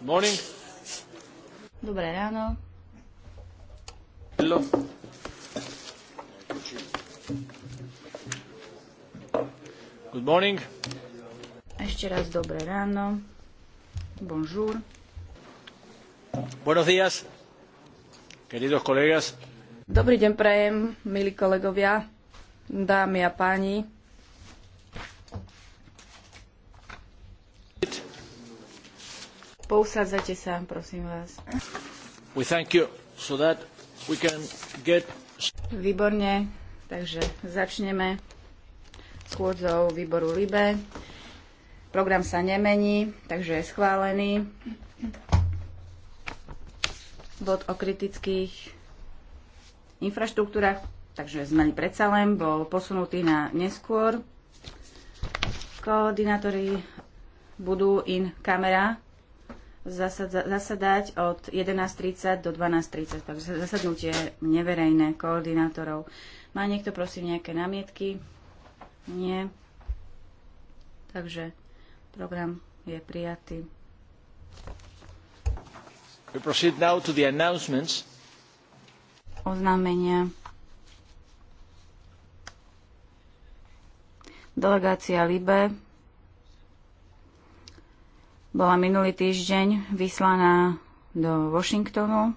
Morning. Dobré ráno. Hello. Good morning. Ešte raz dobré ráno. Bonjour. Buenos días, queridos colegas. Dobrý deň prajem, milí kolegovia, dámy a páni. Usadzajte sa, prosím vás. We thank you so that we can get... Výborne, takže začneme schôdzou výboru LIBE. Program sa nemení, takže je schválený. Bod o kritických infraštruktúrach, takže zmeny predsa len, bol posunutý na neskôr. Koordinátori budú in kamera zasadať od 11.30 do 12.30, takže zasadnutie neverejné koordinátorov. Má niekto prosím nejaké námietky? Nie. Takže program je prijatý. We proceed now to the announcements. Oznámenia. Delegácia Libe bola minulý týždeň vyslaná do Washingtonu.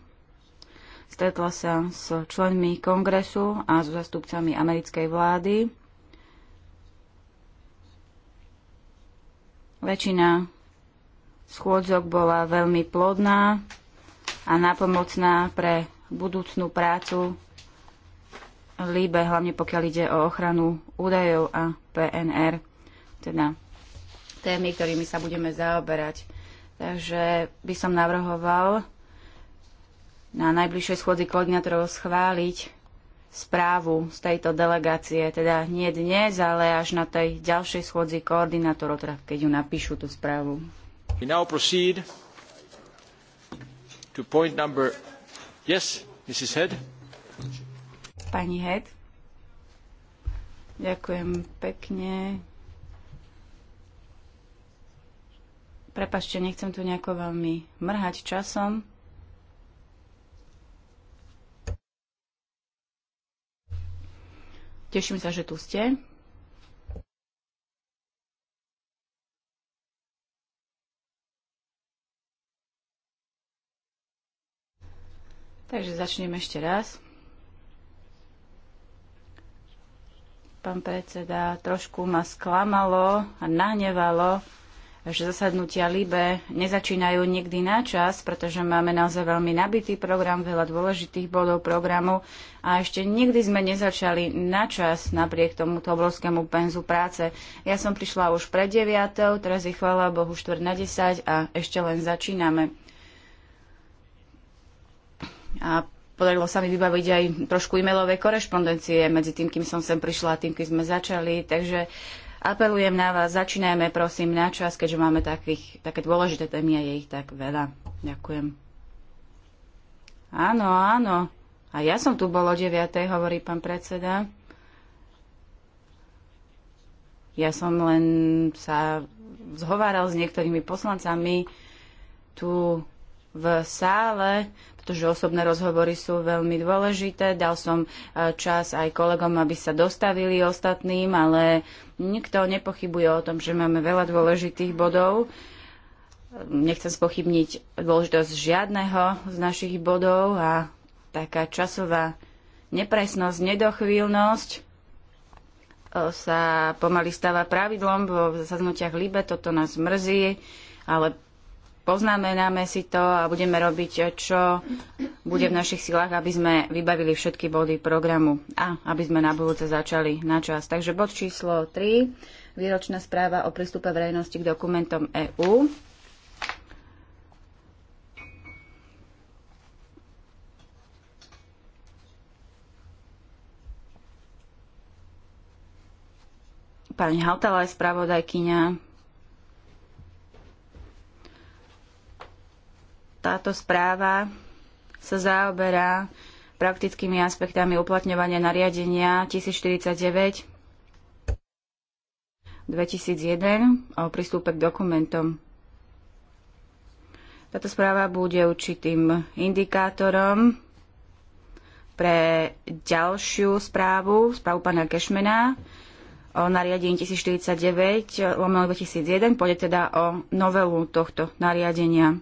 Stretla sa s členmi kongresu a so zastupcami americkej vlády. Väčšina schôdzok bola veľmi plodná a napomocná pre budúcnú prácu líbe, hlavne pokiaľ ide o ochranu údajov a PNR, teda témy, ktorými sa budeme zaoberať. Takže by som navrhoval na najbližšej schôdzi koordinátorov schváliť správu z tejto delegácie, teda nie dnes, ale až na tej ďalšej schôdzi koordinátorov, teda keď ju napíšu tú správu. We now proceed to point number... Yes, Mrs. Head. Pani Head. Ďakujem pekne. Prepašte, nechcem tu nejako veľmi mrhať časom. Teším sa, že tu ste. Takže začnem ešte raz. Pán predseda, trošku ma sklamalo a nahnevalo, že zasadnutia LIBE nezačínajú nikdy na čas, pretože máme naozaj veľmi nabitý program, veľa dôležitých bodov programu a ešte nikdy sme nezačali na čas napriek tomuto obrovskému penzu práce. Ja som prišla už pred 9, teraz je chvála Bohu 4 na 10 a ešte len začíname. A podarilo sa mi vybaviť aj trošku e mailové korešpondencie medzi tým, kým som sem prišla a tým, kým sme začali. Takže Apelujem na vás, začínajme prosím na čas, keďže máme takých, také dôležité témy a je ich tak veľa. Ďakujem. Áno, áno. A ja som tu bol o 9. hovorí pán predseda. Ja som len sa zhováral s niektorými poslancami tu v sále pretože osobné rozhovory sú veľmi dôležité. Dal som e, čas aj kolegom, aby sa dostavili ostatným, ale nikto nepochybuje o tom, že máme veľa dôležitých bodov. Nechcem spochybniť dôležitosť žiadneho z našich bodov a taká časová nepresnosť, nedochvíľnosť e, sa pomaly stáva pravidlom vo zasadnutiach Libe, toto nás mrzí, ale poznamenáme si to a budeme robiť, eh, čo bude v našich silách, aby sme vybavili všetky body programu a aby sme na budúce začali na čas. Takže bod číslo 3, výročná správa o prístupe verejnosti k dokumentom EÚ. Pani Haltala je spravodajkyňa. Táto správa sa zaoberá praktickými aspektami uplatňovania nariadenia 1049 2001 o prístupe k dokumentom. Táto správa bude určitým indikátorom pre ďalšiu správu, správu pána Kešmena o nariadení 1049 lomeno 2001. Pôjde teda o novelu tohto nariadenia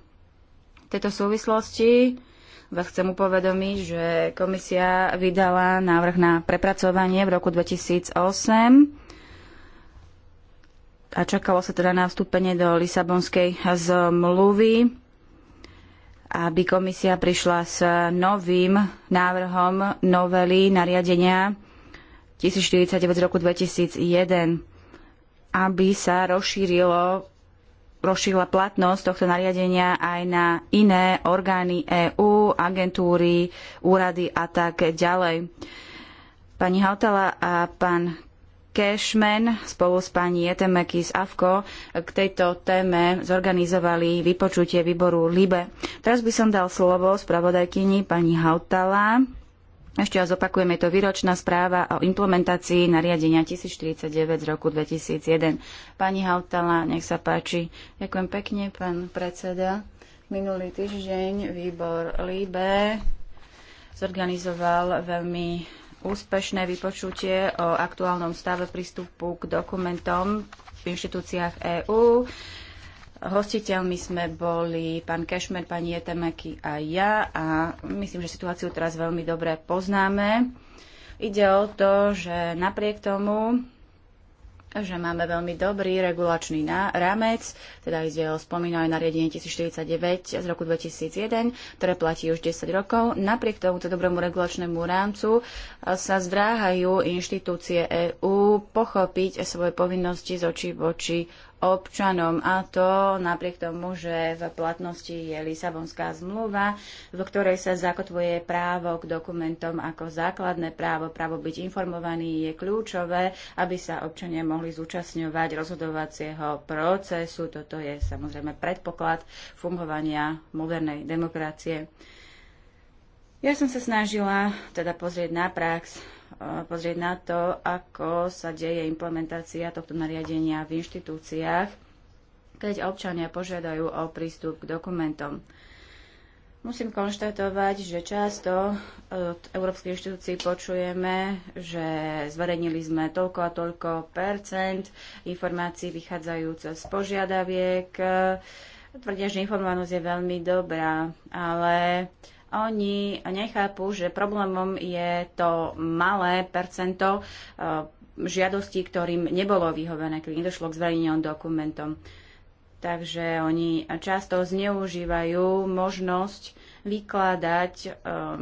tejto súvislosti vás chcem upovedomiť, že komisia vydala návrh na prepracovanie v roku 2008 a čakalo sa teda na vstúpenie do Lisabonskej zmluvy, aby komisia prišla s novým návrhom novely nariadenia 1049 z roku 2001, aby sa rozšírilo rozšírila platnosť tohto nariadenia aj na iné orgány EÚ, agentúry, úrady a tak ďalej. Pani Hautala a pán Cashman spolu s pani Etemeky z AFKO k tejto téme zorganizovali vypočutie výboru LIBE. Teraz by som dal slovo spravodajkyni pani Hautala ešte raz opakujem, je to výročná správa o implementácii nariadenia 1049 z roku 2001. Pani Hautala, nech sa páči. Ďakujem pekne, pán predseda. Minulý týždeň výbor LIBE zorganizoval veľmi úspešné vypočutie o aktuálnom stave prístupu k dokumentom v inštitúciách EÚ. Hostiteľmi sme boli pán Kešmer, pani Jetemeky a ja a myslím, že situáciu teraz veľmi dobre poznáme. Ide o to, že napriek tomu, že máme veľmi dobrý regulačný rámec, teda ide o spomínané nariadenie 1049 z roku 2001, ktoré platí už 10 rokov. Napriek tomuto dobrému regulačnému rámcu e, sa zdráhajú inštitúcie EÚ pochopiť svoje povinnosti z očí voči občanom a to napriek tomu, že v platnosti je Lisabonská zmluva, v ktorej sa zakotvuje právo k dokumentom ako základné právo. Právo byť informovaný je kľúčové, aby sa občania mohli zúčastňovať rozhodovacieho procesu. Toto je samozrejme predpoklad fungovania modernej demokracie. Ja som sa snažila teda pozrieť na prax pozrieť na to, ako sa deje implementácia tohto nariadenia v inštitúciách, keď občania požiadajú o prístup k dokumentom. Musím konštatovať, že často od európskej inštitúcií počujeme, že zverejnili sme toľko a toľko percent informácií vychádzajúce z požiadaviek. Tvrdia, že informovanosť je veľmi dobrá, ale uh, oni nechápu, že problémom je to malé percento eh, žiadostí, ktorým nebolo vyhovené, keď nedošlo k zverejneným dokumentom. Takže oni často zneužívajú možnosť vykladať eh,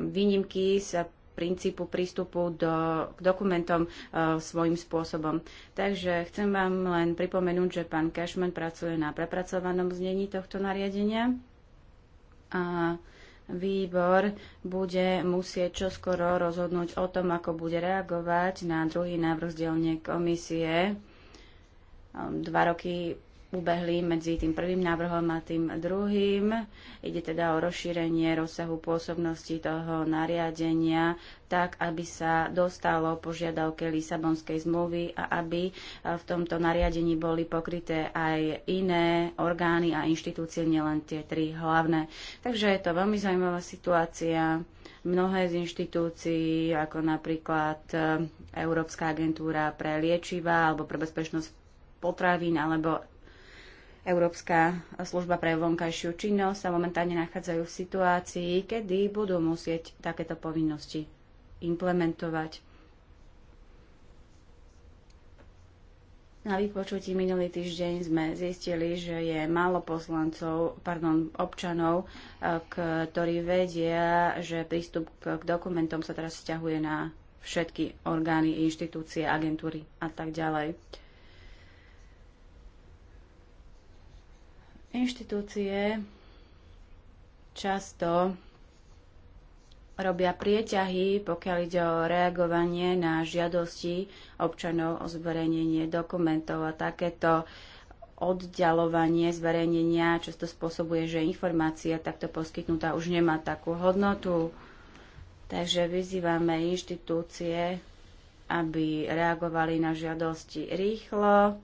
výnimky z princípu prístupu do, k dokumentom svojim eh, svojím spôsobom. Takže chcem vám len pripomenúť, že pán Cashman pracuje na prepracovanom znení tohto nariadenia. A výbor bude musieť čoskoro rozhodnúť o tom, ako bude reagovať na druhý návrh z dielne komisie ehm, dva roky ubehli medzi tým prvým návrhom a tým druhým. Ide teda o rozšírenie rozsahu pôsobnosti toho nariadenia tak, aby sa dostalo požiadavke Lisabonskej zmluvy a aby e, v tomto nariadení boli pokryté aj iné orgány a inštitúcie, nielen tie tri hlavné. Takže je to veľmi zaujímavá situácia. Mnohé z inštitúcií, ako napríklad e, Európska agentúra pre liečiva alebo pre bezpečnosť potravín alebo Európska služba pre vonkajšiu činnosť sa momentálne nachádzajú v situácii, kedy budú musieť takéto povinnosti implementovať. Na vypočutí minulý týždeň sme zistili, že je málo poslancov, pardon, občanov, eh, ktorí vedia, že prístup k dokumentom sa teraz vzťahuje na všetky orgány, inštitúcie, agentúry a tak ďalej. Inštitúcie často robia prieťahy, pokiaľ ide o reagovanie na žiadosti občanov o zverejnenie dokumentov a takéto oddialovanie zverejnenia často spôsobuje, že informácia takto poskytnutá už nemá takú hodnotu. Takže vyzývame inštitúcie, aby reagovali na žiadosti rýchlo,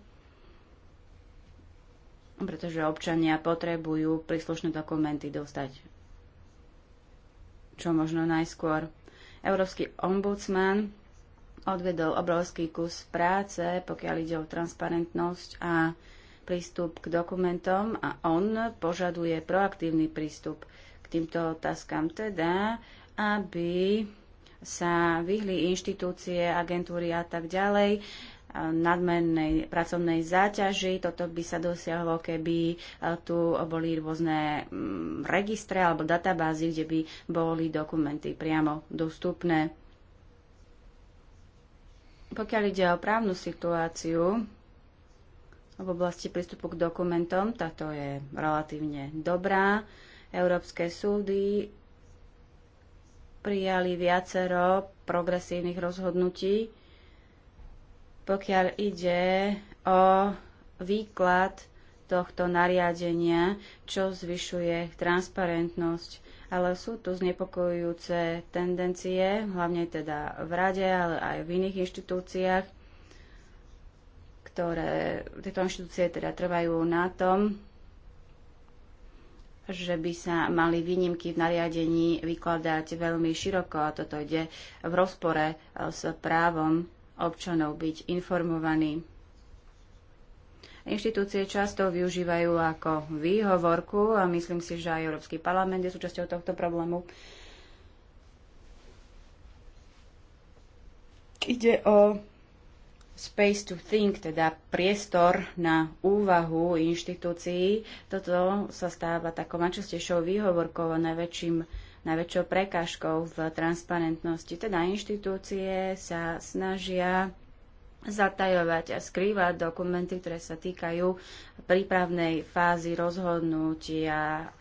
pretože občania potrebujú príslušné dokumenty dostať čo možno najskôr. Európsky ombudsman odvedol obrovský kus práce, pokiaľ ide o transparentnosť a prístup k dokumentom a on požaduje proaktívny prístup k týmto otázkam, teda aby sa vyhli inštitúcie, agentúry a tak ďalej nadmernej pracovnej záťaži. Toto by sa dosiahlo, keby e, tu boli rôzne mm, registre alebo databázy, kde by boli dokumenty priamo dostupné. Pokiaľ ide o právnu situáciu v oblasti prístupu k dokumentom, táto je relatívne dobrá. Európske súdy prijali viacero progresívnych rozhodnutí, pokiaľ ide o výklad tohto nariadenia, čo zvyšuje transparentnosť. Ale sú tu znepokojujúce tendencie, hlavne teda v rade, ale aj v iných inštitúciách, ktoré, tieto inštitúcie teda trvajú na tom, že by sa mali výnimky v nariadení vykladať veľmi široko a toto ide v rozpore s právom občanov byť informovaní. Inštitúcie často využívajú ako výhovorku a myslím si, že aj Európsky parlament je súčasťou tohto problému. Ide o space to think, teda priestor na úvahu inštitúcií. Toto sa stáva takou najčastejšou výhovorkou a najväčším najväčšou prekážkou v transparentnosti. Teda inštitúcie sa snažia zatajovať a skrývať dokumenty, ktoré sa týkajú prípravnej fázy rozhodnutia.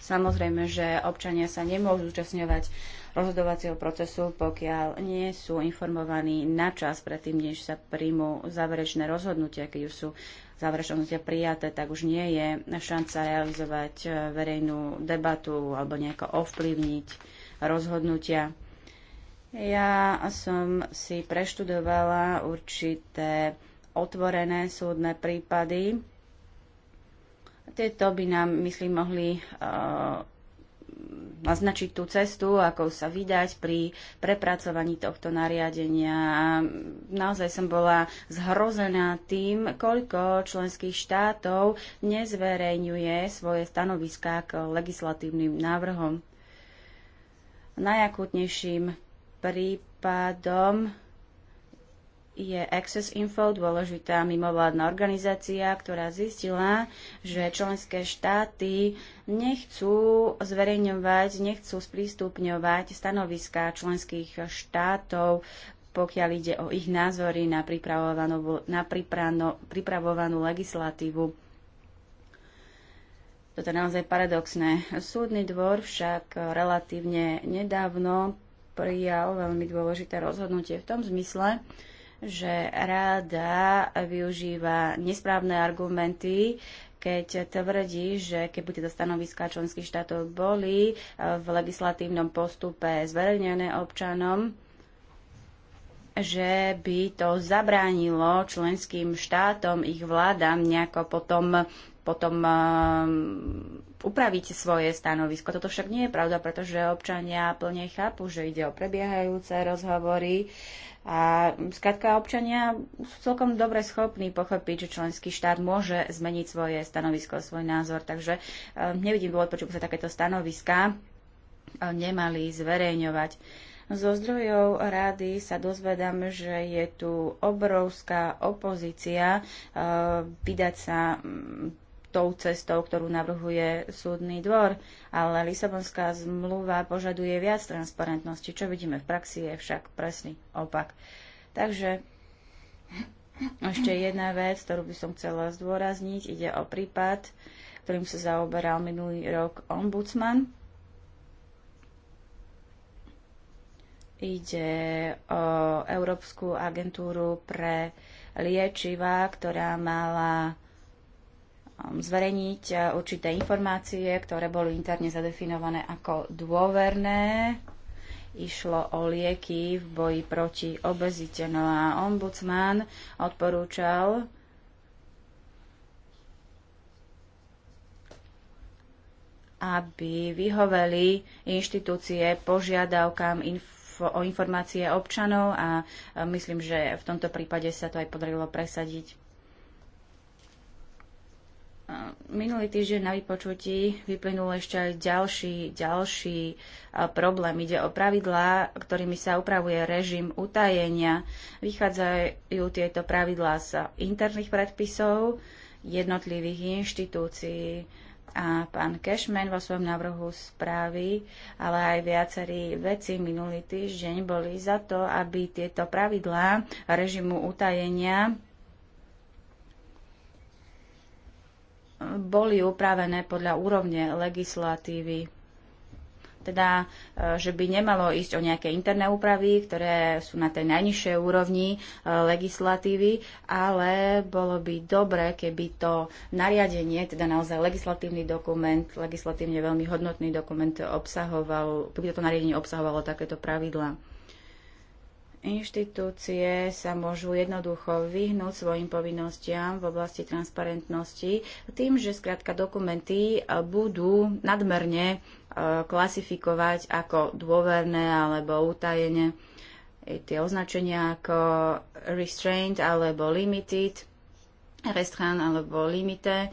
Samozrejme, že občania sa nemôžu zúčastňovať rozhodovacieho procesu, pokiaľ nie sú informovaní na čas predtým, než sa príjmú záverečné rozhodnutia, keď už sú záverečnosti prijaté, tak už nie je šanca realizovať eh, verejnú debatu alebo nejako ovplyvniť rozhodnutia. Ja som si preštudovala určité otvorené súdne prípady. Tieto by nám, myslím, mohli uh, naznačiť tú cestu, ako sa vydať pri prepracovaní tohto nariadenia. Naozaj som bola zhrozená tým, koľko členských štátov nezverejňuje svoje stanoviská k legislatívnym návrhom. Najakútnejším prípadom je Access Info, dôležitá mimovládna organizácia, ktorá zistila, že členské štáty nechcú zverejňovať, nechcú sprístupňovať stanoviská členských štátov, pokiaľ ide o ich názory na pripravovanú, na priprano, pripravovanú legislatívu. Toto je naozaj paradoxné. Súdny dvor však relatívne nedávno prijal veľmi dôležité rozhodnutie v tom zmysle, že ráda využíva nesprávne argumenty, keď tvrdí, že keby tieto stanoviská členských štátov boli eh, v legislatívnom postupe zverejnené občanom, že by to zabránilo členským štátom, ich vládam nejako potom, potom eh, upraviť svoje stanovisko. Toto však nie je pravda, pretože občania plne chápu, že ide o prebiehajúce rozhovory, a skratka občania sú celkom dobre schopní pochopiť, že členský štát môže zmeniť svoje stanovisko, svoj názor. Takže e, nevidím dôvod, prečo by sa takéto stanoviská e, nemali zverejňovať. Zo zdrojov rády sa dozvedám, že je tu obrovská opozícia e, vydať sa tou cestou, ktorú navrhuje súdny dvor, ale Lisabonská zmluva požaduje viac transparentnosti. Čo vidíme v praxi je však presný opak. Takže ešte jedna vec, ktorú by som chcela zdôrazniť, ide o prípad, ktorým sa zaoberal minulý rok ombudsman. Ide o Európsku agentúru pre liečivá, ktorá mala Um, zverejniť uh, určité informácie, ktoré boli interne zadefinované ako dôverné. Išlo o lieky v boji proti obezite. No a ombudsman odporúčal aby vyhoveli inštitúcie požiadavkám info, o informácie občanov a myslím, že v tomto prípade sa to aj podarilo presadiť. Minulý týždeň na vypočutí vyplynul ešte aj ďalší, ďalší problém. Ide o pravidlá, ktorými sa upravuje režim utajenia. Vychádzajú tieto pravidlá z interných predpisov jednotlivých inštitúcií. A pán Cashman vo svojom návrhu správy, ale aj viacerí veci minulý týždeň boli za to, aby tieto pravidlá režimu utajenia boli upravené podľa úrovne legislatívy. Teda, e, že by nemalo ísť o nejaké interné úpravy, ktoré sú na tej najnižšej úrovni e, legislatívy, ale bolo by dobre, keby to nariadenie, teda naozaj legislatívny dokument, legislatívne veľmi hodnotný dokument obsahoval, keby toto nariadenie obsahovalo takéto pravidlá. Inštitúcie sa môžu jednoducho vyhnúť svojim povinnostiam v oblasti transparentnosti tým, že skrátka dokumenty eh, budú nadmerne eh, klasifikovať ako dôverné alebo utajené. Tie označenia ako restraint alebo limited, restraint alebo limited,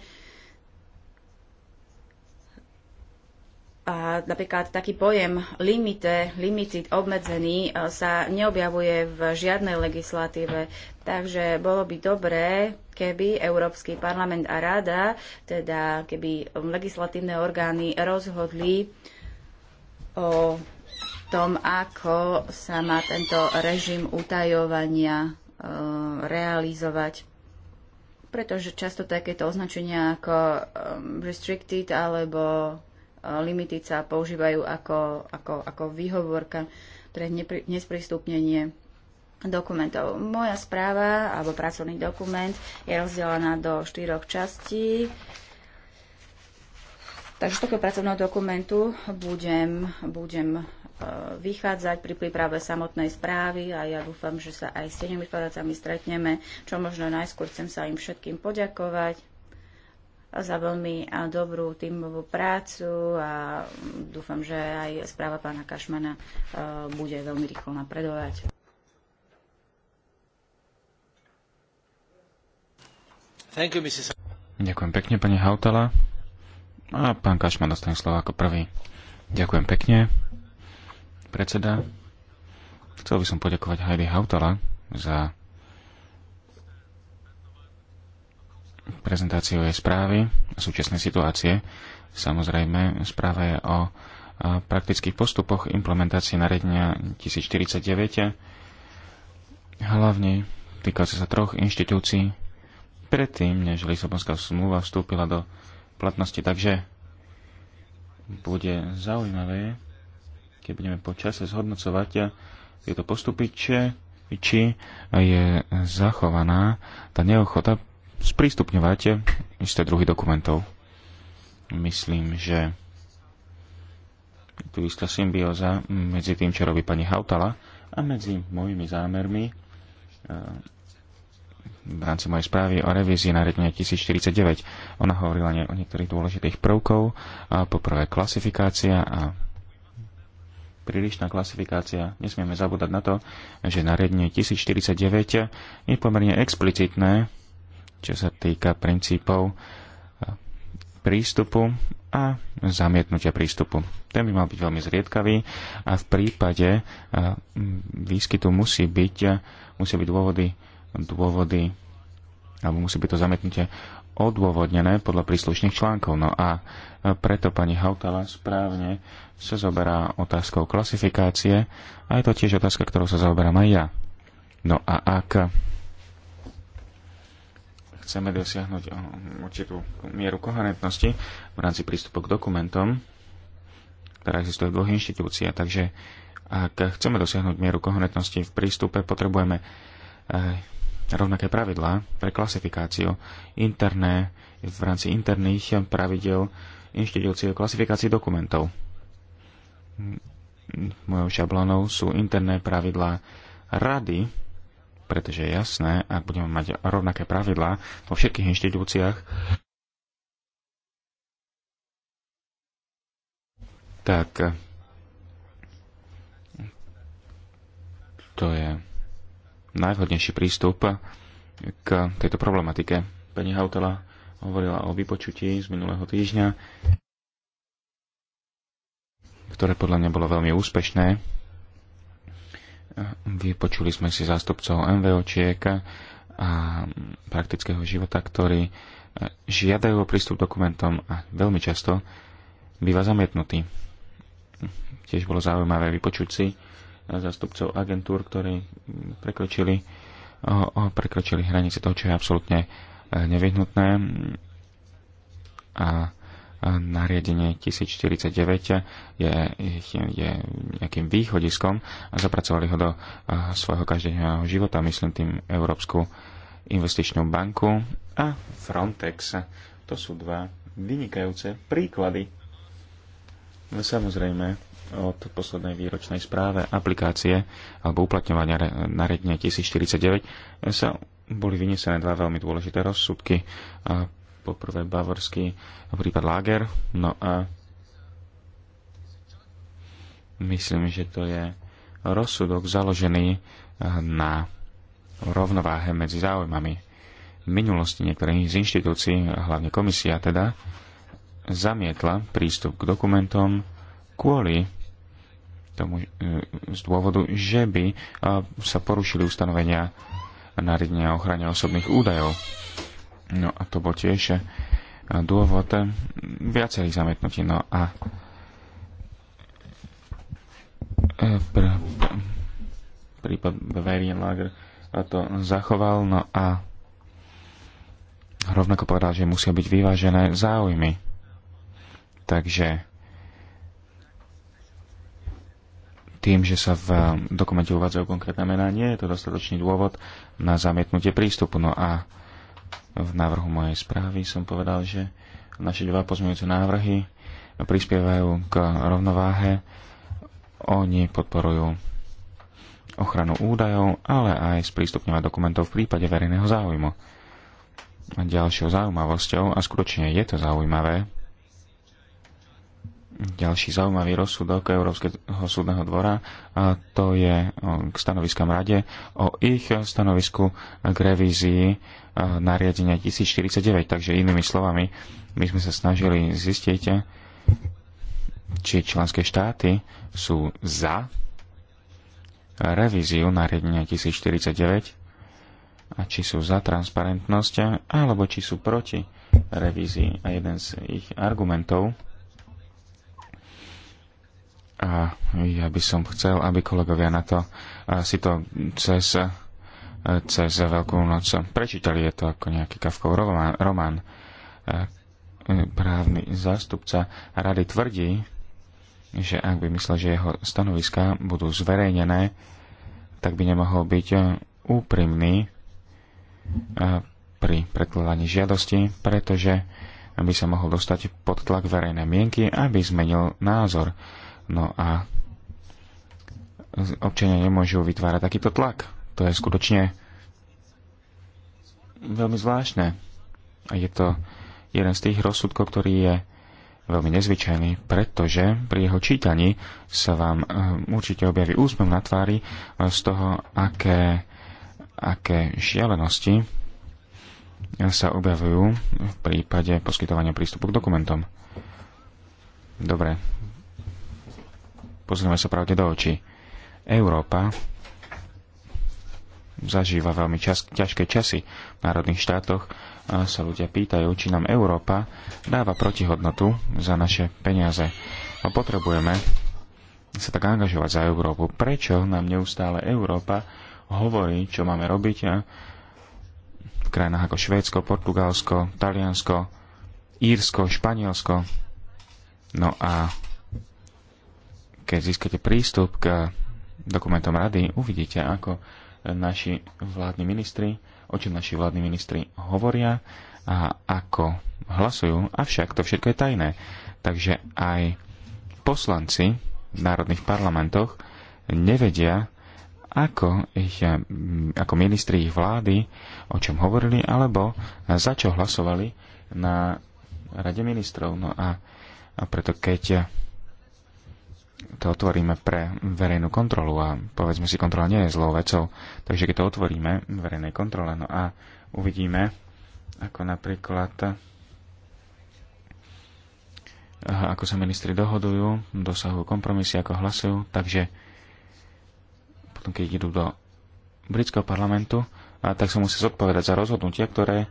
a napríklad taký pojem limite, limicit obmedzený e, sa neobjavuje v žiadnej legislatíve. Takže bolo by dobré, keby Európsky parlament a rada, teda keby legislatívne orgány rozhodli o tom, ako sa má tento režim utajovania e, realizovať pretože často takéto označenia ako e, restricted alebo limity sa používajú ako, ako, ako výhovorka pre nesprístupnenie dokumentov. Moja správa alebo pracovný dokument je rozdelená do štyroch častí. Takže z tohto pracovného dokumentu budem, budem e, vychádzať pri príprave samotnej správy a ja dúfam, že sa aj s tenými stretneme. Čo možno najskôr chcem sa im všetkým poďakovať za veľmi dobrú tímovú prácu a mm, dúfam, že aj správa pána Kašmana e, bude veľmi rýchlo napredovať. You, Ďakujem pekne, pani Hautala. A pán Kašman dostane slovo ako prvý. Ďakujem pekne, predseda. Chcel by som poďakovať Heidi Hautala za Prezentáciou jej správy a súčasnej situácie. Samozrejme, správa je o praktických postupoch implementácie nariadenia 1049, hlavne týkajúce sa troch inštitúcií, predtým, než Lisabonská smluva vstúpila do platnosti. Takže bude zaujímavé, keď budeme počase zhodnocovať tieto postupy, či je zachovaná tá neochota sprístupňovať isté druhy dokumentov. Myslím, že tu istá symbióza medzi tým, čo robí pani Hautala a medzi mojimi zámermi e, v rámci mojej správy o revízii nariadenia 1049. Ona hovorila o niektorých dôležitých prvkov. A poprvé klasifikácia a prílišná klasifikácia. Nesmieme zabúdať na to, že nariadenie 1049 je pomerne explicitné čo sa týka princípov e, prístupu a zamietnutia prístupu. Ten by mal byť veľmi zriedkavý a v prípade e, výskytu musí byť, e, musí byť dôvody, dôvody alebo musí byť to zamietnutie odôvodnené podľa príslušných článkov. No a preto pani Hautala správne sa zoberá otázkou klasifikácie a je to tiež otázka, ktorou sa zaoberám aj ja. No a ak chceme dosiahnuť eh, určitú mieru koherentnosti v rámci prístupu k dokumentom, ktorá existuje v dvoch inštitúciách. Takže ak chceme dosiahnuť mieru koherentnosti v prístupe, potrebujeme eh, rovnaké pravidlá pre klasifikáciu interné, v rámci interných pravidel inštitúcie klasifikácii dokumentov. Mojou šablónou sú interné pravidlá rady pretože je jasné, ak budeme mať rovnaké pravidlá vo všetkých inštitúciách, tak to je najvhodnejší prístup k tejto problematike. Pani Hautela hovorila o vypočutí z minulého týždňa, ktoré podľa mňa bolo veľmi úspešné Vypočuli sme si zástupcov MVOčiek a praktického života, ktorí e, žiadajú o prístup dokumentom a veľmi často býva zamietnutý. Tiež bolo zaujímavé vypočuť si e, zástupcov agentúr, ktorí prekročili, o, o, prekročili hranice toho, čo je absolútne e, nevyhnutné a nariadenie 1049 je, je nejakým východiskom a zapracovali ho do svojho každodenného života, myslím tým Európsku investičnú banku a Frontex. To sú dva vynikajúce príklady. No, samozrejme, od poslednej výročnej správe aplikácie alebo uplatňovania nariadenia 1049 sa boli vynesené dva veľmi dôležité rozsudky poprvé bavorský prípad Lager. No a myslím, že to je rozsudok založený na rovnováhe medzi záujmami. V minulosti niektorých z inštitúcií, hlavne komisia teda, zamietla prístup k dokumentom kvôli tomu e, z dôvodu, že by e, sa porušili ustanovenia nariadenia o ochrane osobných údajov. No a to bol tiež eh, dôvod eh, viacerých zametnutí. No a eh, pr, prípad Bavarian Lager to zachoval, no a rovnako povedal, že musia byť vyvážené záujmy. Takže tým, že sa v dokumente uvádzajú konkrétne mená, nie je to dostatočný dôvod na zamietnutie prístupu. No a v návrhu mojej správy som povedal, že naše dva pozmeňujúce návrhy prispievajú k rovnováhe. Oni podporujú ochranu údajov, ale aj sprístupňovať dokumentov v prípade verejného záujmu. A ďalšou zaujímavosťou, a skutočne je to zaujímavé, ďalší zaujímavý rozsudok Európskeho súdneho dvora a to je k stanoviskám rade o ich stanovisku k revízii nariadenia 1049. Takže inými slovami, my sme sa snažili zistiť, či členské štáty sú za revíziu nariadenia 1049 a či sú za transparentnosť alebo či sú proti revízii. A jeden z ich argumentov a ja by som chcel, aby kolegovia na to si to cez, cez Veľkú noc prečítali. Je to ako nejaký kavkov román. román. E, právny zástupca rady tvrdí, že ak by myslel, že jeho stanoviská budú zverejnené, tak by nemohol byť e, úprimný e, pri predkladaní žiadosti, pretože aby sa mohol dostať pod tlak verejnej mienky, aby zmenil názor. No a občania nemôžu vytvárať takýto tlak. To je skutočne veľmi zvláštne. A je to jeden z tých rozsudkov, ktorý je veľmi nezvyčajný, pretože pri jeho čítaní sa vám eh, určite objaví úsmev na tvári eh, z toho, aké, aké šialenosti eh, sa objavujú v prípade poskytovania prístupu k dokumentom. Dobre, Pozrieme sa pravde do očí. Európa zažíva veľmi čas, ťažké časy. V národných štátoch sa ľudia pýtajú, či nám Európa dáva protihodnotu za naše peniaze. A no, potrebujeme sa tak angažovať za Európu. Prečo nám neustále Európa hovorí, čo máme robiť a v krajinách ako Švédsko, Portugalsko, Taliansko, Írsko, Španielsko. No a keď získate prístup k dokumentom rady, uvidíte, ako naši vládni ministri, o čom naši vládni ministri hovoria a ako hlasujú. Avšak to všetko je tajné. Takže aj poslanci v národných parlamentoch nevedia, ako, ich, ako ministri ich vlády, o čom hovorili, alebo za čo hlasovali na Rade ministrov. No a, a preto keď to otvoríme pre verejnú kontrolu a povedzme si, kontrola nie je zlou vecou, takže keď to otvoríme verejnej kontrole, no a uvidíme, ako napríklad ako sa ministri dohodujú, dosahujú kompromisy, ako hlasujú, takže potom keď idú do britského parlamentu, a tak sa musia zodpovedať za rozhodnutia, ktoré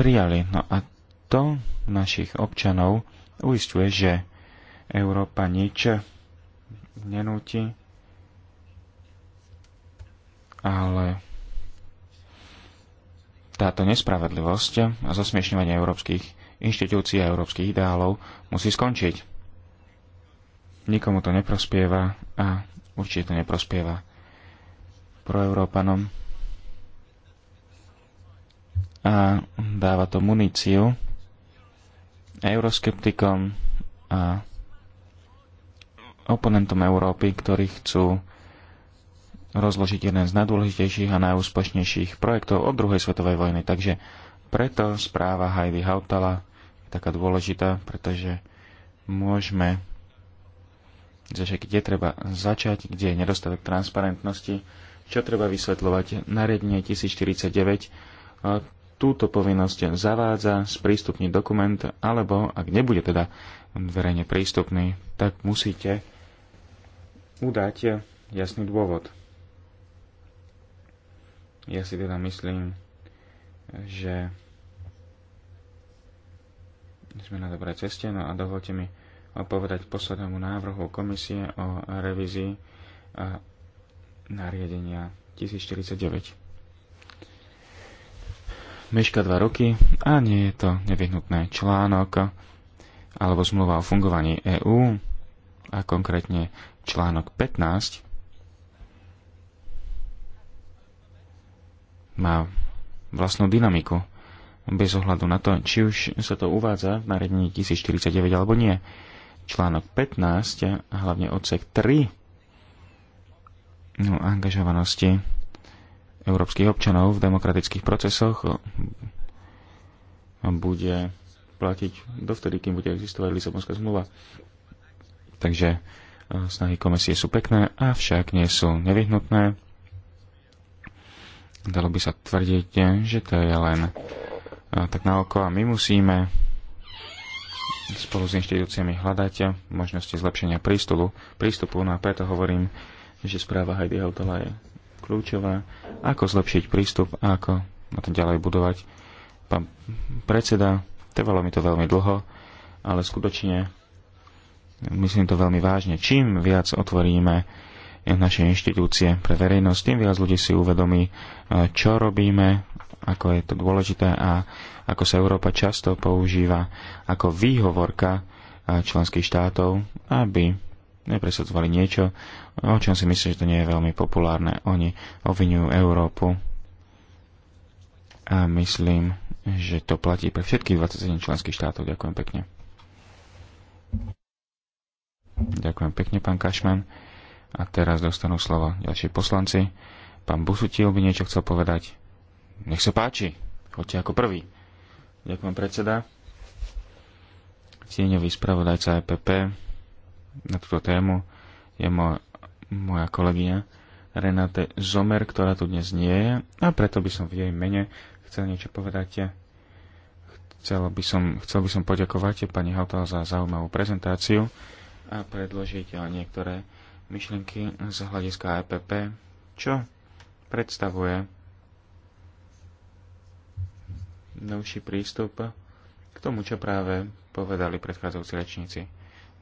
prijali. No a to našich občanov uistuje, že Európa nič nenúti, ale táto nespravedlivosť a zosmiešňovanie európskych inštitúcií a európskych ideálov musí skončiť. Nikomu to neprospieva a určite to neprospieva Európanom. a dáva to muníciu euroskeptikom a oponentom Európy, ktorí chcú rozložiť jeden z najdôležitejších a najúspešnejších projektov od druhej svetovej vojny. Takže preto správa Heidi Hautala je taká dôležitá, pretože môžeme že kde treba začať, kde je nedostatok transparentnosti, čo treba vysvetľovať. Nariadenie 1049 túto povinnosť zavádza, sprístupní dokument, alebo ak nebude teda verejne prístupný, tak musíte udať jasný dôvod. Ja si teda myslím, že sme na dobrej ceste, no a dovolte mi povedať poslednému návrhu komisie o revízii a nariadenia 1049. Meška dva roky a nie je to nevyhnutné článok alebo zmluva o fungovaní EÚ a konkrétne článok 15 má vlastnú dynamiku bez ohľadu na to, či už sa to uvádza v nariadení 1049 alebo nie. Článok 15 a hlavne odsek 3 no, angažovanosti európskych občanov v demokratických procesoch bude platiť dovtedy, kým bude existovať Lisabonská zmluva. Takže Snahy komisie sú pekné, avšak nie sú nevyhnutné. Dalo by sa tvrdiť, že to je len tak na oko a my musíme spolu s inštitúciami hľadať možnosti zlepšenia prístupu, prístupu no a preto hovorím, že správa Heidi Hautala je kľúčová, ako zlepšiť prístup a ako na to ďalej budovať. Pán predseda, trvalo mi to veľmi dlho, ale skutočne Myslím to veľmi vážne. Čím viac otvoríme naše inštitúcie pre verejnosť, tým viac ľudí si uvedomí, e, čo robíme, ako je to dôležité a ako sa Európa často používa ako výhovorka e, členských štátov, aby nepresadzovali niečo, o čom si myslím, že to nie je veľmi populárne. Oni obvinujú Európu a myslím, že to platí pre všetkých 27 členských štátov. Ďakujem pekne. Ďakujem pekne, pán Kašman. A teraz dostanú slovo ďalší poslanci. Pán Busutil by niečo chcel povedať. Nech sa páči, choďte ako prvý. Ďakujem, predseda. Cieňový spravodajca EPP na túto tému je môj, moja kolegyňa Renate Zomer, ktorá tu dnes nie je a preto by som v jej mene chcel niečo povedať. Chcel by som, chcel by som poďakovať pani Hautala za zaujímavú prezentáciu a predložiť eh, niektoré myšlienky z hľadiska EPP, čo predstavuje novší prístup k tomu, čo práve povedali predchádzajúci rečníci,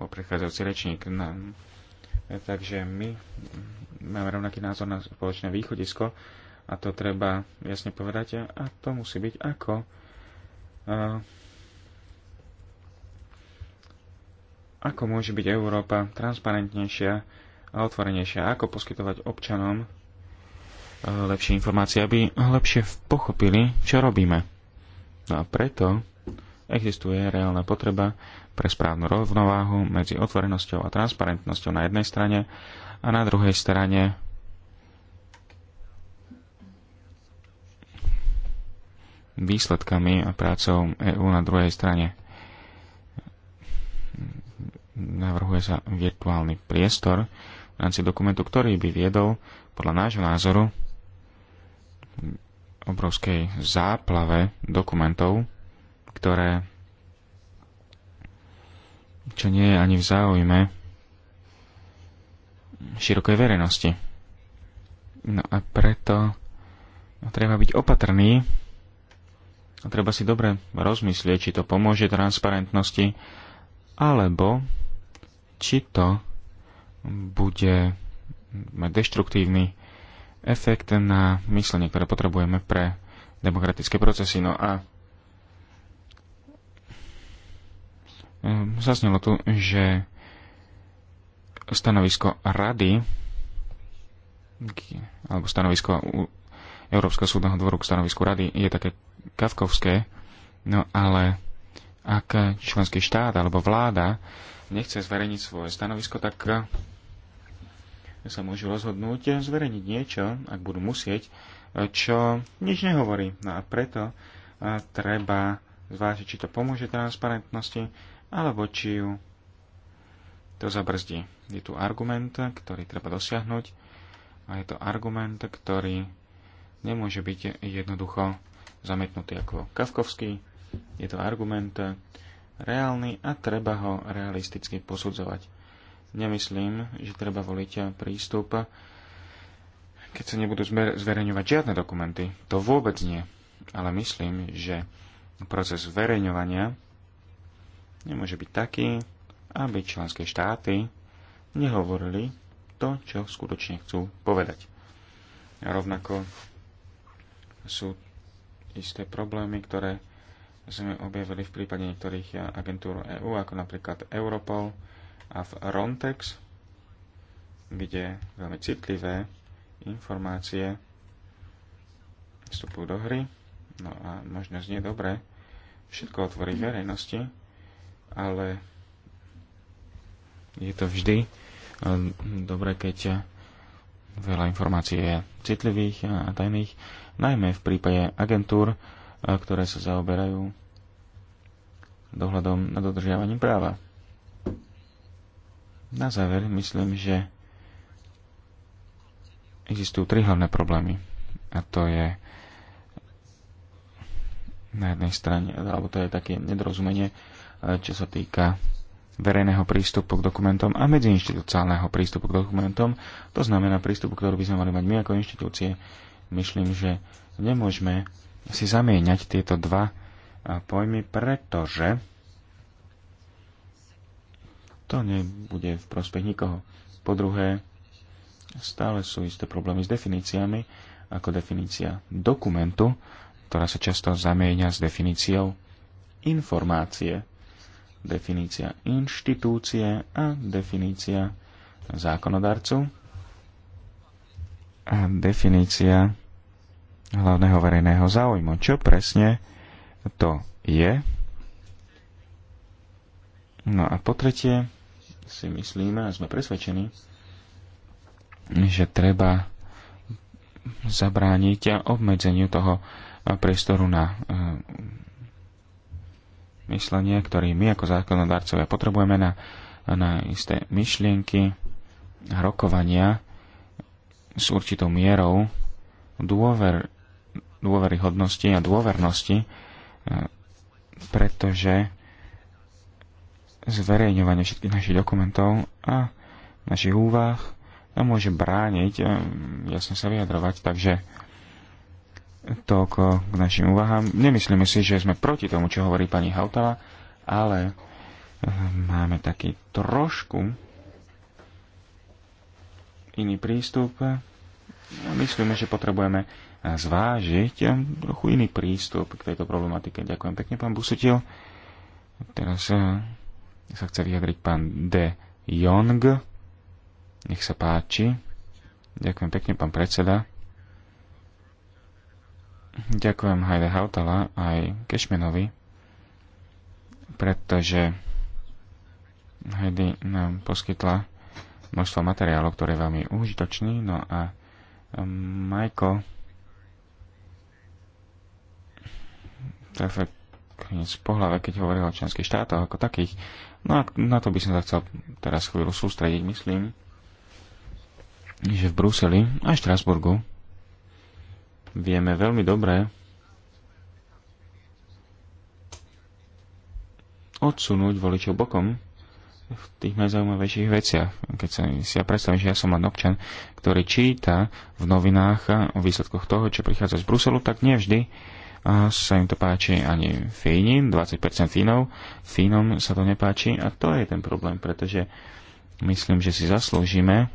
o predchádzajúci rečník. No, e, takže my máme rovnaký názor na spoločné východisko a to treba jasne povedať a to musí byť ako uh, Ako môže byť Európa transparentnejšia a otvorenejšia? Ako poskytovať občanom eh, lepšie informácie, aby lepšie pochopili, čo robíme? No a preto existuje reálna potreba pre správnu rovnováhu medzi otvorenosťou a transparentnosťou na jednej strane a na druhej strane výsledkami a prácou EÚ na druhej strane navrhuje sa virtuálny priestor v rámci dokumentu, ktorý by viedol podľa nášho názoru obrovskej záplave dokumentov, ktoré čo nie je ani v záujme širokej verejnosti. No a preto treba byť opatrný a treba si dobre rozmyslieť, či to pomôže transparentnosti, alebo či to bude mať deštruktívny efekt na myslenie, ktoré potrebujeme pre demokratické procesy. No a ehm, zaznelo tu, že stanovisko rady alebo stanovisko Európskeho súdneho dvoru k stanovisku rady je také kavkovské, no ale ak členský štát alebo vláda nechce zverejniť svoje stanovisko, tak e, sa môžu rozhodnúť zverejniť niečo, ak budú musieť, e, čo nič nehovorí. No a preto e, treba zvážiť, či to pomôže transparentnosti, alebo či ju to zabrzdí. Je tu argument, ktorý treba dosiahnuť a je to argument, ktorý nemôže byť jednoducho zametnutý ako kafkovský. Je to argument, reálny a treba ho realisticky posudzovať. Nemyslím, že treba voliť prístup, keď sa nebudú zverejňovať žiadne dokumenty. To vôbec nie. Ale myslím, že proces zverejňovania nemôže byť taký, aby členské štáty nehovorili to, čo skutočne chcú povedať. A rovnako sú isté problémy, ktoré sme objavili v prípade niektorých eh, agentúr EÚ, ako napríklad Europol a v Rontex, kde veľmi citlivé informácie vstupujú do hry. No a možno znie dobre všetko otvorí verejnosti, ale je to vždy eh, dobre, keď veľa informácií je citlivých a tajných, najmä v prípade agentúr, ktoré sa zaoberajú dohľadom nad dodržiavaním práva. Na záver myslím, že existujú tri hlavné problémy. A to je na jednej strane, alebo to je také nedorozumenie, e, čo sa týka verejného prístupu k dokumentom a medziinštitúciálneho prístupu k dokumentom. To znamená prístupu, ktorý by sme mali mať my ako inštitúcie. Myslím, že nemôžeme si zamieňať tieto dva pojmy, pretože to nebude v prospech nikoho. Po druhé, stále sú isté problémy s definíciami, ako definícia dokumentu, ktorá sa často zamieňa s definíciou informácie, definícia inštitúcie a definícia zákonodarcu a definícia hlavného verejného záujmu. Čo presne to je? No a po tretie si myslíme a sme presvedčení, že treba zabrániť a obmedzeniu toho priestoru na e, myslenie, ktorý my ako zákonodárcovia potrebujeme na, na isté myšlienky, rokovania s určitou mierou dôver, dôveryhodnosti a dôvernosti, e, pretože zverejňovanie všetkých našich dokumentov a našich úvah nám môže brániť e, jasne sa vyjadrovať, takže toľko k našim úvahám. Nemyslíme si, že sme proti tomu, čo hovorí pani Hautala, ale e, máme taký trošku iný prístup. Myslíme, že potrebujeme zvážiť eh, trochu iný prístup k tejto problematike. Ďakujem pekne, pán Busutil. Teraz eh, sa chce vyjadriť pán De Jong. Nech sa páči. Ďakujem pekne, pán predseda. Ďakujem Hajde Hautala aj Kešmenovi, pretože Heidi nám poskytla množstvo materiálov, ktoré je veľmi užitočný. No a eh, Michael trafek z pohľave, keď hovoril o členských štátoch ako takých. No a na to by som sa chcel teraz chvíľu sústrediť, myslím, že v Bruseli a Štrasburgu vieme veľmi dobre odsunúť voličov bokom v tých najzaujímavejších veciach. Keď sa, si ja predstavím, že ja som len občan, ktorý číta v novinách o výsledkoch toho, čo prichádza z Bruselu, tak nevždy vždy a sa im to páči ani Fíni, 20% Fínov, Fínom sa to nepáči a to je ten problém, pretože myslím, že si zaslúžime,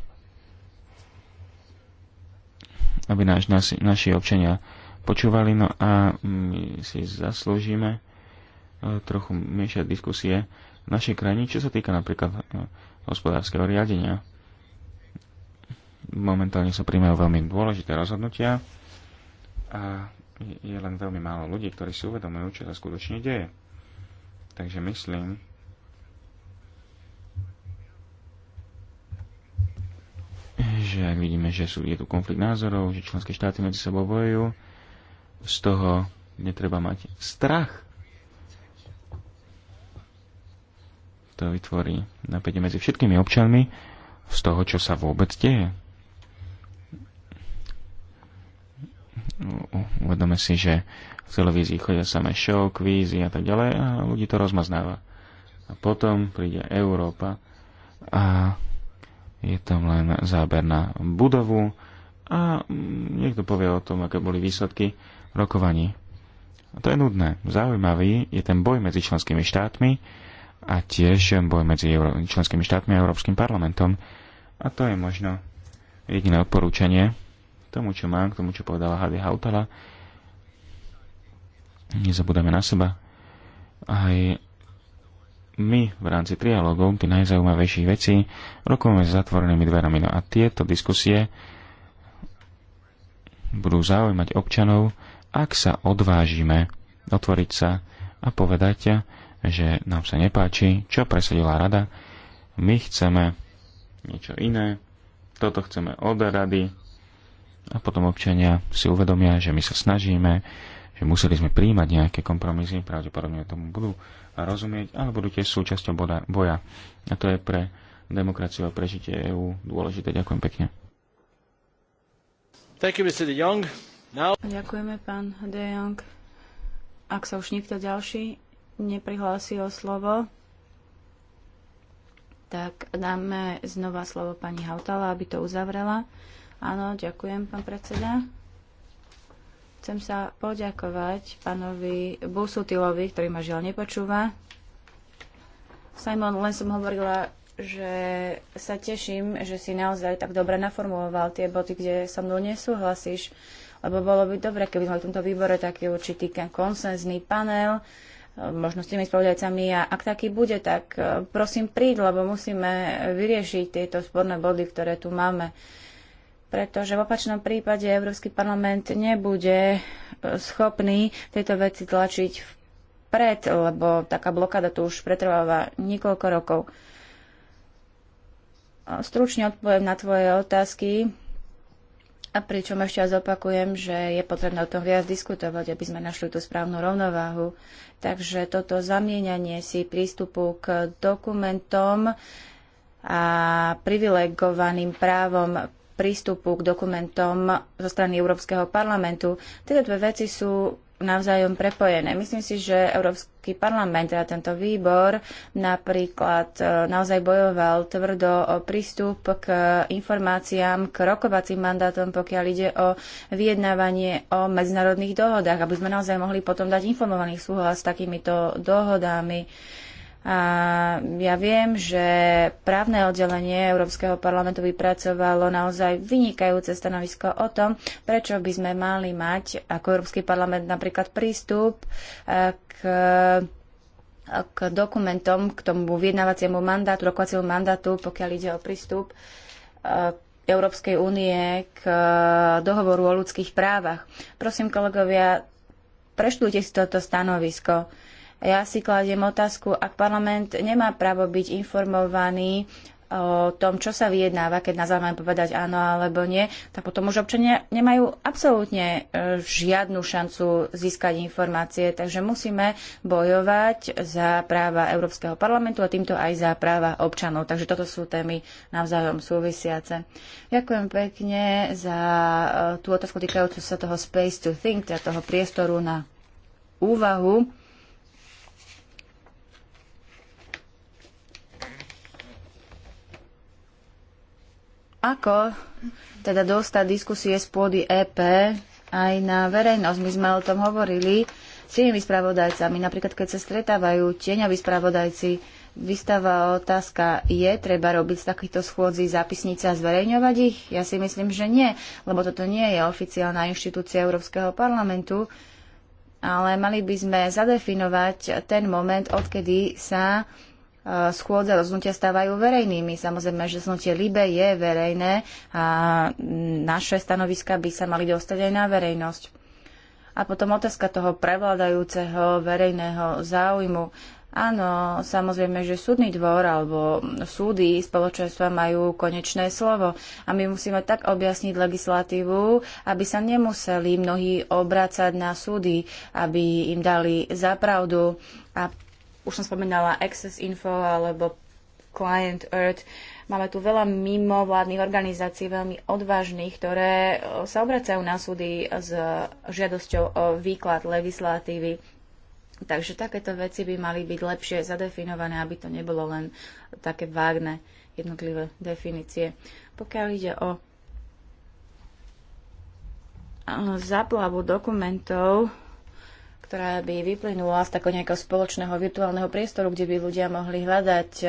aby naš, naši, naši občania počúvali, no a my si zaslúžime e, trochu miešať diskusie v našej krajine, čo sa týka napríklad e, hospodárskeho riadenia. Momentálne sa príjmajú veľmi dôležité rozhodnutia a je len veľmi málo ľudí, ktorí si uvedomujú, čo sa skutočne deje. Takže myslím, že ak vidíme, že sú, je tu konflikt názorov, že členské štáty medzi sebou bojujú, z toho netreba mať strach. To vytvorí napätie medzi všetkými občanmi z toho, čo sa vôbec deje. uvedome si, že v televízii chodia samé show, kvízy a tak ďalej a ľudí to rozmaznáva. A potom príde Európa a je tam len záber na budovu a niekto povie o tom, aké boli výsledky rokovaní. A to je nudné. Zaujímavý je ten boj medzi členskými štátmi a tiež boj medzi Euró- členskými štátmi a Európskym parlamentom. A to je možno jediné odporúčanie tomu, čo mám, k tomu, čo povedala Hady Hautala, nezabudeme na seba. Aj my v rámci trialogov tie najzaujímavejšie veci rokujeme s zatvorenými dverami. No a tieto diskusie budú zaujímať občanov, ak sa odvážime otvoriť sa a povedať, že nám sa nepáči, čo presadila rada. My chceme niečo iné, toto chceme od rady a potom občania si uvedomia, že my sa snažíme, že museli sme príjmať nejaké kompromisy, pravdepodobne tomu budú rozumieť, ale budú tiež súčasťou boda, boja. A to je pre demokraciu a prežitie EÚ dôležité. Ďakujem pekne. Thank you, Mr. De Jong. Now... Ďakujeme, pán De Jong. Ak sa už nikto ďalší neprihlási o slovo, tak dáme znova slovo pani Hautala, aby to uzavrela. Áno, ďakujem, pán predseda. Chcem sa poďakovať pánovi Busutilovi, ktorý ma žiaľ nepočúva. Simon, len som hovorila, že sa teším, že si naozaj tak dobre naformuloval tie body, kde so mnou nesúhlasíš, lebo bolo by dobre, keby sme v tomto výbore taký určitý konsenzný panel, možno s tými spravodajcami a ak taký bude, tak eh, prosím príď, lebo musíme vyriešiť tieto sporné body, ktoré tu máme pretože v opačnom prípade Európsky parlament nebude e, schopný tieto veci tlačiť vpred, lebo taká blokáda tu už pretrváva niekoľko rokov. Stručne odpoviem na tvoje otázky a pričom ešte raz opakujem, že je potrebné o tom viac diskutovať, aby sme našli tú správnu rovnováhu. Takže toto zamienanie si prístupu k dokumentom a privilegovaným právom prístupu k dokumentom zo strany Európskeho parlamentu. Tieto dve veci sú navzájom prepojené. Myslím si, že Európsky parlament, teda tento výbor, napríklad e, naozaj bojoval tvrdo o prístup k informáciám, k rokovacím mandátom, pokiaľ ide o vyjednávanie o medzinárodných dohodách, aby sme naozaj mohli potom dať informovaný súhlas s takýmito dohodami. Uh, a ja viem, že právne oddelenie Európskeho parlamentu vypracovalo naozaj vynikajúce stanovisko o tom, prečo by sme mali mať ako Európsky parlament napríklad prístup e, k k dokumentom, k tomu vyjednávaciemu mandátu, rokovaciemu mandátu, pokiaľ ide o prístup e, Európskej únie k e, dohovoru o ľudských právach. Prosím, kolegovia, preštudujte si toto stanovisko. Ja si kladiem otázku, ak parlament nemá právo byť informovaný o tom, čo sa vyjednáva, keď na záver povedať áno alebo nie, tak potom už občania nemajú absolútne e, žiadnu šancu získať informácie. Takže musíme bojovať za práva Európskeho parlamentu a týmto aj za práva občanov. Takže toto sú témy navzájom súvisiace. Ďakujem pekne za e, tú otázku týkajúcu sa toho space to think, teda toho priestoru na úvahu. Ako teda dostať diskusie z pôdy EP aj na verejnosť? My sme o tom hovorili s tými spravodajcami. Napríklad, keď sa stretávajú tieňaví spravodajci, vystáva otázka, je treba robiť z takýchto schôdzí zapisnice a zverejňovať ich? Ja si myslím, že nie, lebo toto nie je oficiálna inštitúcia Európskeho parlamentu, ale mali by sme zadefinovať ten moment, odkedy sa schôdza rozhodnutia stávajú verejnými. Samozrejme, že rozhodnutie LIBE je verejné a naše stanoviska by sa mali dostať aj na verejnosť. A potom otázka toho prevládajúceho verejného záujmu. Áno, samozrejme, že súdny dvor alebo súdy spoločenstva majú konečné slovo a my musíme tak objasniť legislatívu, aby sa nemuseli mnohí obrácať na súdy, aby im dali zapravdu. A už som spomínala Access Info alebo Client Earth. Máme tu veľa mimovládnych organizácií, veľmi odvážnych, ktoré e, sa obracajú na súdy s žiadosťou o výklad legislatívy. Takže takéto veci by mali byť lepšie zadefinované, aby to nebolo len také vágne jednotlivé definície. Pokiaľ ide o e, záplavu dokumentov, ktorá by vyplynula z takého nejakého spoločného virtuálneho priestoru, kde by ľudia mohli hľadať e,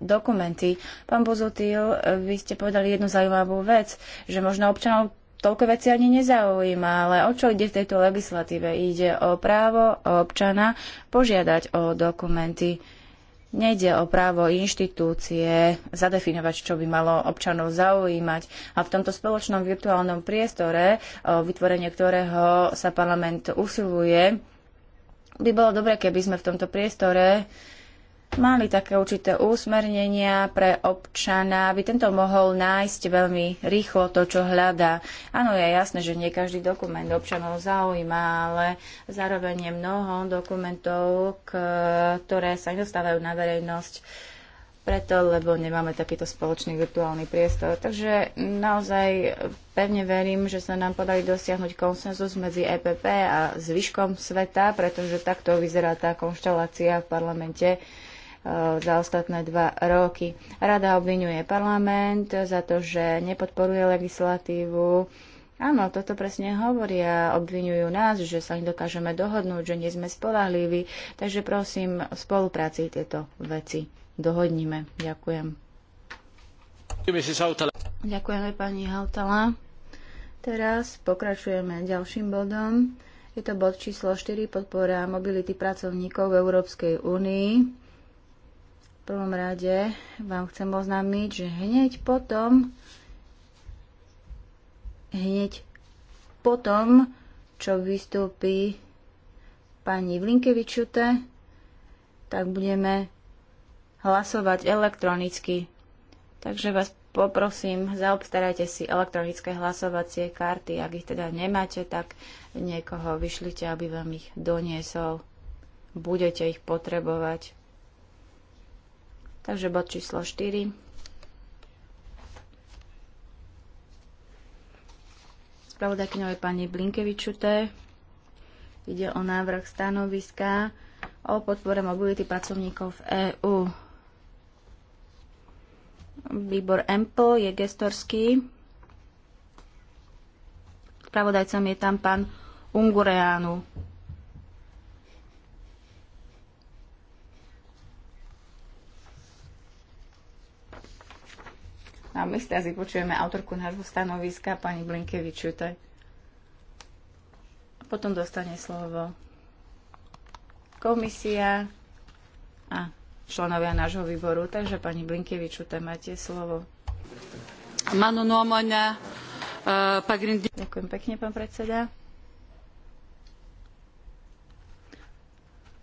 dokumenty. Pán Bozutil, vy ste povedali jednu zaujímavú vec, že možno občanov toľko veci ani nezaujíma, ale o čo ide v tejto legislatíve? Ide o právo občana požiadať o dokumenty. Nejde o právo inštitúcie zadefinovať, čo by malo občanov zaujímať. A v tomto spoločnom virtuálnom priestore, o vytvorenie ktorého sa parlament usiluje, by bolo dobre, keby sme v tomto priestore mali také určité úsmernenia pre občana, aby tento mohol nájsť veľmi rýchlo to, čo hľadá. Áno, je jasné, že nie každý dokument občanov zaujíma, ale zároveň je mnoho dokumentov, ktoré sa nedostávajú na verejnosť preto, lebo nemáme takýto spoločný virtuálny priestor. Takže naozaj pevne verím, že sa nám podarí dosiahnuť konsenzus medzi EPP a zvyškom sveta, pretože takto vyzerá tá konštelácia v parlamente e, za ostatné dva roky. Rada obvinuje parlament za to, že nepodporuje legislatívu. Áno, toto presne hovoria, obvinujú nás, že sa nedokážeme dohodnúť, že nie sme spolahliví, takže prosím spolupráci tieto veci dohodníme. Ďakujem. Ďakujeme pani Hautala. Teraz pokračujeme ďalším bodom. Je to bod číslo 4, podpora mobility pracovníkov v Európskej únii. V prvom rade vám chcem oznámiť, že hneď potom hneď potom, čo vystúpi pani Vlinkevičute, tak budeme hlasovať elektronicky. Takže vás poprosím, zaobstarajte si elektronické hlasovacie karty. Ak ich teda nemáte, tak niekoho vyšlite, aby vám ich doniesol. Budete ich potrebovať. Takže bod číslo 4. Spravodajkyňou pani Blinkevičuté. Ide o návrh stanoviska o podpore mobility pracovníkov v EÚ. Výbor EMPO je gestorský. Spravodajcom je tam pán Ungureanu. A my si teraz autorku nášho stanoviska, pani Blinkeviču. potom dostane slovo komisia a členovia nášho výboru. Takže pani tam máte slovo. Manu nuomonę eh, pagrindinė. Ďakujem pekne, pán predseda.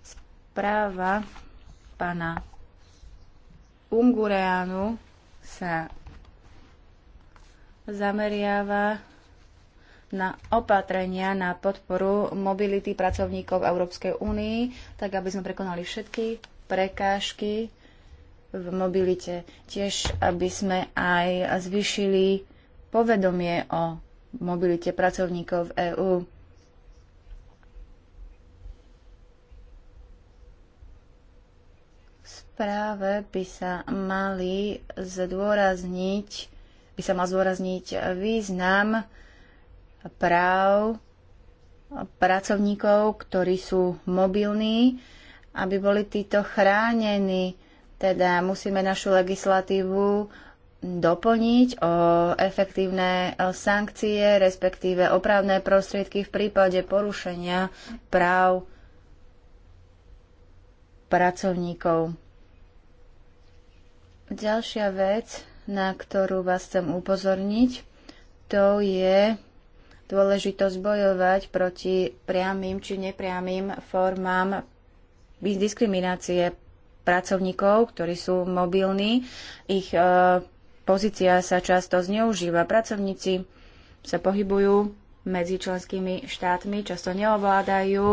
Správa pána Ungureanu sa zameriava na opatrenia na podporu mobility pracovníkov Európskej únii, tak aby sme prekonali všetky prekážky v mobilite. Tiež, aby sme aj zvyšili povedomie o mobilite pracovníkov v EÚ. správe by sa mali zdôrazniť, by sa mal zdôrazniť význam práv pracovníkov, ktorí sú mobilní aby boli títo chránení. Teda musíme našu legislatívu doplniť o efektívne sankcie, respektíve opravné prostriedky v prípade porušenia práv pracovníkov. Ďalšia vec, na ktorú vás chcem upozorniť, to je dôležitosť bojovať proti priamým či nepriamým formám bez diskriminácie pracovníkov, ktorí sú mobilní. Ich e, pozícia sa často zneužíva. Pracovníci sa pohybujú medzi členskými štátmi, často neovládajú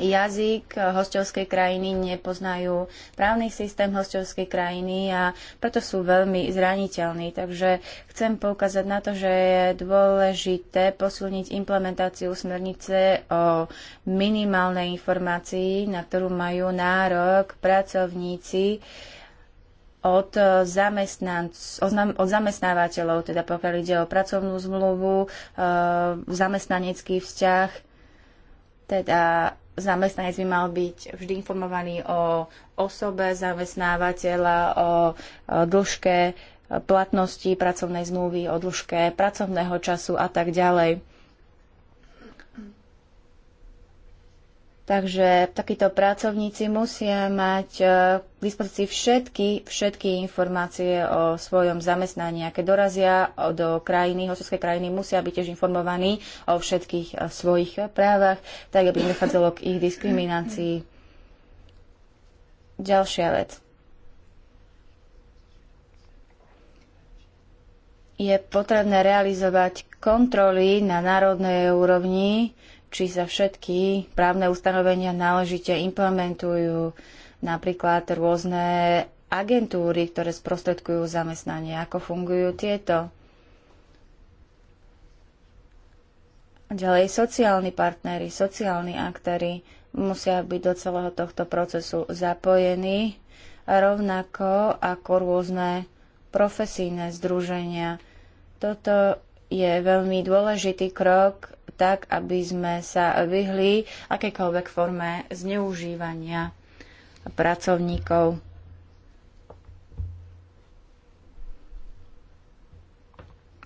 jazyk hostovskej krajiny, nepoznajú právny systém hostovskej krajiny a preto sú veľmi zraniteľní. Takže chcem poukázať na to, že je dôležité posilniť implementáciu smernice o minimálnej informácii, na ktorú majú nárok pracovníci od, od zamestnávateľov, teda pokiaľ ide o pracovnú zmluvu, e, zamestnanecký vzťah, teda zamestnanec by mal byť vždy informovaný o osobe zamestnávateľa, o dĺžke platnosti pracovnej zmluvy, o dĺžke pracovného času a tak ďalej. Takže takíto pracovníci musia mať e, k dispozícii všetky, všetky informácie o svojom zamestnaní. A keď dorazia do krajiny, hostovskej krajiny, musia byť tiež informovaní o všetkých e, svojich právach, tak aby dochádzalo k ich diskriminácii. Ďalšia vec. Je potrebné realizovať kontroly na národnej úrovni, či sa všetky právne ustanovenia náležite implementujú, napríklad rôzne agentúry, ktoré sprostredkujú zamestnanie, ako fungujú tieto. Ďalej sociálni partnery, sociálni aktéry musia byť do celého tohto procesu zapojení, rovnako ako rôzne profesijné združenia. Toto je veľmi dôležitý krok tak, aby sme sa vyhli akékoľvek forme zneužívania pracovníkov.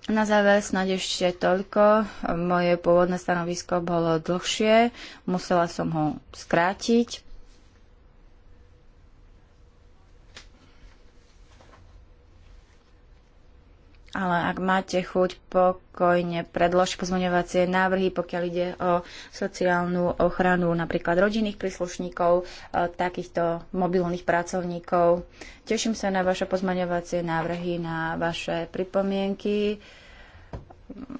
Na záver snáď ešte toľko. Moje pôvodné stanovisko bolo dlhšie, musela som ho skrátiť. ale ak máte chuť, pokojne predložte pozmeňovacie návrhy, pokiaľ ide o sociálnu ochranu napríklad rodinných príslušníkov, e, takýchto mobilných pracovníkov. Teším sa na vaše pozmeňovacie návrhy, na vaše pripomienky.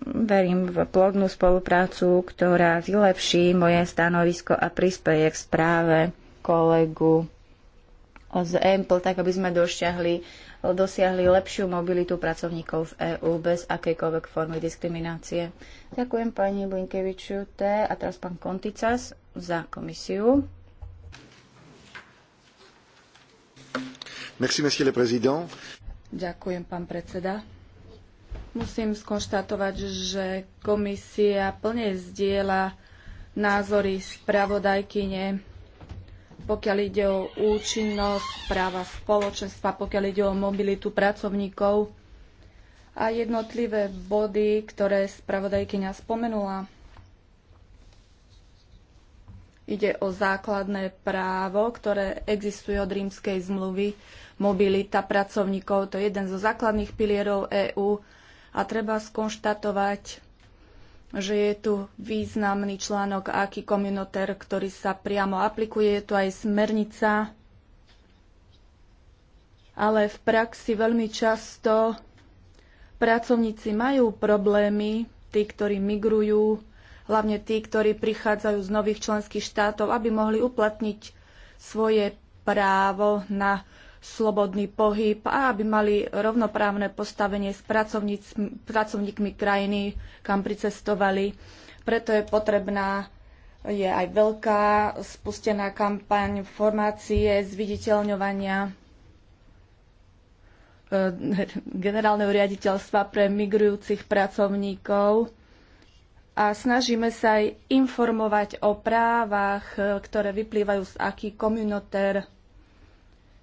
Verím v plodnú spoluprácu, ktorá vylepší moje stanovisko a prispieje k správe kolegu z EMPL, tak aby sme dosiahli, dosiahli lepšiu mobilitu pracovníkov v EÚ bez akejkoľvek formy diskriminácie. Ďakujem pani T. a teraz pán Konticas za komisiu. Merci, monsieur le président. Ďakujem, pán predseda. Musím skonštatovať, že komisia plne zdieľa názory spravodajkyne pokiaľ ide o účinnosť práva spoločenstva, pokiaľ ide o mobilitu pracovníkov a jednotlivé body, ktoré spravodajkyňa spomenula. Ide o základné právo, ktoré existuje od rímskej zmluvy, mobilita pracovníkov. To je jeden zo základných pilierov EÚ a treba skonštatovať, že je tu významný článok aký komunitér, ktorý sa priamo aplikuje. Je tu aj smernica, ale v praxi veľmi často pracovníci majú problémy, tí, ktorí migrujú, hlavne tí, ktorí prichádzajú z nových členských štátov, aby mohli uplatniť svoje právo na slobodný pohyb a aby mali rovnoprávne postavenie s pracovníkmi krajiny, kam pricestovali. Preto je potrebná je aj veľká spustená kampaň formácie, zviditeľňovania eh, generálneho riaditeľstva pre migrujúcich pracovníkov a snažíme sa aj informovať o právach, eh, ktoré vyplývajú z aký komunitér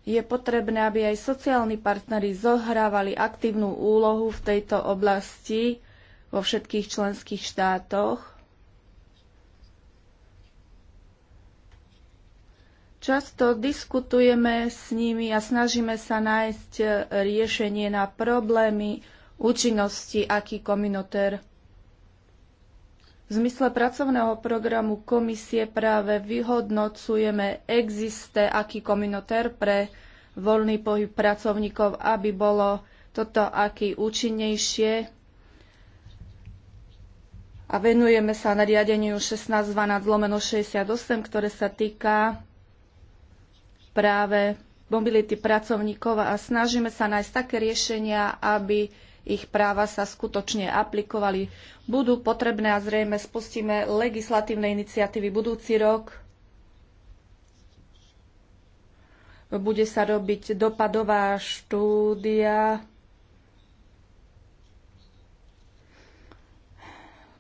je potrebné, aby aj sociálni partnery zohrávali aktívnu úlohu v tejto oblasti vo všetkých členských štátoch. Často diskutujeme s nimi a snažíme sa nájsť riešenie na problémy účinnosti aký kominotér. V zmysle pracovného programu komisie práve vyhodnocujeme existe aký kominotér pre voľný pohyb pracovníkov, aby bolo toto aký účinnejšie. A venujeme sa nariadeniu 1612 lomeno 68, ktoré sa týka práve mobility pracovníkov a snažíme sa nájsť také riešenia, aby ich práva sa skutočne aplikovali. Budú potrebné a zrejme spustíme legislatívne iniciatívy budúci rok. Bude sa robiť dopadová štúdia.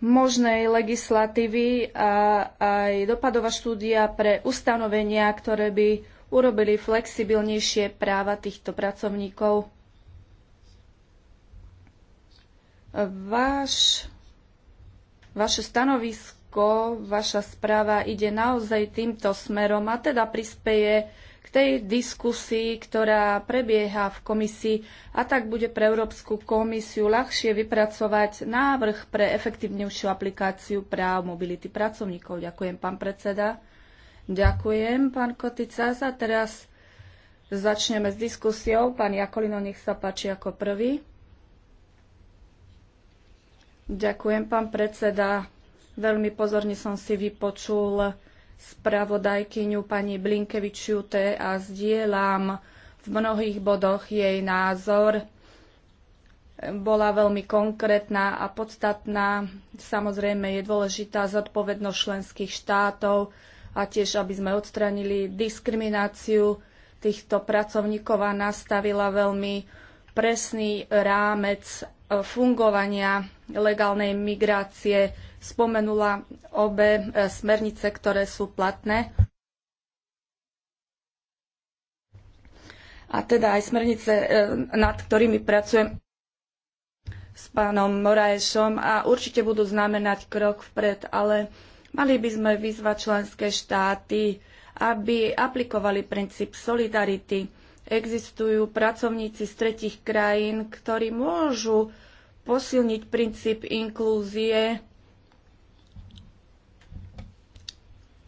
možnej legislatívy a aj dopadová štúdia pre ustanovenia, ktoré by urobili flexibilnejšie práva týchto pracovníkov. Váš, vaše stanovisko, vaša správa ide naozaj týmto smerom a teda prispieje k tej diskusii, ktorá prebieha v komisii a tak bude pre Európsku komisiu ľahšie vypracovať návrh pre efektívnejšiu aplikáciu práv mobility pracovníkov. Ďakujem, pán predseda. Ďakujem, pán Kotica. A teraz začneme s diskusiou. Pán Jakolino, nech sa páči ako prvý. Ďakujem, pán predseda. Veľmi pozorne som si vypočul spravodajkyňu pani Blinkevičiute a zdieľam v mnohých bodoch jej názor. Bola veľmi konkrétna a podstatná. Samozrejme je dôležitá zodpovednosť členských štátov a tiež, aby sme odstranili diskrimináciu týchto pracovníkov a nastavila veľmi presný rámec e, fungovania legálnej migrácie. Spomenula obe e, smernice, ktoré sú platné. A teda aj smernice, e, nad ktorými pracujem s pánom Moraešom a určite budú znamenať krok vpred, ale mali by sme vyzvať členské štáty, aby aplikovali princíp solidarity. Existujú pracovníci z tretich krajín, ktorí môžu posilniť princíp inklúzie,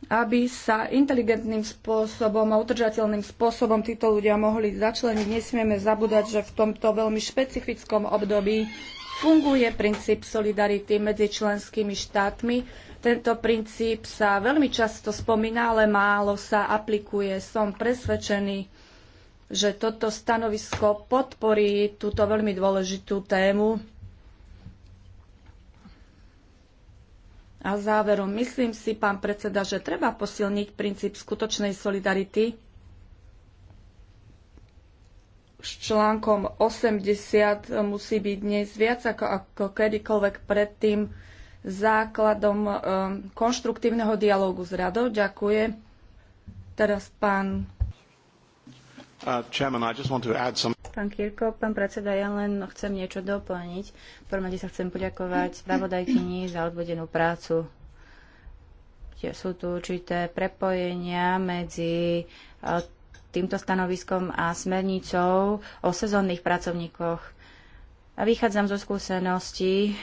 aby sa inteligentným spôsobom a udržateľným spôsobom títo ľudia mohli začleniť. Nesmieme zabúdať, že v tomto veľmi špecifickom období funguje princíp solidarity medzi členskými štátmi. Tento princíp sa veľmi často spomína, ale málo sa aplikuje. Som presvedčený, že toto stanovisko podporí túto veľmi dôležitú tému A záverom, myslím si, pán predseda, že treba posilniť princíp skutočnej solidarity s článkom 80 musí byť dnes viac ako, ako kedykoľvek predtým základom um, konštruktívneho dialógu s radou. Ďakujem. Teraz pán Uh, pán Kirko, pán predseda, ja len chcem niečo doplniť. V prvom rade sa chcem poďakovať spravodajkyni za odvedenú prácu. Tie sú tu určité prepojenia medzi uh, týmto stanoviskom a smernicou o sezónnych pracovníkoch. A vychádzam zo skúseností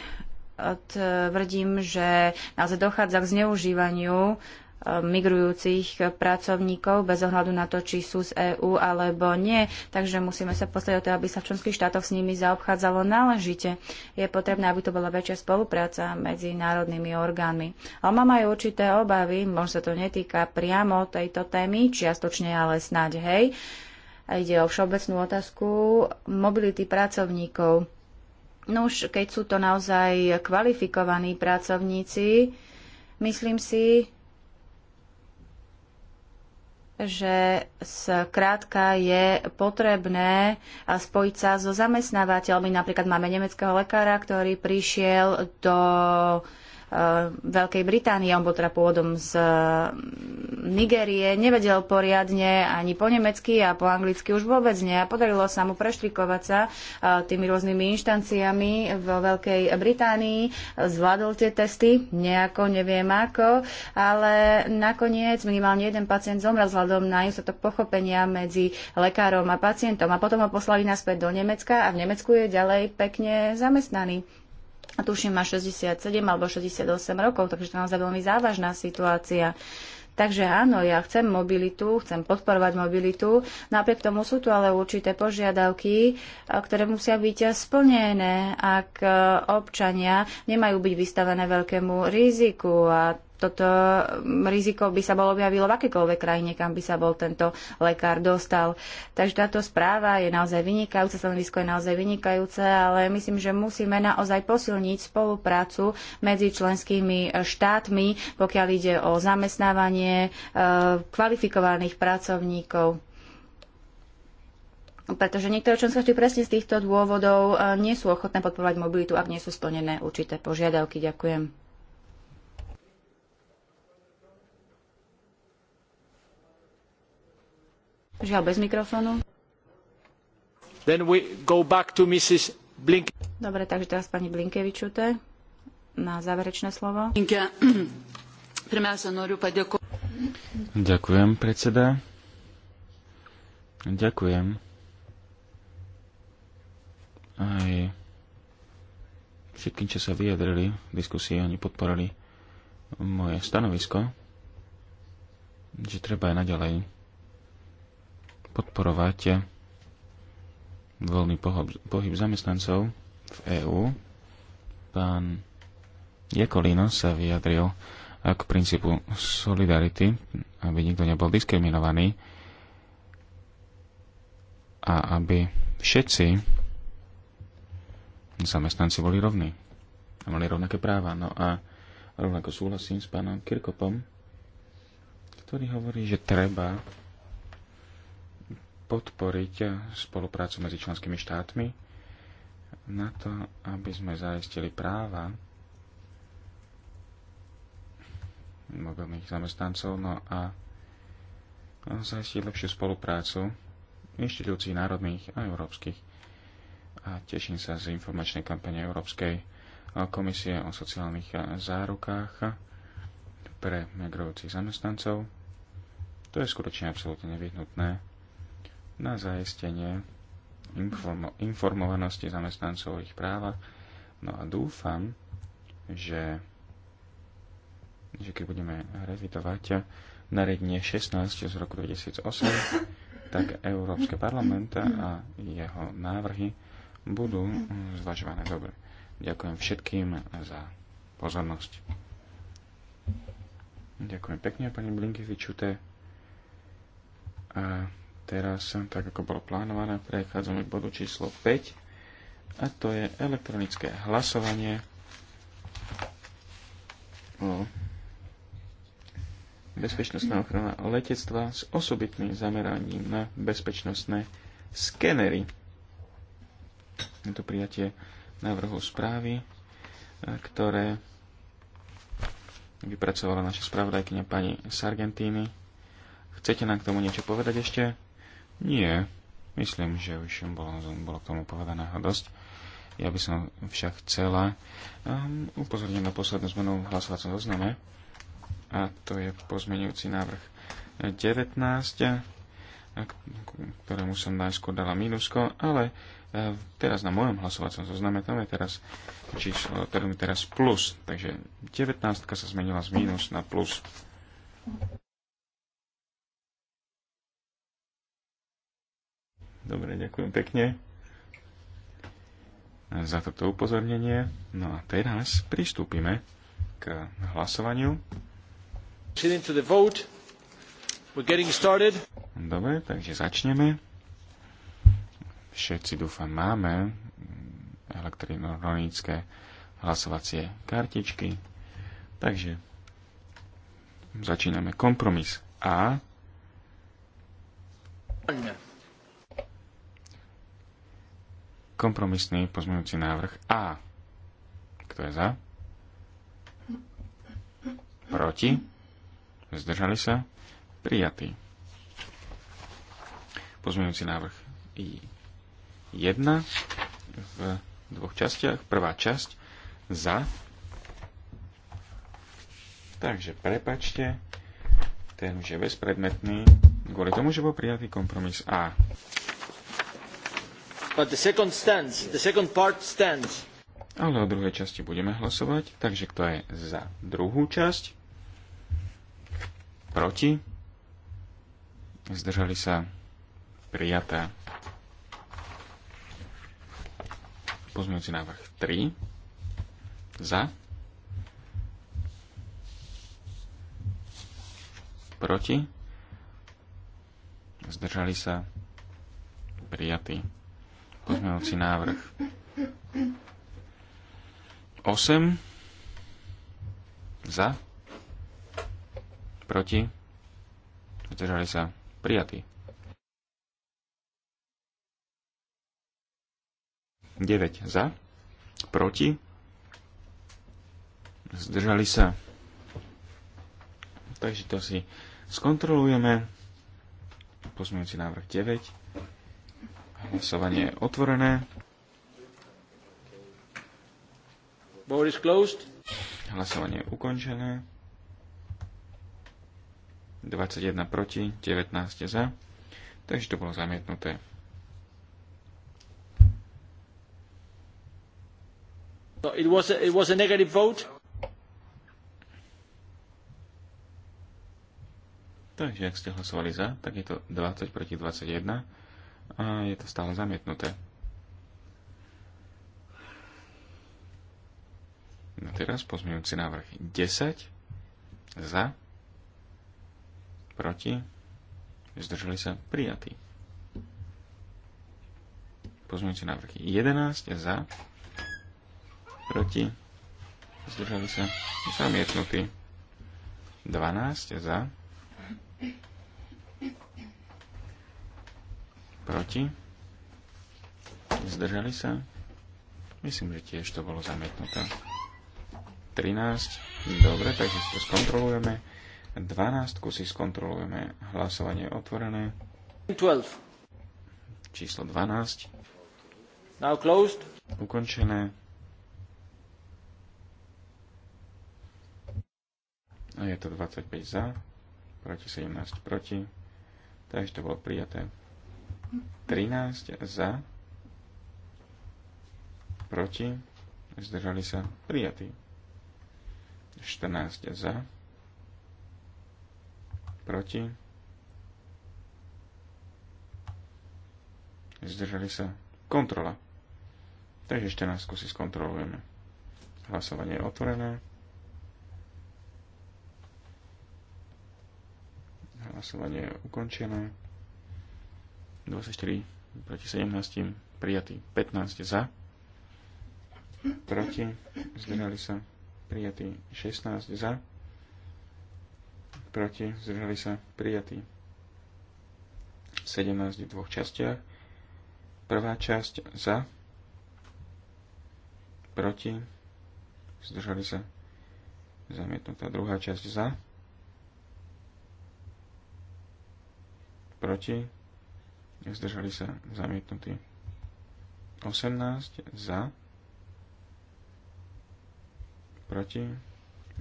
uh, tvrdím, že naozaj dochádza k zneužívaniu Eh, migrujúcich pracovníkov bez ohľadu na to, či sú z EÚ alebo nie. Takže musíme sa postaviť o to, aby sa v členských štátoch s nimi zaobchádzalo náležite. Je potrebné, aby to bola väčšia spolupráca medzi národnými orgánmi. Ale mám aj určité obavy, možno sa to netýka priamo tejto témy, čiastočne ale snáď hej. Ide o všeobecnú otázku mobility pracovníkov. No už keď sú to naozaj kvalifikovaní pracovníci, myslím si, že skrátka je potrebné spojiť sa so zamestnávateľmi. Napríklad máme nemeckého lekára, ktorý prišiel do Veľkej Británie, on bol teda pôvodom z eh, Nigérie, nevedel poriadne ani po nemecky a po anglicky už vôbec nie a podarilo sa mu preštrikovať sa eh, tými rôznymi inštanciami vo Veľkej Británii, zvládol tie testy, nejako, neviem ako, ale nakoniec minimálne jeden pacient zomrel vzhľadom na nedostatok pochopenia medzi lekárom a pacientom a potom ho poslali naspäť do Nemecka a v Nemecku je ďalej pekne zamestnaný. A tuším má 67 alebo 68 rokov, takže to je naozaj veľmi závažná situácia. Takže áno, ja chcem mobilitu, chcem podporovať mobilitu, napriek tomu sú tu ale určité požiadavky, e, ktoré musia byť splnené, ak e, občania nemajú byť vystavené veľkému riziku a toto mm, riziko by sa bolo objavilo v akékoľvek krajine, kam by sa bol tento lekár dostal. Takže táto správa je naozaj vynikajúca, stanovisko je naozaj vynikajúce, ale myslím, že musíme naozaj posilniť spoluprácu medzi členskými e, štátmi, pokiaľ ide o zamestnávanie e, kvalifikovaných pracovníkov pretože niektoré členské štáty presne z týchto dôvodov e, nie sú ochotné podporovať mobilitu, ak nie sú splnené určité požiadavky. Ďakujem. Žiaľ, bez mikrofónu. Then we go back to Mrs. Blink. Dobre, takže teraz pani Blinkevičute na záverečné slovo. Ďakujem, predseda. Ďakujem. Aj všetkým, čo sa vyjadrili v diskusii, oni podporili moje stanovisko, že treba aj naďalej podporovať voľný pohyb, pohyb zamestnancov v EÚ. Pán Jekolino sa vyjadril k princípu solidarity, aby nikto nebol diskriminovaný a aby všetci zamestnanci boli rovní a mali rovnaké práva. No a rovnako súhlasím s pánom Kirkopom, ktorý hovorí, že treba podporiť spoluprácu medzi členskými štátmi na to, aby sme zaistili práva mobilných zamestnancov, no a zaistiť lepšiu spoluprácu inštitúcií národných a európskych. A teším sa z informačnej kampane Európskej komisie o sociálnych zárukách pre migrujúcich zamestnancov. To je skutočne absolútne nevyhnutné na zaistenie informovanosti zamestnancov o ich právach. No a dúfam, že, že keď budeme revidovať nariadenie 16 z roku 2008, tak Európske parlament a jeho návrhy budú zvažované dobre. Ďakujem všetkým za pozornosť. Ďakujem pekne, pani Blinky, Uh... Teraz, tak ako bolo plánované, prechádzame k bodu číslo 5 a to je elektronické hlasovanie o bezpečnostná ochrana letectva s osobitným zameraním na bezpečnostné skenery. Je to prijatie návrhu správy, ktoré vypracovala naša spravodajkynia pani Sargentini. Chcete nám k tomu niečo povedať ešte? Nie, myslím, že už bolo, bolo k tomu povedané dosť. Ja by som však chcela um, upozorniť na poslednú zmenu v hlasovacom zozname. A to je pozmenujúci návrh 19, ktorému som najskôr dala mínusko, ale e, teraz na mojom hlasovacom zozname tam je teraz číslo, ktorým teraz plus. Takže 19 sa zmenila z mínus na plus. Dobre, ďakujem pekne za toto upozornenie. No a teraz pristúpime k hlasovaniu. Dobre, takže začneme. Všetci dúfam máme elektronické hlasovacie kartičky. Takže začíname kompromis A. kompromisný pozmeňujúci návrh A. Kto je za? Proti? Zdržali sa? Prijatý. Pozmeňujúci návrh I1 v dvoch častiach. Prvá časť za. Takže prepačte, ten už je bezpredmetný kvôli tomu, že bol prijatý kompromis A. But the second stands, the second part stands. Ale o druhej časti budeme hlasovať, takže kto je za druhú časť? Proti? Zdržali sa prijaté. Pozmeňujúci návrh 3. Za. Proti. Zdržali sa prijatí. Pozmeňujúci návrh 8 za proti zdržali sa prijatý 9 za proti zdržali sa takže to si skontrolujeme pozmeňujúci návrh 9 Hlasovanie je otvorené. Hlasovanie je ukončené. 21 proti, 19 za. Takže to bolo zamietnuté. No, it was a, it was a negative vote. Takže ak ste hlasovali za, tak je to 20 proti 21 a je to stále zamietnuté. No teraz pozmeňujúci návrh 10 za, proti, zdržali sa prijatí. Pozmeňujúci návrh 11 za, proti, zdržali sa zamietnutí. 12 za, Proti? Zdržali sa? Myslím, že tiež to bolo zamietnuté. 13. Dobre, takže si to skontrolujeme. 12 si skontrolujeme. Hlasovanie je otvorené. 12. Číslo 12. Now closed. Ukončené. A je to 25 za, proti 17 proti. Takže to bolo prijaté. 13 za, proti, zdržali sa prijatí. 14 za, proti, zdržali sa kontrola. Takže nás skúsi skontrolujeme. Hlasovanie je otvorené. Hlasovanie je ukončené. 24 proti 17, prijatý 15 za, proti, zdržali sa, prijatý 16 za, proti, zdržali sa, prijatý 17 v dvoch častiach, prvá časť za, proti, zdržali sa, zamietnutá druhá časť za, proti, zdržali sa zamietnutí. 18 za, proti,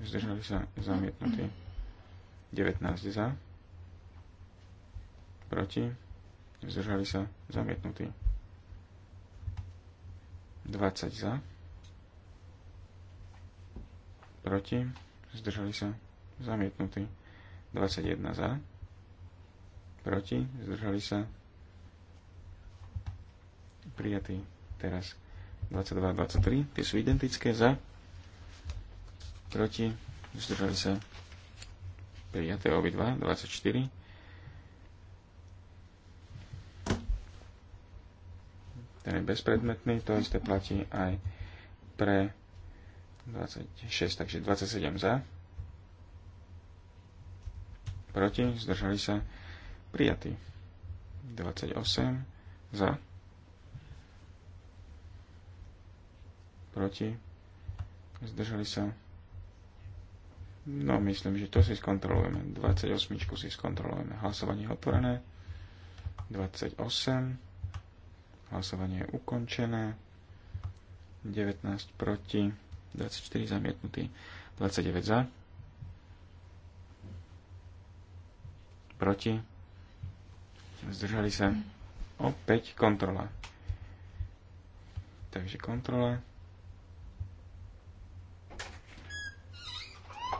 zdržali sa zamietnutí. 19 za, proti, zdržali sa zamietnutí. 20 za, proti, zdržali sa zamietnutí. 21 za, proti, zdržali sa prijatý. Teraz 22 23, tie sú identické za, proti, zdržali sa prijaté obidva, 24. Ten je bezpredmetný, to isté platí aj pre 26, takže 27 za, proti, zdržali sa prijatý. 28 za proti, zdržali sa. No, myslím, že to si skontrolujeme. 28 si skontrolujeme. Hlasovanie je otvorené. 28. Hlasovanie je ukončené. 19 proti. 24 zamietnutý. 29 za. Proti. Zdržali sa. Opäť kontrola. Takže kontrola.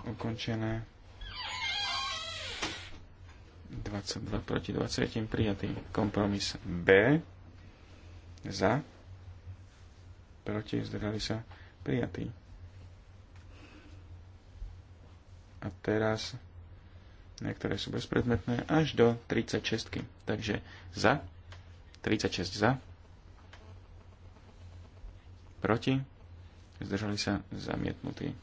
ukončené. 22 proti 20 prijatý kompromis B za proti zdržali sa prijatý. A teraz niektoré sú bezpredmetné až do 36. Takže za 36 za proti zdržali sa zamietnutí.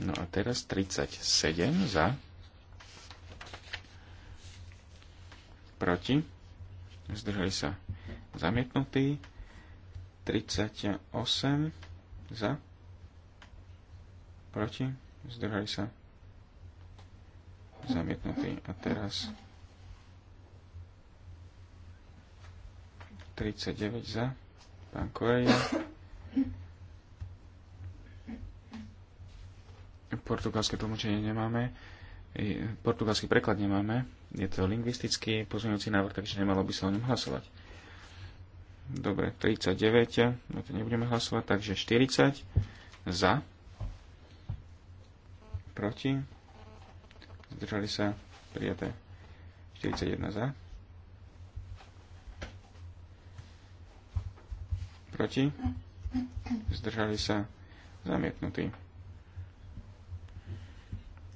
No a teraz 37 za, proti, zdržali sa zamietnutí, 38 za, proti, zdržali sa zamietnutí. A teraz 39 za, pán Koreja, portugalské tlmočenie nemáme, portugalský preklad nemáme, je to lingvistický pozmeňujúci návrh, takže nemalo by sa o ňom hlasovať. Dobre, 39, no to nebudeme hlasovať, takže 40 za, proti, zdržali sa, prijaté 41 za, proti, zdržali sa, zamietnutí.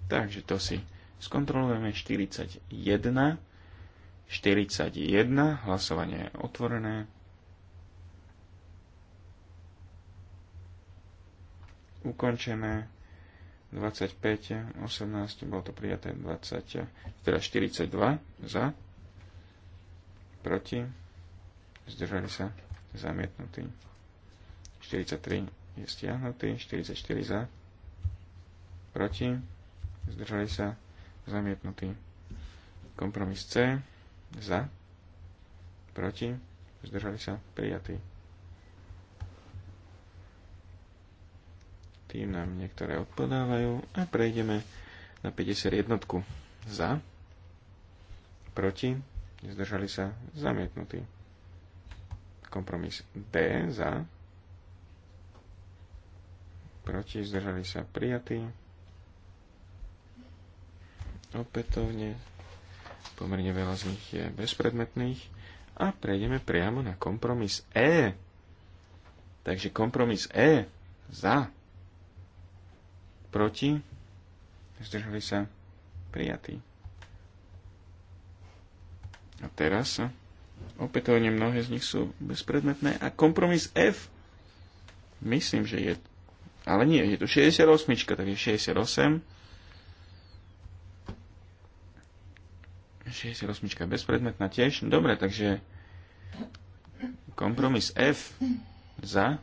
Takže to si skontrolujeme 41. 41, hlasovanie je otvorené. Ukončené 25, 18, bolo to prijaté 20, teda 42 za, proti, zdržali sa zamietnutí. 43 je stiahnutý, 44 za, proti, zdržali sa, zamietnutý. Kompromis C, za, proti, zdržali sa, prijatý. Tým nám niektoré odpadávajú a prejdeme na 51. Za, proti, zdržali sa, zamietnutý. Kompromis D, za, proti, zdržali sa, prijatý opätovne. Pomerne veľa z nich je bezpredmetných. A prejdeme priamo na kompromis E. Takže kompromis E za, proti, zdržali sa prijatý. A teraz opätovne mnohé z nich sú bezpredmetné. A kompromis F, myslím, že je, ale nie, je to 68, takže 68 68 je bezpredmetná tiež. Dobre, takže kompromis F za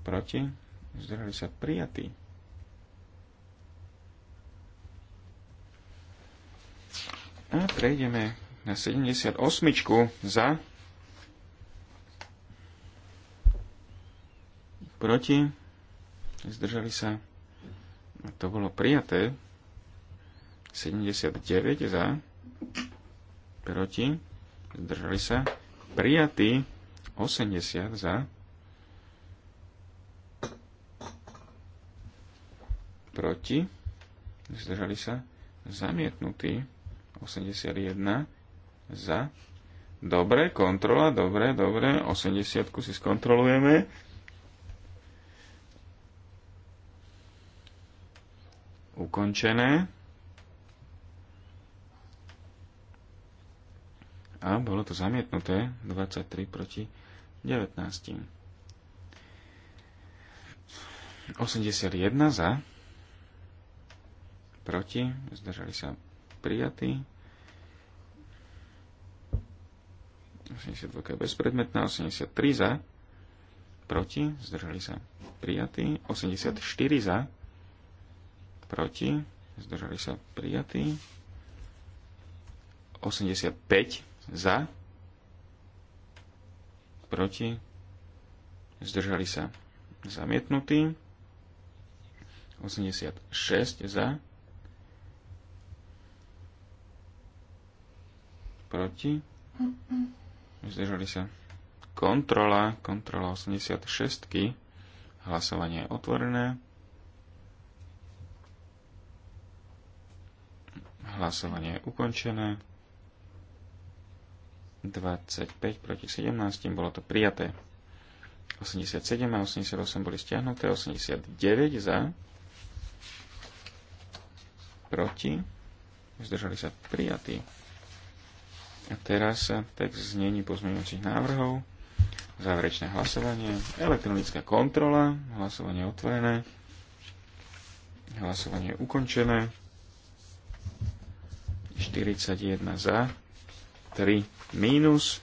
proti zdržali sa prijatý. A prejdeme na 78 za proti zdržali sa to bolo prijaté 79 za, proti, zdržali sa, prijatý 80 za, proti, zdržali sa, zamietnutý 81 za, dobre, kontrola, dobre, dobre, 80 si skontrolujeme, ukončené, a bolo to zamietnuté 23 proti 19. 81 za, proti, zdržali sa prijatí. 82 je bezpredmetná, 83 za, proti, zdržali sa prijatí. 84 za, proti, zdržali sa prijatí. 85 za, proti, zdržali sa zamietnutí, 86 za, proti, zdržali sa kontrola, kontrola 86, -ky. hlasovanie je otvorené, hlasovanie je ukončené, 25 proti 17, bolo to prijaté. 87 a 88 boli stiahnuté, 89 za, proti, zdržali sa prijatí. A teraz text znení pozmeňujúcich návrhov, záverečné hlasovanie, elektronická kontrola, hlasovanie otvorené, hlasovanie ukončené, 41 za, 3 mínus.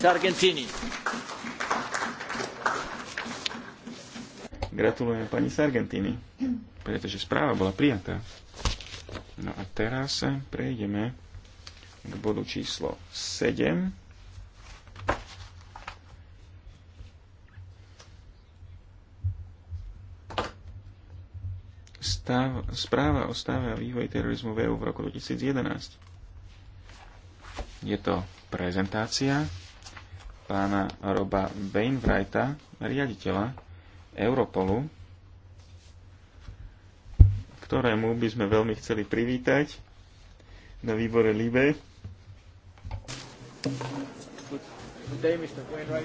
Sargentini. Gratulujeme pani Sargentini, pretože správa bola prijatá. No a teraz prejdeme k bodu číslo 7. Stav, správa o stave a vývoji terorizmu v EU v roku 2011. Je to prezentácia pána Roba Bainwrighta, riaditeľa Europolu, ktorému by sme veľmi chceli privítať na výbore LIBE. Good day, Mr. Wainwright.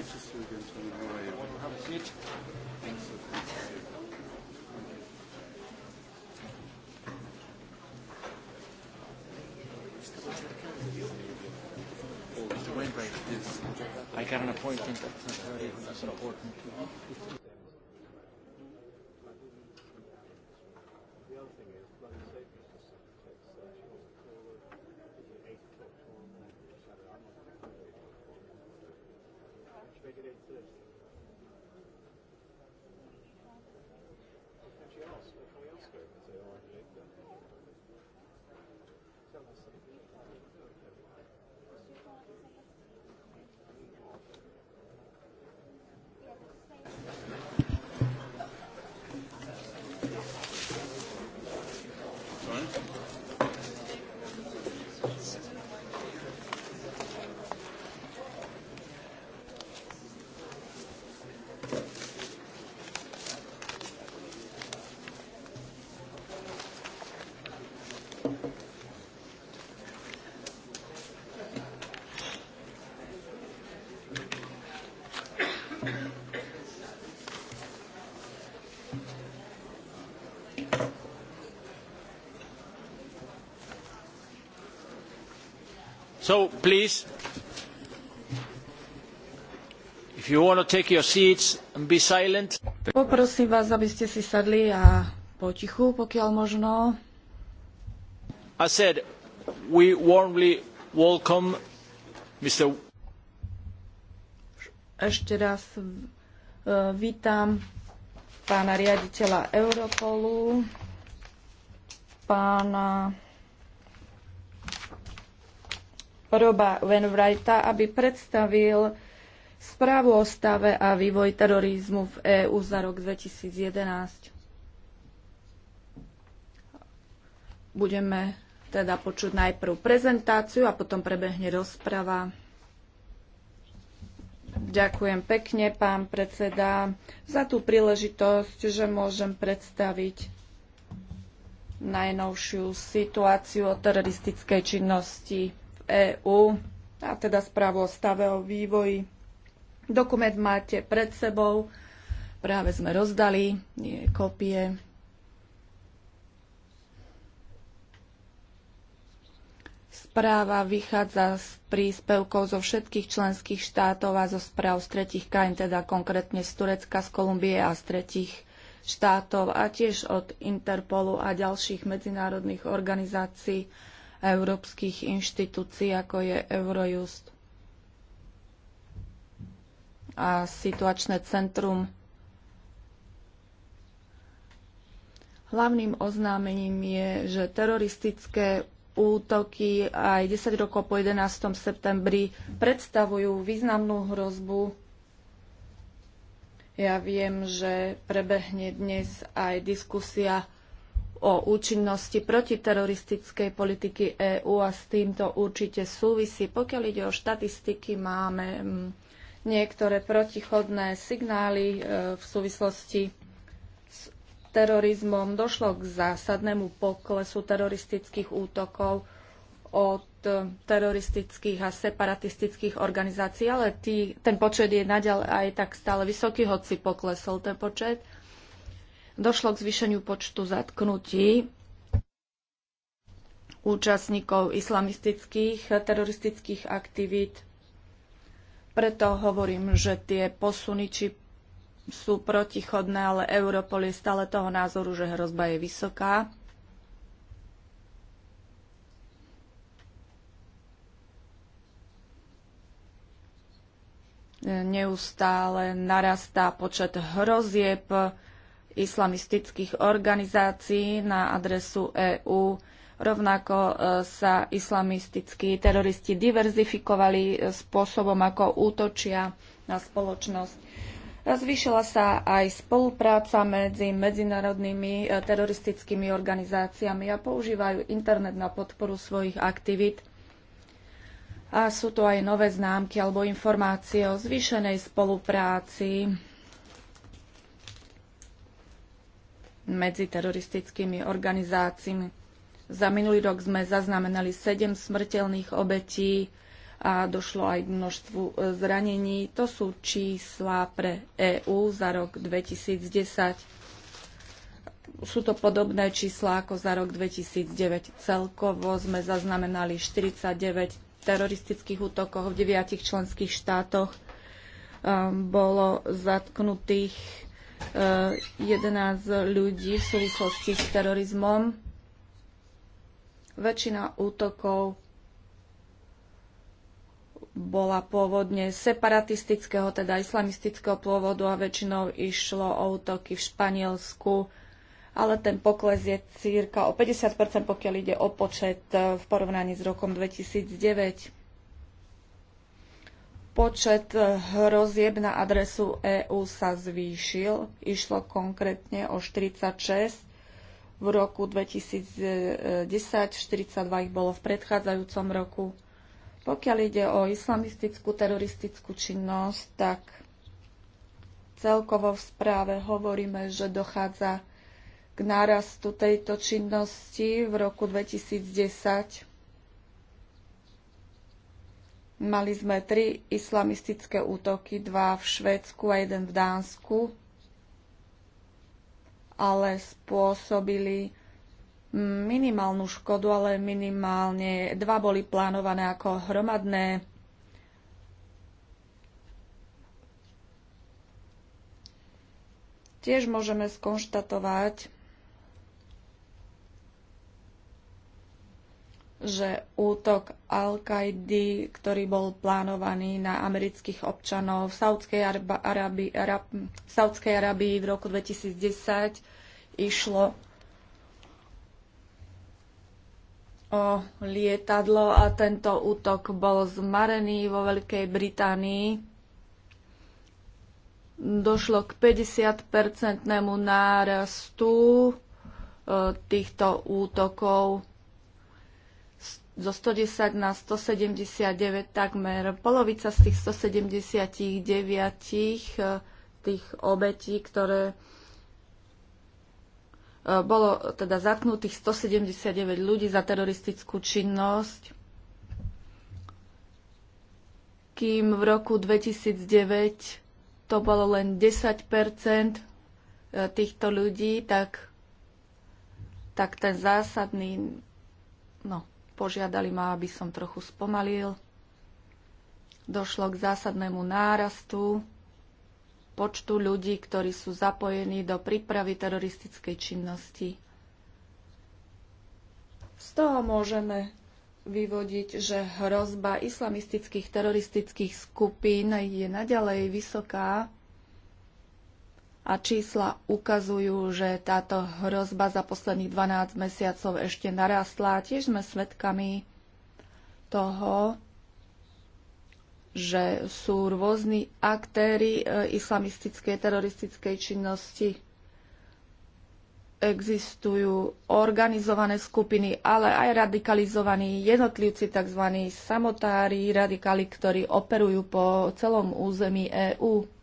I got an appointment at 10.30, that's important. So, please, if you want to take your seats and be silent. Poprosím vás, aby ste si sadli a potichu, pokiaľ možno. I said, we warmly welcome Mr. Ešte raz e, vítam pána riaditeľa Europolu, pána Roba Wenwrighta, aby predstavil správu o stave a vývoj terorizmu v EÚ za rok 2011. Budeme teda počuť najprv prezentáciu a potom prebehne rozprava. Ďakujem pekne, pán predseda, za tú príležitosť, že môžem predstaviť najnovšiu situáciu o teroristickej činnosti EÚ a teda správu o stave o vývoji. Dokument máte pred sebou, práve sme rozdali nie, kopie. Správa vychádza z príspevkov zo všetkých členských štátov a zo správ z tretich krajín, teda konkrétne z Turecka, z Kolumbie a z tretich štátov a tiež od Interpolu a ďalších medzinárodných organizácií európskych inštitúcií, ako je Eurojust a situačné centrum. Hlavným oznámením je, že teroristické útoky aj 10 rokov po 11. septembri predstavujú významnú hrozbu. Ja viem, že prebehne dnes aj diskusia o účinnosti protiteroristickej politiky EÚ a s týmto určite súvisí. Pokiaľ ide o štatistiky, máme mm, niektoré protichodné signály e, v súvislosti s terorizmom. Došlo k zásadnému poklesu teroristických útokov od e, teroristických a separatistických organizácií, ale tý, ten počet je naďalej aj tak stále vysoký, hoci poklesol ten počet došlo k zvýšeniu počtu zatknutí účastníkov islamistických teroristických aktivít. Preto hovorím, že tie posuny či sú protichodné, ale Europol je stále toho názoru, že hrozba je vysoká. Neustále narastá počet hrozieb, islamistických organizácií na adresu EÚ. Rovnako e, sa islamistickí teroristi diverzifikovali e, spôsobom, ako útočia na spoločnosť. Zvýšila sa aj spolupráca medzi medzinárodnými e, teroristickými organizáciami a používajú internet na podporu svojich aktivít. A sú tu aj nové známky alebo informácie o zvýšenej spolupráci medzi teroristickými organizáciami. Za minulý rok sme zaznamenali 7 smrteľných obetí a došlo aj k množstvu e, zranení. To sú čísla pre EÚ za rok 2010. Sú to podobné čísla ako za rok 2009. Celkovo sme zaznamenali 49 teroristických útokov v deviatich členských štátoch. Ehm, bolo zatknutých 11 ľudí v súvislosti s terorizmom. Väčšina útokov bola pôvodne separatistického, teda islamistického pôvodu a väčšinou išlo o útoky v Španielsku, ale ten pokles je cirka o 50%, pokiaľ ide o počet eh, v porovnaní s rokom 2009 Počet e, hrozieb na adresu EÚ sa zvýšil. Išlo konkrétne o 46. V roku 2010 42 ich bolo v predchádzajúcom roku. Pokiaľ ide o islamistickú teroristickú činnosť, tak celkovo v správe hovoríme, že dochádza k nárastu tejto činnosti v roku 2010 Mali sme tri islamistické útoky, dva v Švedsku a jeden v Dánsku, ale spôsobili minimálnu škodu, ale minimálne dva boli plánované ako hromadné tiež môžeme skonštatovať, že útok Al-Kaidi, ktorý bol plánovaný na amerických občanov v Saudskej Arabii, Arab, Saudskej Arabii v roku 2010 išlo o lietadlo a tento útok bol zmarený vo Veľkej Británii. Došlo k 50-percentnému nárastu e, týchto útokov zo 110 na 179 takmer polovica z tých 179 eh, tých obetí, ktoré eh, bolo teda zatknutých 179 ľudí za teroristickú činnosť, kým v roku 2009 to bolo len 10 eh, týchto ľudí, tak, tak ten zásadný, no, Požiadali ma, aby som trochu spomalil. Došlo k zásadnému nárastu počtu ľudí, ktorí sú zapojení do prípravy teroristickej činnosti. Z toho môžeme vyvodiť, že hrozba islamistických teroristických skupín je naďalej vysoká a čísla ukazujú, že táto hrozba za posledných 12 mesiacov ešte narastla. Tiež sme svedkami toho, že sú rôzni aktéry e, islamistickej, teroristickej činnosti. Existujú organizované skupiny, ale aj radikalizovaní jednotlivci, tzv. samotári, radikali, ktorí operujú po celom území EÚ.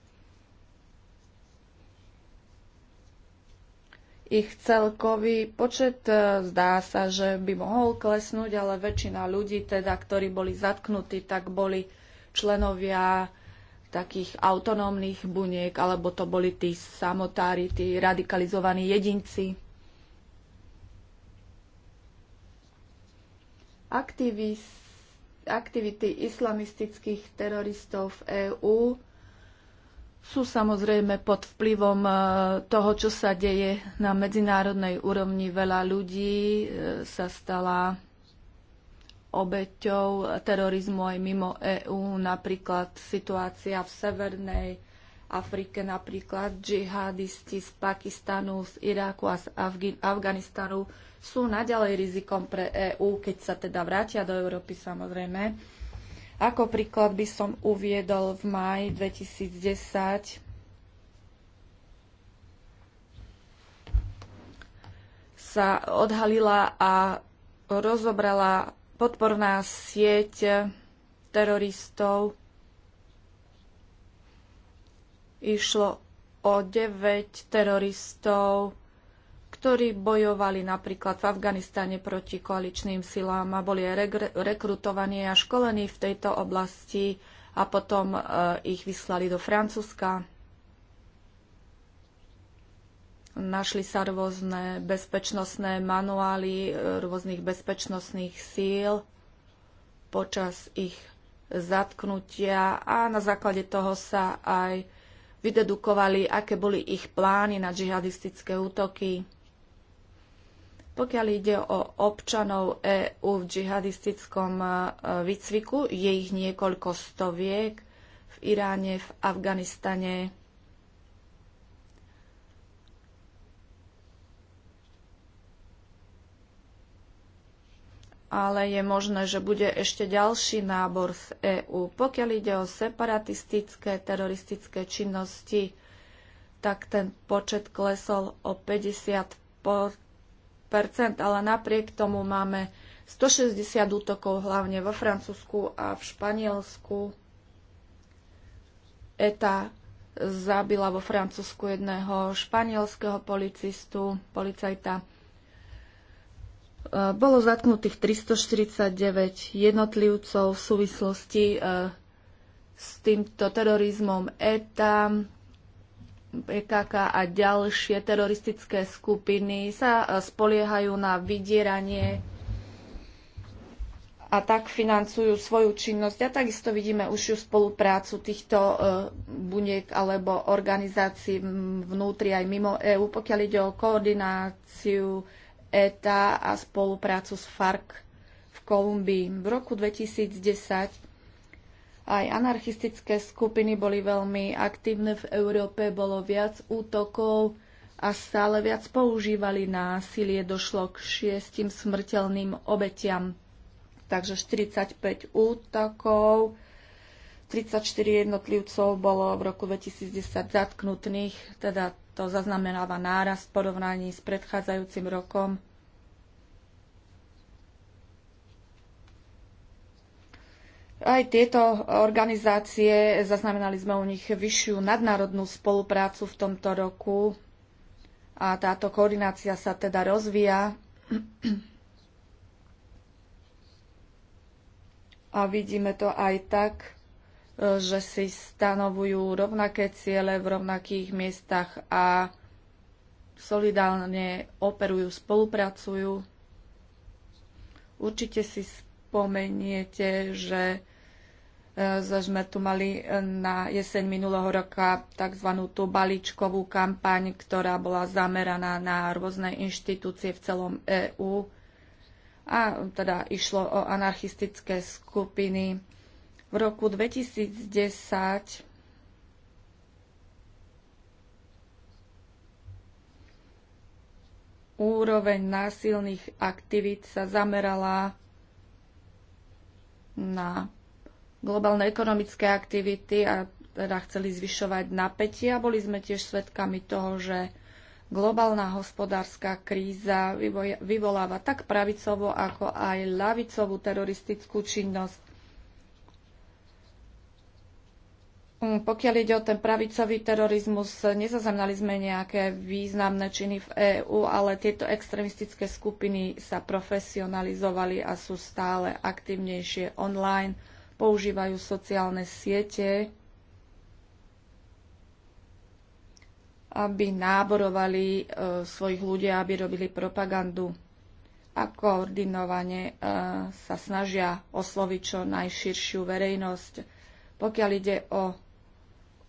ich celkový počet e, zdá sa, že by mohol klesnúť, ale väčšina ľudí, teda, ktorí boli zatknutí, tak boli členovia takých autonómnych buniek, alebo to boli tí samotári, tí radikalizovaní jedinci. Aktivis, aktivity islamistických teroristov v EÚ sú samozrejme pod vplyvom e, toho, čo sa deje na medzinárodnej úrovni. Veľa ľudí e, sa stala obeťou terorizmu aj mimo EÚ, napríklad situácia v Severnej Afrike, napríklad džihadisti z Pakistanu, z Iráku a z Afg- Afganistanu sú naďalej rizikom pre EÚ, keď sa teda vrátia do Európy samozrejme ako príklad by som uviedol v maji 2010 sa odhalila a rozobrala podporná sieť teroristov. Išlo o 9 teroristov ktorí bojovali napríklad v Afganistane proti koaličným silám a boli aj rekrutovaní a školení v tejto oblasti a potom e, ich vyslali do Francúzska. Našli sa rôzne bezpečnostné manuály e, rôznych bezpečnostných síl počas ich zatknutia a na základe toho sa aj vydedukovali, aké boli ich plány na džihadistické útoky. Pokiaľ ide o občanov EÚ v džihadistickom e, výcviku, je ich niekoľko stoviek v Iráne, v Afganistane. Ale je možné, že bude ešte ďalší nábor z EÚ. Pokiaľ ide o separatistické, teroristické činnosti, tak ten počet klesol o 50 ale napriek tomu máme 160 útokov hlavne vo Francúzsku a v Španielsku. ETA zabila vo Francúzsku jedného španielského policistu, policajta. E, bolo zatknutých 349 jednotlivcov v súvislosti e, s týmto terorizmom ETA PKK a ďalšie teroristické skupiny sa e, spoliehajú na vydieranie a tak financujú svoju činnosť. A takisto vidíme ju spoluprácu týchto e, buniek alebo organizácií vnútri aj mimo EÚ, pokiaľ ide o koordináciu ETA a spoluprácu s FARC v Kolumbii. V roku 2010 aj anarchistické skupiny boli veľmi aktívne v Európe, bolo viac útokov a stále viac používali násilie. Došlo k šiestim smrteľným obetiam. Takže 45 útokov, 34 jednotlivcov bolo v roku 2010 zatknutných, teda to zaznamenáva nárast v porovnaní s predchádzajúcim rokom. Aj tieto organizácie, zaznamenali sme u nich vyššiu nadnárodnú spoluprácu v tomto roku a táto koordinácia sa teda rozvíja. A vidíme to aj tak, že si stanovujú rovnaké ciele v rovnakých miestach a solidálne operujú, spolupracujú. Určite si spomeniete, že E, sme tu mali e, na jeseň minulého roka tzv. tú balíčkovú kampaň, ktorá bola zameraná na rôzne inštitúcie v celom EÚ. A teda išlo o anarchistické skupiny. V roku 2010 úroveň násilných aktivít sa zamerala na globálne ekonomické aktivity a teda chceli zvyšovať napätie a boli sme tiež svedkami toho, že globálna hospodárska kríza vyvoláva tak pravicovú, ako aj ľavicovú teroristickú činnosť. Mm, pokiaľ ide o ten pravicový terorizmus, nezaznamenali sme nejaké významné činy v EÚ, ale tieto extremistické skupiny sa profesionalizovali a sú stále aktívnejšie online používajú sociálne siete, aby náborovali e, svojich ľudí, aby robili propagandu a koordinovane e, sa snažia osloviť čo najširšiu verejnosť. Pokiaľ ide o,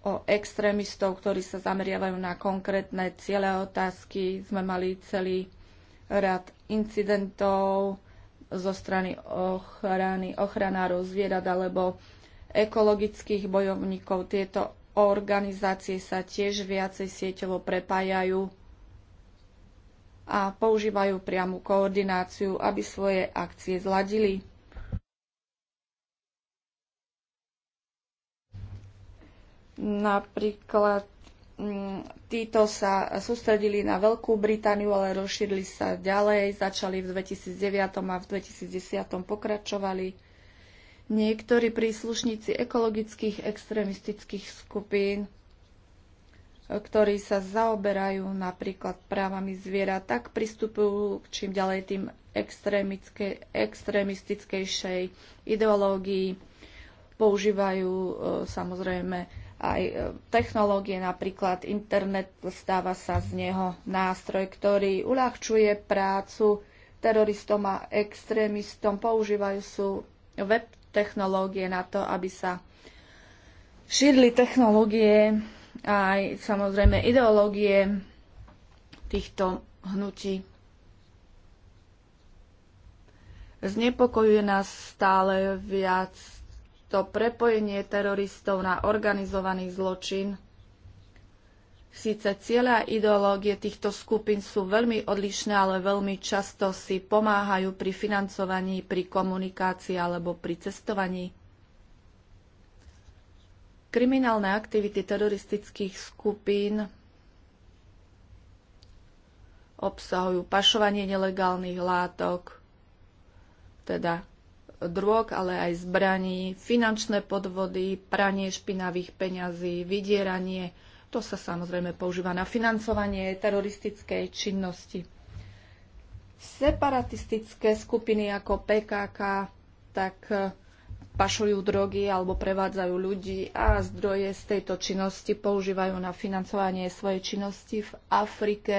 o extrémistov, ktorí sa zameriavajú na konkrétne ciele otázky, sme mali celý rad incidentov, zo strany ochrany, ochranárov zvierat alebo ekologických bojovníkov. Tieto organizácie sa tiež viacej sieťovo prepájajú a používajú priamu koordináciu, aby svoje akcie zladili. Napríklad Mm, títo sa sústredili na Veľkú Britániu, ale rozšírili sa ďalej, začali v 2009 a v 2010 pokračovali. Niektorí príslušníci ekologických extrémistických skupín, ktorí sa zaoberajú napríklad právami zvierat, tak pristupujú k čím ďalej tým extrémistickejšej ideológii. Používajú e, samozrejme aj e, technológie, napríklad internet, stáva sa z neho nástroj, ktorý uľahčuje prácu teroristom a extrémistom. Používajú sú web technológie na to, aby sa šírili technológie a aj samozrejme ideológie týchto hnutí. Znepokojuje nás stále viac to prepojenie teroristov na organizovaný zločin. Síce cieľa a ideológie týchto skupín sú veľmi odlišné, ale veľmi často si pomáhajú pri financovaní, pri komunikácii alebo pri cestovaní. Kriminálne aktivity teroristických skupín obsahujú pašovanie nelegálnych látok, teda drog, ale aj zbraní, finančné podvody, pranie špinavých peňazí, vydieranie. To sa samozrejme používa na financovanie teroristickej činnosti. Separatistické skupiny ako PKK tak e, pašujú drogy alebo prevádzajú ľudí a zdroje z tejto činnosti používajú na financovanie svojej činnosti v Afrike,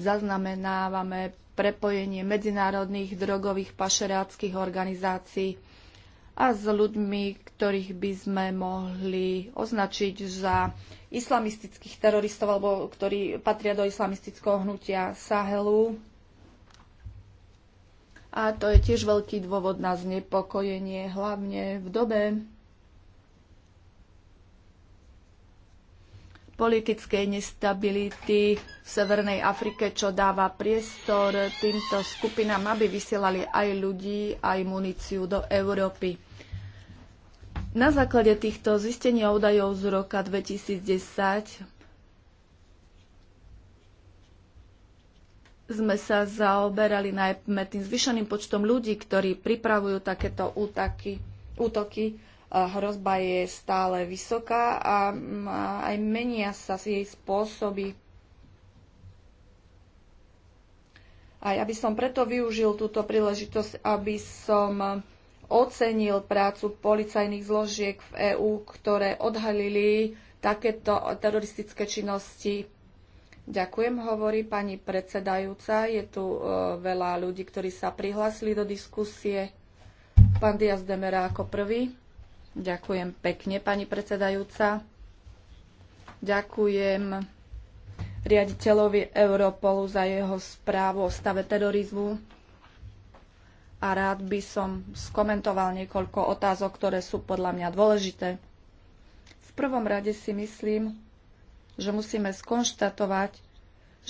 zaznamenávame prepojenie medzinárodných drogových pašeráckých organizácií a s ľuďmi, ktorých by sme mohli označiť za islamistických teroristov alebo ktorí patria do islamistického hnutia Sahelu. A to je tiež veľký dôvod na znepokojenie, hlavne v dobe, politickej nestability v Severnej Afrike, čo dáva priestor týmto skupinám, aby vysielali aj ľudí, aj muníciu do Európy. Na základe týchto zistení a údajov z roka 2010 sme sa zaoberali najmä tým zvyšeným počtom ľudí, ktorí pripravujú takéto útaky, útoky hrozba je stále vysoká a aj menia sa jej spôsoby. ja aby som preto využil túto príležitosť, aby som ocenil prácu policajných zložiek v EÚ, ktoré odhalili takéto teroristické činnosti. Ďakujem, hovorí pani predsedajúca. Je tu e, veľa ľudí, ktorí sa prihlásili do diskusie. Pán Diaz Demera ako prvý. Ďakujem pekne, pani predsedajúca. Ďakujem riaditeľovi Europolu za jeho správu o stave terorizmu. A rád by som skomentoval niekoľko otázok, ktoré sú podľa mňa dôležité. V prvom rade si myslím, že musíme skonštatovať,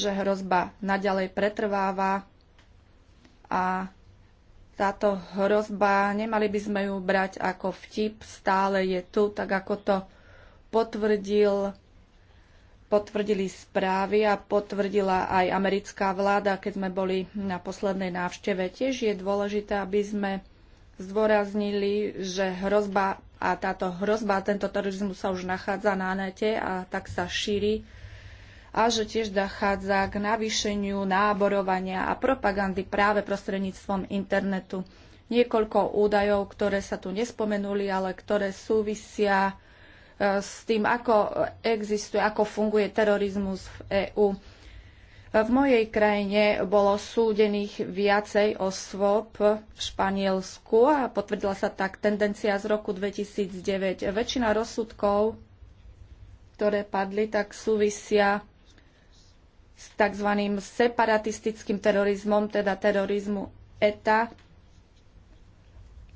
že hrozba naďalej pretrváva a táto hrozba, nemali by sme ju brať ako vtip, stále je tu, tak ako to potvrdil potvrdili správy a potvrdila aj americká vláda, keď sme boli na poslednej návšteve. Tiež je dôležité, aby sme zdôraznili, že hrozba a táto hrozba, tento terorizmus sa už nachádza na nete a tak sa šíri a že tiež dochádza k navýšeniu náborovania a propagandy práve prostredníctvom internetu. Niekoľko údajov, ktoré sa tu nespomenuli, ale ktoré súvisia e, s tým, ako existuje, ako funguje terorizmus v EÚ. V mojej krajine bolo súdených viacej osôb v Španielsku a potvrdila sa tak tendencia z roku 2009. Väčšina rozsudkov, ktoré padli, tak súvisia s tzv. separatistickým terorizmom, teda terorizmu ETA.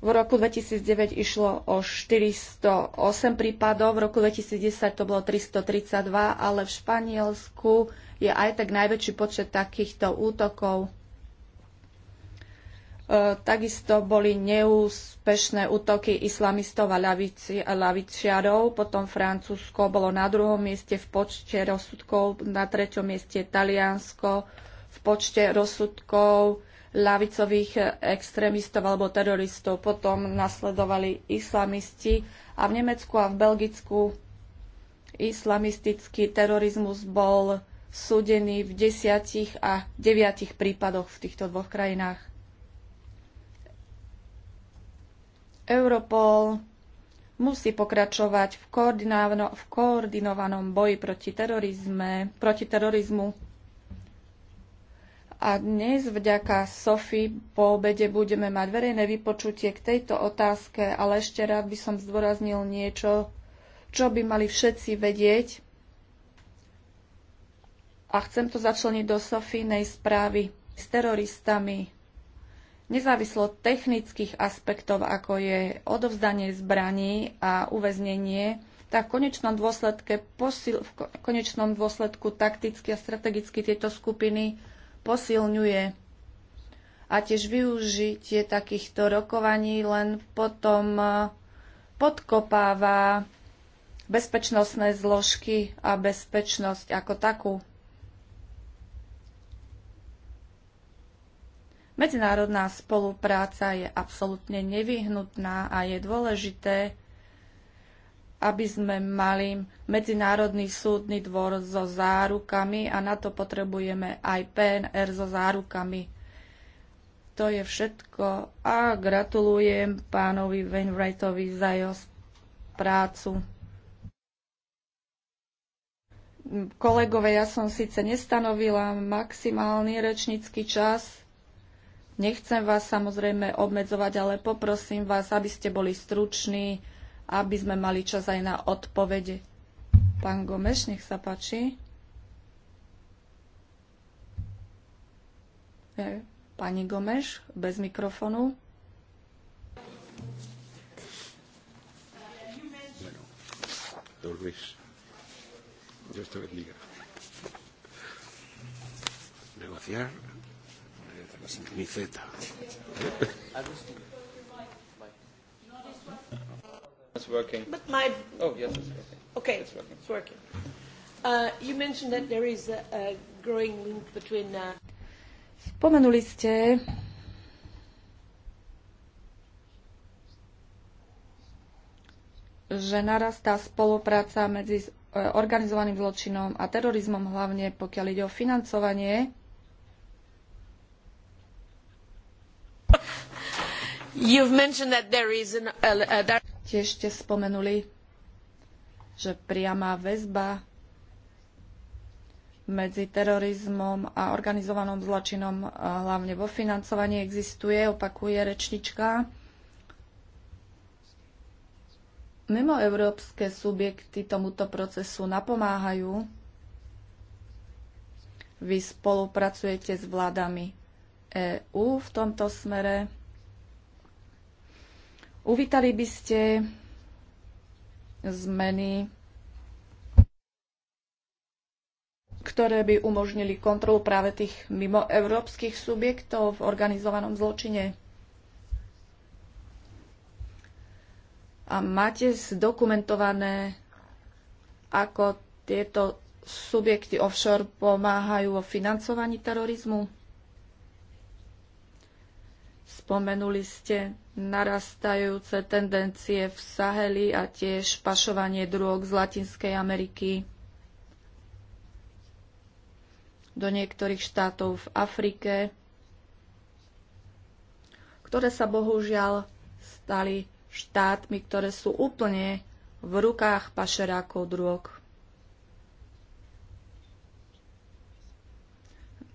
V roku 2009 išlo o 408 prípadov, v roku 2010 to bolo 332, ale v Španielsku je aj tak najväčší počet takýchto útokov. E, takisto boli neúspešné útoky islamistov a lavičiarov, potom Francúzsko bolo na druhom mieste v počte rozsudkov, na treťom mieste Taliansko v počte rozsudkov lavicových extrémistov alebo teroristov. Potom nasledovali islamisti a v Nemecku a v Belgicku islamistický terorizmus bol súdený v desiatich a deviatich prípadoch v týchto dvoch krajinách. Europol musí pokračovať v, koordinovanom, v koordinovanom boji proti, terorizme, proti terorizmu. A dnes vďaka Sofi po obede budeme mať verejné vypočutie k tejto otázke, ale ešte rád by som zdôraznil niečo, čo by mali všetci vedieť. A chcem to začleniť do Sofínej správy s teroristami Nezávislo od technických aspektov, ako je odovzdanie zbraní a uväznenie, tak v konečnom dôsledku, posil, v konečnom dôsledku takticky a strategicky tieto skupiny posilňuje. A tiež využitie takýchto rokovaní len potom e, podkopáva bezpečnostné zložky a bezpečnosť ako takú. Medzinárodná spolupráca je absolútne nevyhnutná a je dôležité, aby sme mali Medzinárodný súdny dvor so zárukami a na to potrebujeme aj PNR so zárukami. To je všetko a gratulujem pánovi Wainwrightovi za jeho prácu. Kolegové, ja som síce nestanovila maximálny rečnícky čas, Nechcem vás samozrejme obmedzovať, ale poprosím vás, aby ste boli struční, aby sme mali čas aj na odpovede. Pán Gomeš, nech sa páči. E, pani Gomeš, bez mikrofonu. Don Dios te bendiga. Negociar mi zeta. It's working. But my. Oh yes, it's working. Okay, it's working. It's working. Uh, you mentioned that there is a, a growing link between. Uh... Spomenuli ste že narastá spolupráca medzi organizovaným zločinom a terorizmom, hlavne pokiaľ ide o financovanie Tiež ste spomenuli, že priama väzba medzi terorizmom a organizovaným zločinom, hlavne vo financovaní, existuje, opakuje rečnička. Mimoeurópske subjekty tomuto procesu napomáhajú. Vy spolupracujete s vládami EÚ v tomto smere. Uvítali by ste zmeny, ktoré by umožnili kontrolu práve tých mimoevropských subjektov v organizovanom zločine? A máte zdokumentované, ako tieto subjekty offshore pomáhajú vo financovaní terorizmu? Spomenuli ste narastajúce tendencie v Saheli a tiež pašovanie drog z Latinskej Ameriky do niektorých štátov v Afrike, ktoré sa bohužiaľ stali štátmi, ktoré sú úplne v rukách pašerákov drog.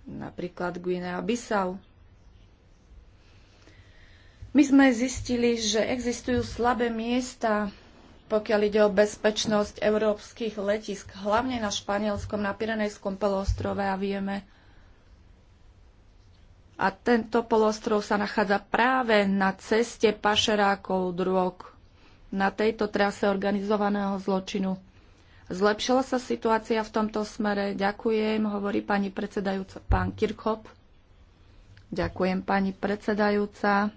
Napríklad Guinea-Bissau. My sme zistili, že existujú slabé miesta, pokiaľ ide o bezpečnosť európskych letisk, hlavne na Španielskom, na Pirenejskom polostrove a vieme. A tento polostrov sa nachádza práve na ceste pašerákov drog, na tejto trase organizovaného zločinu. Zlepšila sa situácia v tomto smere. Ďakujem, hovorí pani predsedajúca, pán Kirchhoff. Ďakujem, pani predsedajúca.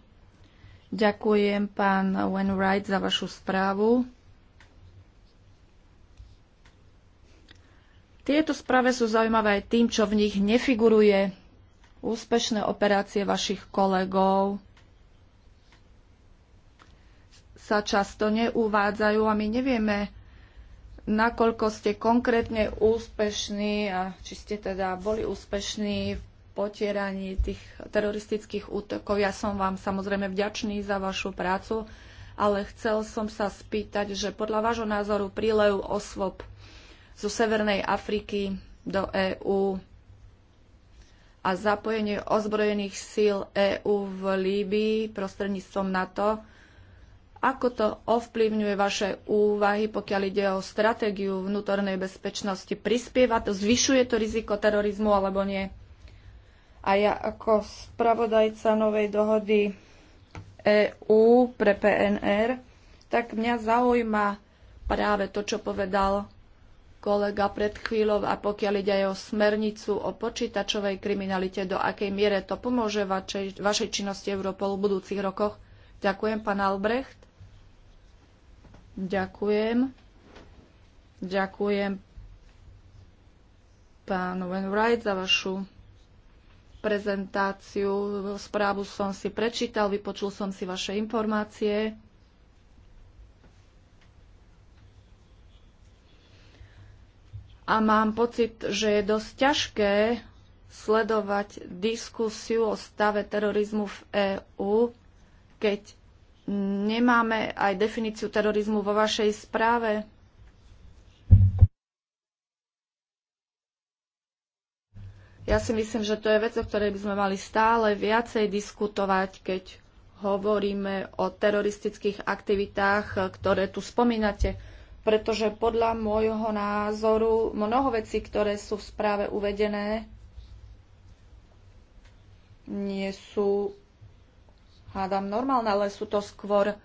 Ďakujem pán Wainwright za vašu správu. Tieto správe sú zaujímavé aj tým, čo v nich nefiguruje úspešné operácie vašich kolegov sa často neuvádzajú a my nevieme, nakoľko ste konkrétne úspešní a či ste teda boli úspešní v potieraní tých teroristických útokov. Ja som vám samozrejme vďačný za vašu prácu, ale chcel som sa spýtať, že podľa vášho názoru prílev osvob zo Severnej Afriky do EÚ a zapojenie ozbrojených síl EÚ v Líbii prostredníctvom NATO, ako to ovplyvňuje vaše úvahy, pokiaľ ide o stratégiu vnútornej bezpečnosti? Prispieva to, zvyšuje to riziko terorizmu alebo nie? A ja ako spravodajca novej dohody EÚ pre PNR, tak mňa zaujíma práve to, čo povedal kolega pred chvíľou a pokiaľ ide aj o smernicu o počítačovej kriminalite, do akej miere to pomôže vašej, vašej činnosti Europolu v budúcich rokoch. Ďakujem, pán Albrecht. Ďakujem. Ďakujem pán Wainwright za vašu prezentáciu. Správu som si prečítal, vypočul som si vaše informácie. A mám pocit, že je dosť ťažké sledovať diskusiu o stave terorizmu v EÚ, keď nemáme aj definíciu terorizmu vo vašej správe. Ja si myslím, že to je vec, o ktorej by sme mali stále viacej diskutovať, keď hovoríme o teroristických aktivitách, ktoré tu spomínate. Pretože podľa môjho názoru mnoho vecí, ktoré sú v správe uvedené, nie sú, hádam, normálne, ale sú to skôr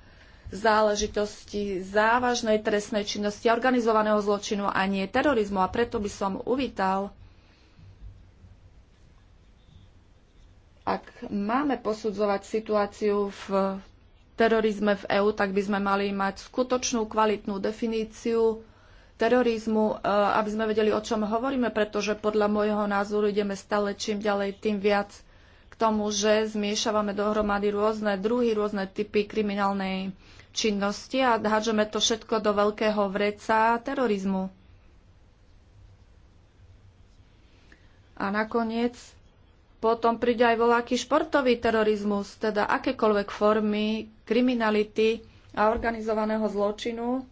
záležitosti závažnej trestnej činnosti organizovaného zločinu a nie terorizmu. A preto by som uvítal, Ak máme posudzovať situáciu v terorizme v EÚ, tak by sme mali mať skutočnú kvalitnú definíciu terorizmu, e, aby sme vedeli, o čom hovoríme, pretože podľa môjho názoru ideme stále čím ďalej, tým viac k tomu, že zmiešavame dohromady rôzne druhy, rôzne typy kriminálnej činnosti a hádžeme to všetko do veľkého vreca terorizmu. A nakoniec potom príde aj voláky športový terorizmus, teda akékoľvek formy kriminality a organizovaného zločinu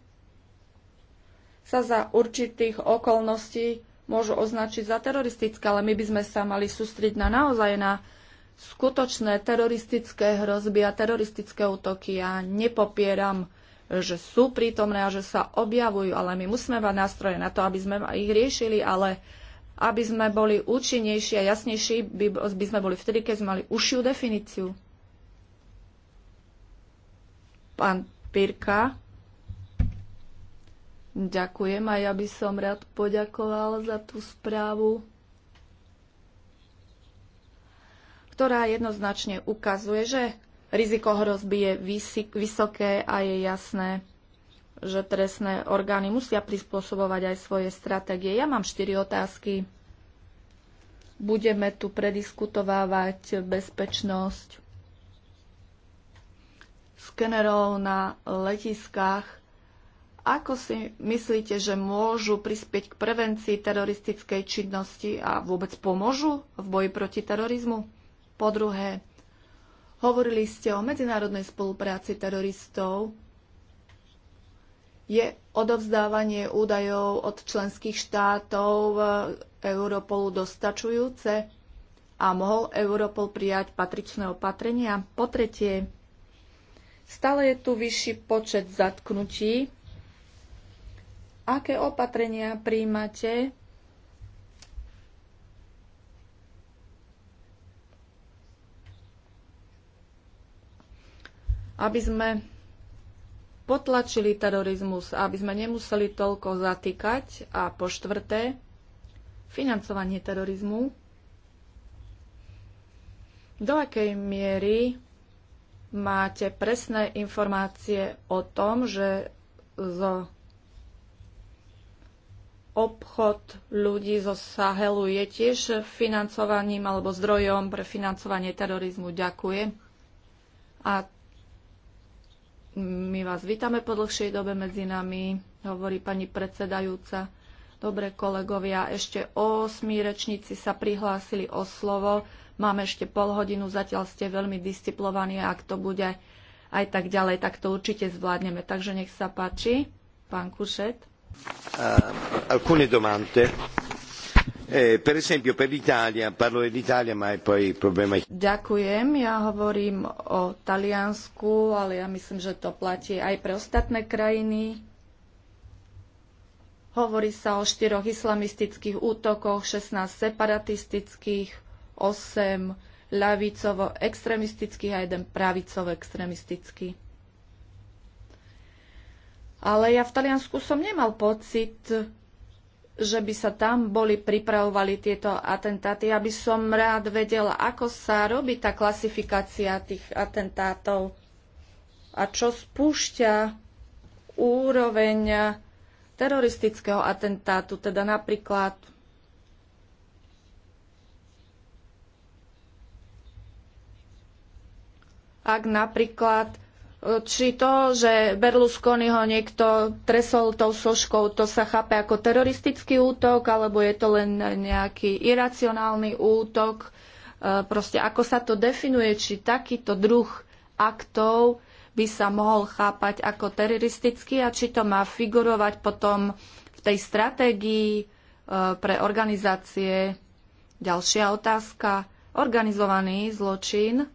sa za určitých okolností môžu označiť za teroristické, ale my by sme sa mali sústriť na naozaj na skutočné teroristické hrozby a teroristické útoky. Ja nepopieram, že sú prítomné a že sa objavujú, ale my musíme mať nástroje na to, aby sme ich riešili, ale aby sme boli účinnejší a jasnejší, by, by sme boli vtedy, keď sme mali užšiu definíciu. Pán Pirka. Ďakujem a ja by som rád poďakoval za tú správu, ktorá jednoznačne ukazuje, že riziko hrozby je vysoké a je jasné, že trestné orgány musia prispôsobovať aj svoje stratégie. Ja mám štyri otázky. Budeme tu prediskutovávať bezpečnosť skenerov na letiskách. Ako si myslíte, že môžu prispieť k prevencii teroristickej činnosti a vôbec pomôžu v boji proti terorizmu? Po druhé, hovorili ste o medzinárodnej spolupráci teroristov je odovzdávanie údajov od členských štátov e, Europolu dostačujúce a mohol Europol prijať patričné opatrenia. Po tretie, stále je tu vyšší počet zatknutí. Aké opatrenia príjmate aby sme potlačili terorizmus, aby sme nemuseli toľko zatýkať. A po štvrté, financovanie terorizmu. Do akej miery máte presné informácie o tom, že z obchod ľudí zo Sahelu je tiež financovaním alebo zdrojom pre financovanie terorizmu. Ďakujem. A my vás vítame po dlhšej dobe medzi nami, hovorí pani predsedajúca. Dobre, kolegovia, ešte osmi rečníci sa prihlásili o slovo. Máme ešte pol hodinu, zatiaľ ste veľmi disciplovaní ak to bude aj tak ďalej, tak to určite zvládneme. Takže nech sa páči, pán Kušet. Uh, Eh, per esempio per l'Italia, parlo dell'Italia ma è poi il problema... Ďakujem, ja hovorím o Taliansku, ale ja myslím, že to platí aj pre ostatné krajiny. Hovorí sa o štyroch islamistických útokoch, 16 separatistických, 8 ľavicovo-extremistických a jeden pravicovo-extremistický. Ale ja v Taliansku som nemal pocit, že by sa tam boli pripravovali tieto atentáty. Ja by som rád vedela, ako sa robí tá klasifikácia tých atentátov a čo spúšťa úroveň teroristického atentátu, teda napríklad ak napríklad či to, že Berlusconi ho niekto tresol tou soškou, to sa chápe ako teroristický útok, alebo je to len nejaký iracionálny útok. E, proste ako sa to definuje, či takýto druh aktov by sa mohol chápať ako teroristický a či to má figurovať potom v tej stratégii e, pre organizácie. Ďalšia otázka. Organizovaný zločin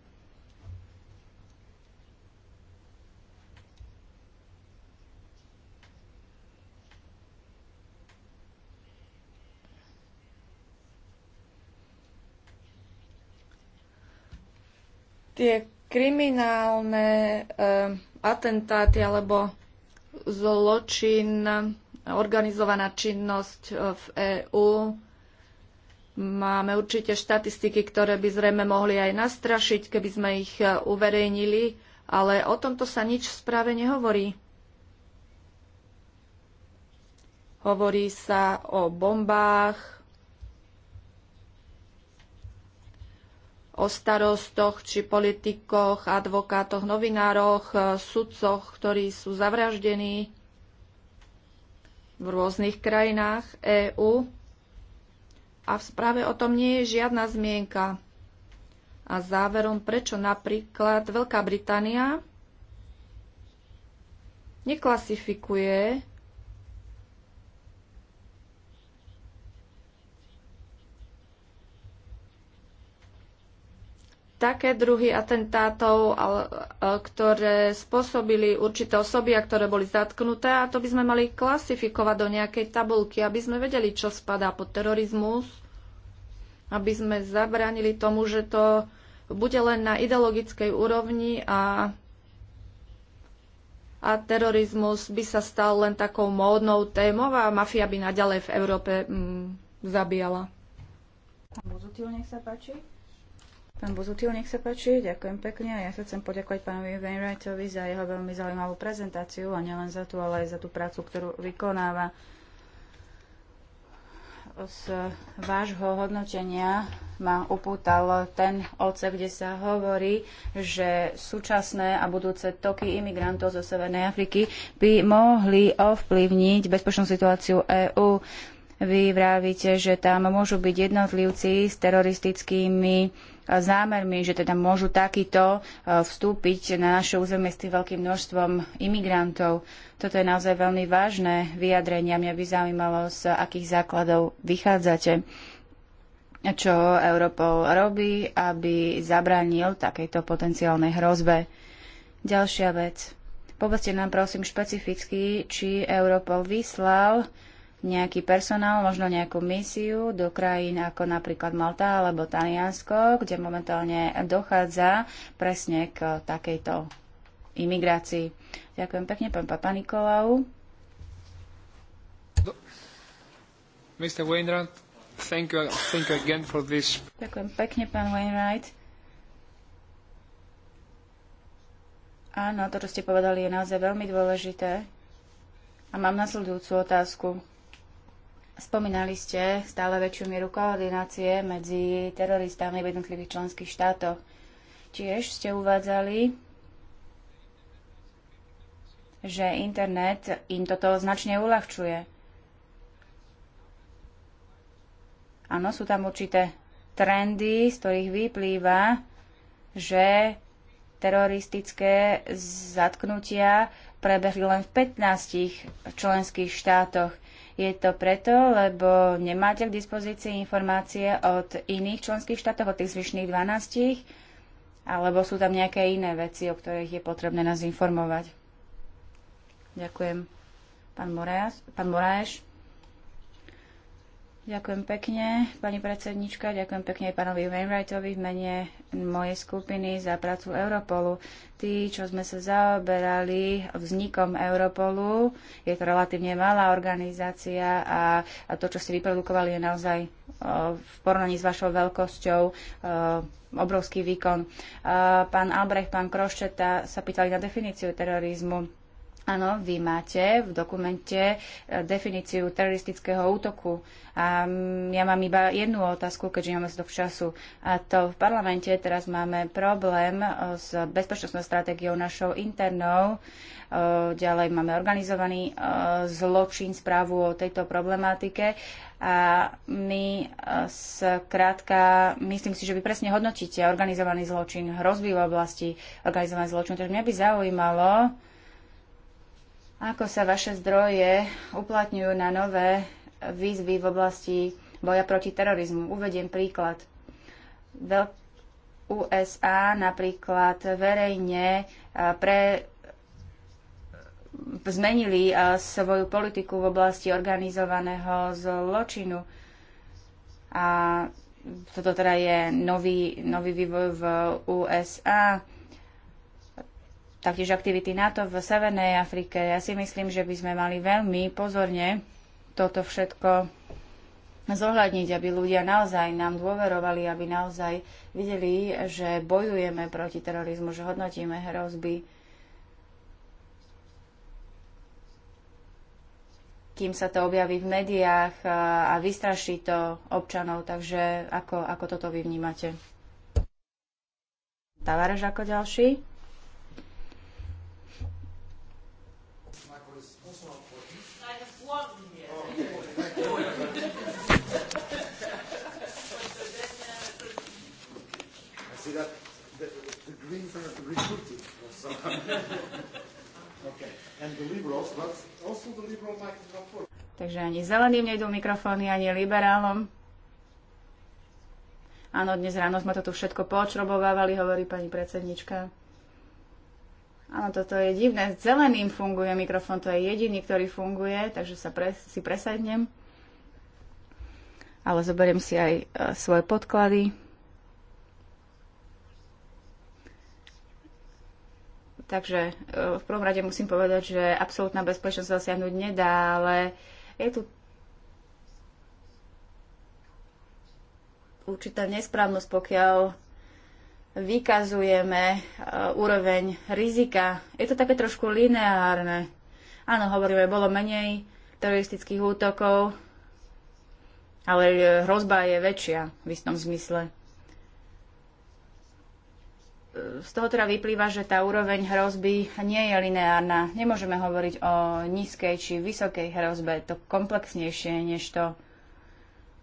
tie kriminálne e, atentáty alebo zločin, organizovaná činnosť eh, v EÚ. Máme určite štatistiky, ktoré by zrejme mohli aj nastrašiť, keby sme ich eh, uverejnili, ale o tomto sa nič v správe nehovorí. Hovorí sa o bombách, o starostoch či politikoch, advokátoch, novinároch, e, sudcoch, ktorí sú zavraždení v rôznych krajinách EÚ. A v správe o tom nie je žiadna zmienka. A záverom, prečo napríklad Veľká Británia neklasifikuje také druhy atentátov, e, ktoré spôsobili určité osoby a ktoré boli zatknuté a to by sme mali klasifikovať do nejakej tabulky, aby sme vedeli, čo spadá pod terorizmus, aby sme zabránili tomu, že to bude len na ideologickej úrovni a, a terorizmus by sa stal len takou módnou témou a mafia by naďalej v Európe mm, zabíjala. Buzutil, nech sa páči. Pán Buzutil, nech sa páči, ďakujem pekne a ja sa chcem poďakovať pánovi Wainwrightovi za jeho veľmi zaujímavú prezentáciu a nielen za tú, ale aj za tú prácu, ktorú vykonáva. Z vášho hodnotenia ma upútal ten odsek, kde sa hovorí, že súčasné a budúce toky imigrantov zo Severnej Afriky by mohli ovplyvniť bezpečnú situáciu EÚ. Vy vravíte, že tam môžu byť jednotlivci s teroristickými zámermi, že teda môžu takýto e, vstúpiť na naše územie s tým veľkým množstvom imigrantov. Toto je naozaj veľmi vážne vyjadrenie a mňa by zaujímalo, z akých základov vychádzate čo Europol robí, aby zabránil takejto potenciálnej hrozbe. Ďalšia vec. Povedzte nám prosím špecificky, či Europol vyslal nejaký personál, možno nejakú misiu do krajín ako napríklad Malta alebo Taliansko, kde momentálne dochádza presne k takejto imigrácii. Ďakujem pekne, pán Papa Nikolau. Mr. Wainwright, thank you, thank you again for this. Ďakujem pekne, pán Wainwright. Áno, to, čo ste povedali, je naozaj veľmi dôležité. A mám nasledujúcu otázku. Spomínali ste stále väčšiu mieru koordinácie medzi teroristami v jednotlivých členských štátoch. Tiež ste uvádzali, že internet im toto značne uľahčuje. Áno, sú tam určité trendy, z ktorých vyplýva, že teroristické zatknutia prebehli len v 15 členských štátoch. Je to preto, lebo nemáte k dispozícii informácie od iných členských štátov, od tých zvyšných 12, alebo sú tam nejaké iné veci, o ktorých je potrebné nás informovať. Ďakujem. Pán Moraes. Pán Moraes. Ďakujem pekne, pani predsednička, ďakujem pekne aj pánovi Wainwrightovi v mene mojej skupiny za prácu Europolu. Tí, čo sme sa zaoberali vznikom Europolu, je to relatívne malá organizácia a to, čo ste vyprodukovali, je naozaj v porovnaní s vašou veľkosťou obrovský výkon. Pán Albrecht, pán Kroščeta sa pýtali na definíciu terorizmu Áno, vy máte v dokumente eh, definíciu teroristického útoku. A mm, ja mám iba jednu otázku, keďže máme toho času. A to v parlamente teraz máme problém eh, s bezpečnostnou stratégiou našou internou. Eh, ďalej máme organizovaný zločin, správu o tejto problematike. A my skrátka, myslím si, že vy presne hodnotíte organizovaný zločin, hrozby v oblasti organizovaného zločinu. Takže mňa by zaujímalo, ako sa vaše zdroje uplatňujú na nové výzvy v oblasti boja proti terorizmu? Uvediem príklad. Veľ USA napríklad verejne eh, pre zmenili eh, svoju politiku v oblasti organizovaného zločinu. A toto teda je nový, nový vývoj v USA taktiež aktivity NATO v Severnej Afrike. Ja si myslím, že by sme mali veľmi pozorne toto všetko zohľadniť, aby ľudia naozaj nám dôverovali, aby naozaj videli, že bojujeme proti terorizmu, že hodnotíme hrozby. Kým sa to objaví v médiách a vystraší to občanov, takže ako, ako toto vy vnímate? Tavares ako ďalší. being recruited for some. okay. And the liberals, but also the liberal might not work. Takže ani zeleným nejdú mikrofóny, ani liberálom. Áno, dnes ráno sme to tu všetko počrobovávali, hovorí pani predsednička. Áno, toto je divné. zeleným funguje mikrofón, to je jediný, ktorý funguje, takže sa pres, si presadnem. Ale zoberiem si aj e, svoje podklady. Takže e, v prvom rade musím povedať, že absolútna bezpečnosť zasiahnuť nedá, ale je tu určitá nesprávnosť, pokiaľ vykazujeme e, úroveň rizika. Je to také trošku lineárne. Áno, hovoríme, bolo menej teroristických útokov, ale e, hrozba je väčšia v istom zmysle z toho teda vyplýva, že tá úroveň hrozby nie je lineárna. Nemôžeme hovoriť o nízkej či vysokej hrozbe. To komplexnejšie než to.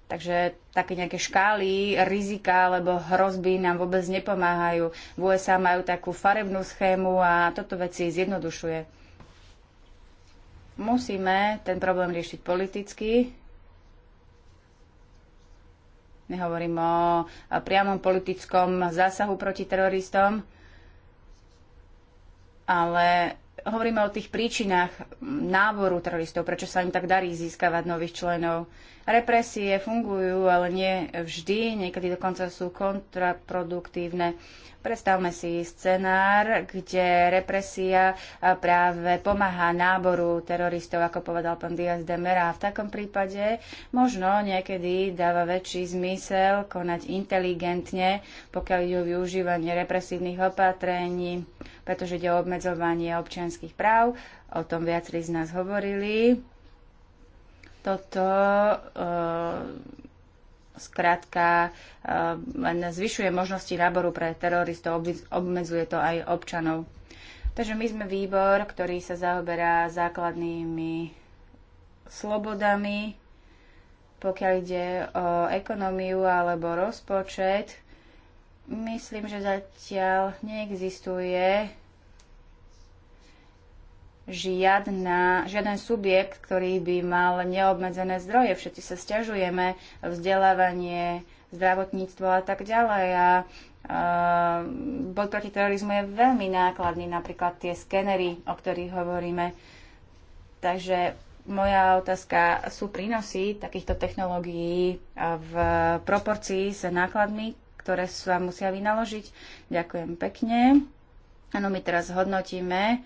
Takže také nejaké škály, rizika alebo hrozby nám vôbec nepomáhajú. V USA majú takú farebnú schému a toto veci zjednodušuje. Musíme ten problém riešiť politicky, nehovorím o priamom politickom zásahu proti teroristom, ale hovoríme o tých príčinách náboru teroristov, prečo sa im tak darí získavať nových členov. Represie fungujú, ale nie vždy, niekedy dokonca sú kontraproduktívne. Predstavme si scenár, kde represia práve pomáha náboru teroristov, ako povedal pán Diaz de Mera. V takom prípade možno niekedy dáva väčší zmysel konať inteligentne, pokiaľ ide o využívanie represívnych opatrení, pretože ide o obmedzovanie občianských práv, o tom viacerí z nás hovorili. Toto e zkrátka len zvyšuje možnosti náboru pre teroristov, obmedzuje to aj občanov. Takže my sme výbor, ktorý sa zaoberá základnými slobodami, pokiaľ ide o ekonomiu alebo rozpočet. Myslím, že zatiaľ neexistuje žiadna, žiaden subjekt, ktorý by mal neobmedzené zdroje. Všetci sa stiažujeme, vzdelávanie, zdravotníctvo a tak ďalej. A Uh, boj proti terorizmu je veľmi nákladný, napríklad tie skenery, o ktorých hovoríme. Takže moja otázka, sú prínosy takýchto technológií v proporcii s nákladmi, ktoré sa musia vynaložiť? Ďakujem pekne. Áno, my teraz hodnotíme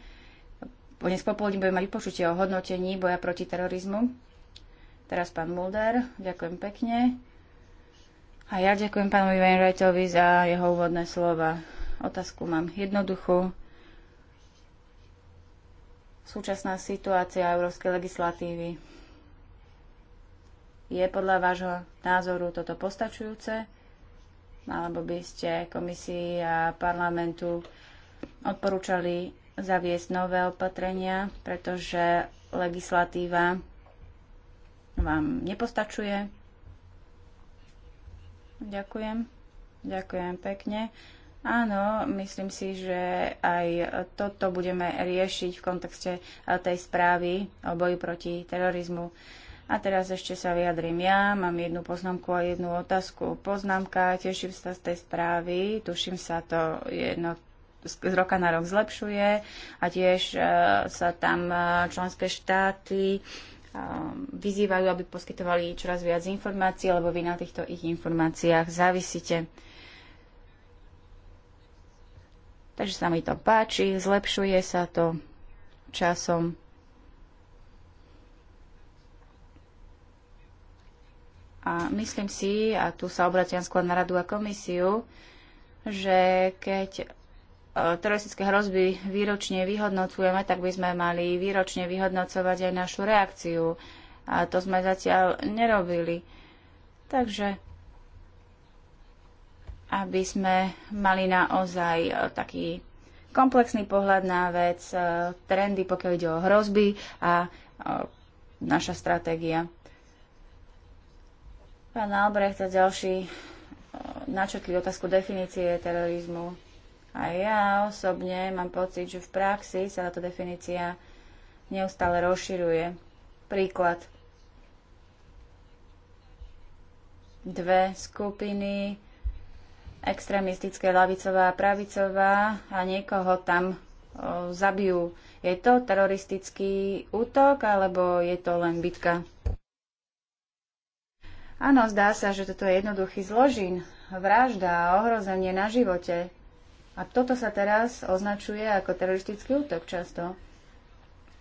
dnes popoludní budeme mať vypočutie o hodnotení boja proti terorizmu. Teraz pán Mulder, ďakujem pekne. A ja ďakujem pánovi Wainwrightovi za jeho úvodné slova. Otázku mám jednoduchú. Súčasná situácia európskej legislatívy. Je podľa vášho názoru toto postačujúce? Alebo by ste komisii a parlamentu odporúčali zaviesť nové opatrenia, pretože legislatíva vám nepostačuje. Ďakujem. Ďakujem pekne. Áno, myslím si, že aj toto budeme riešiť v kontexte tej správy o boju proti terorizmu. A teraz ešte sa vyjadrím ja. Mám jednu poznámku a jednu otázku. Poznámka, teším sa z tej správy. Tuším sa, to je jedno z roka na rok zlepšuje a tiež e, sa tam e, členské štáty e, vyzývajú, aby poskytovali čoraz viac informácií, lebo vy na týchto ich informáciách závisíte. Takže sa mi to páči, zlepšuje sa to časom. A myslím si, a tu sa obraciam skôr na radu a komisiu, že keď Eh, teroristické hrozby výročne vyhodnocujeme, tak by sme mali výročne vyhodnocovať aj našu reakciu. A to sme zatiaľ nerobili. Takže aby sme mali naozaj eh, taký komplexný pohľad na vec, eh, trendy, pokiaľ ide o hrozby a naša stratégia. Pán Albrecht a ďalší načetli otázku definície terorizmu. A ja osobne mám pocit, že v praxi sa táto definícia neustále rozširuje. Príklad. Dve skupiny, extrémistické lavicová a pravicová a niekoho tam o, zabijú. Je to teroristický útok alebo je to len bitka? Áno, zdá sa, že toto je jednoduchý zložin, vražda a ohrozenie na živote. A toto sa teraz označuje ako teroristický útok často.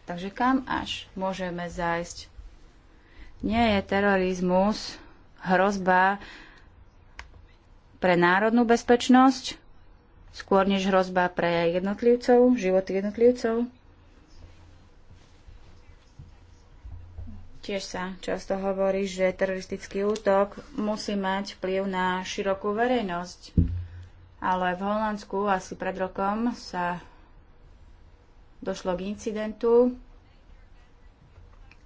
Takže kam až môžeme zajsť? Nie je terorizmus hrozba pre národnú bezpečnosť, skôr než hrozba pre jednotlivcov, životy jednotlivcov. Tiež sa často hovorí, že teroristický útok musí mať vplyv na širokú verejnosť, ale v Holandsku asi pred rokom sa došlo k incidentu,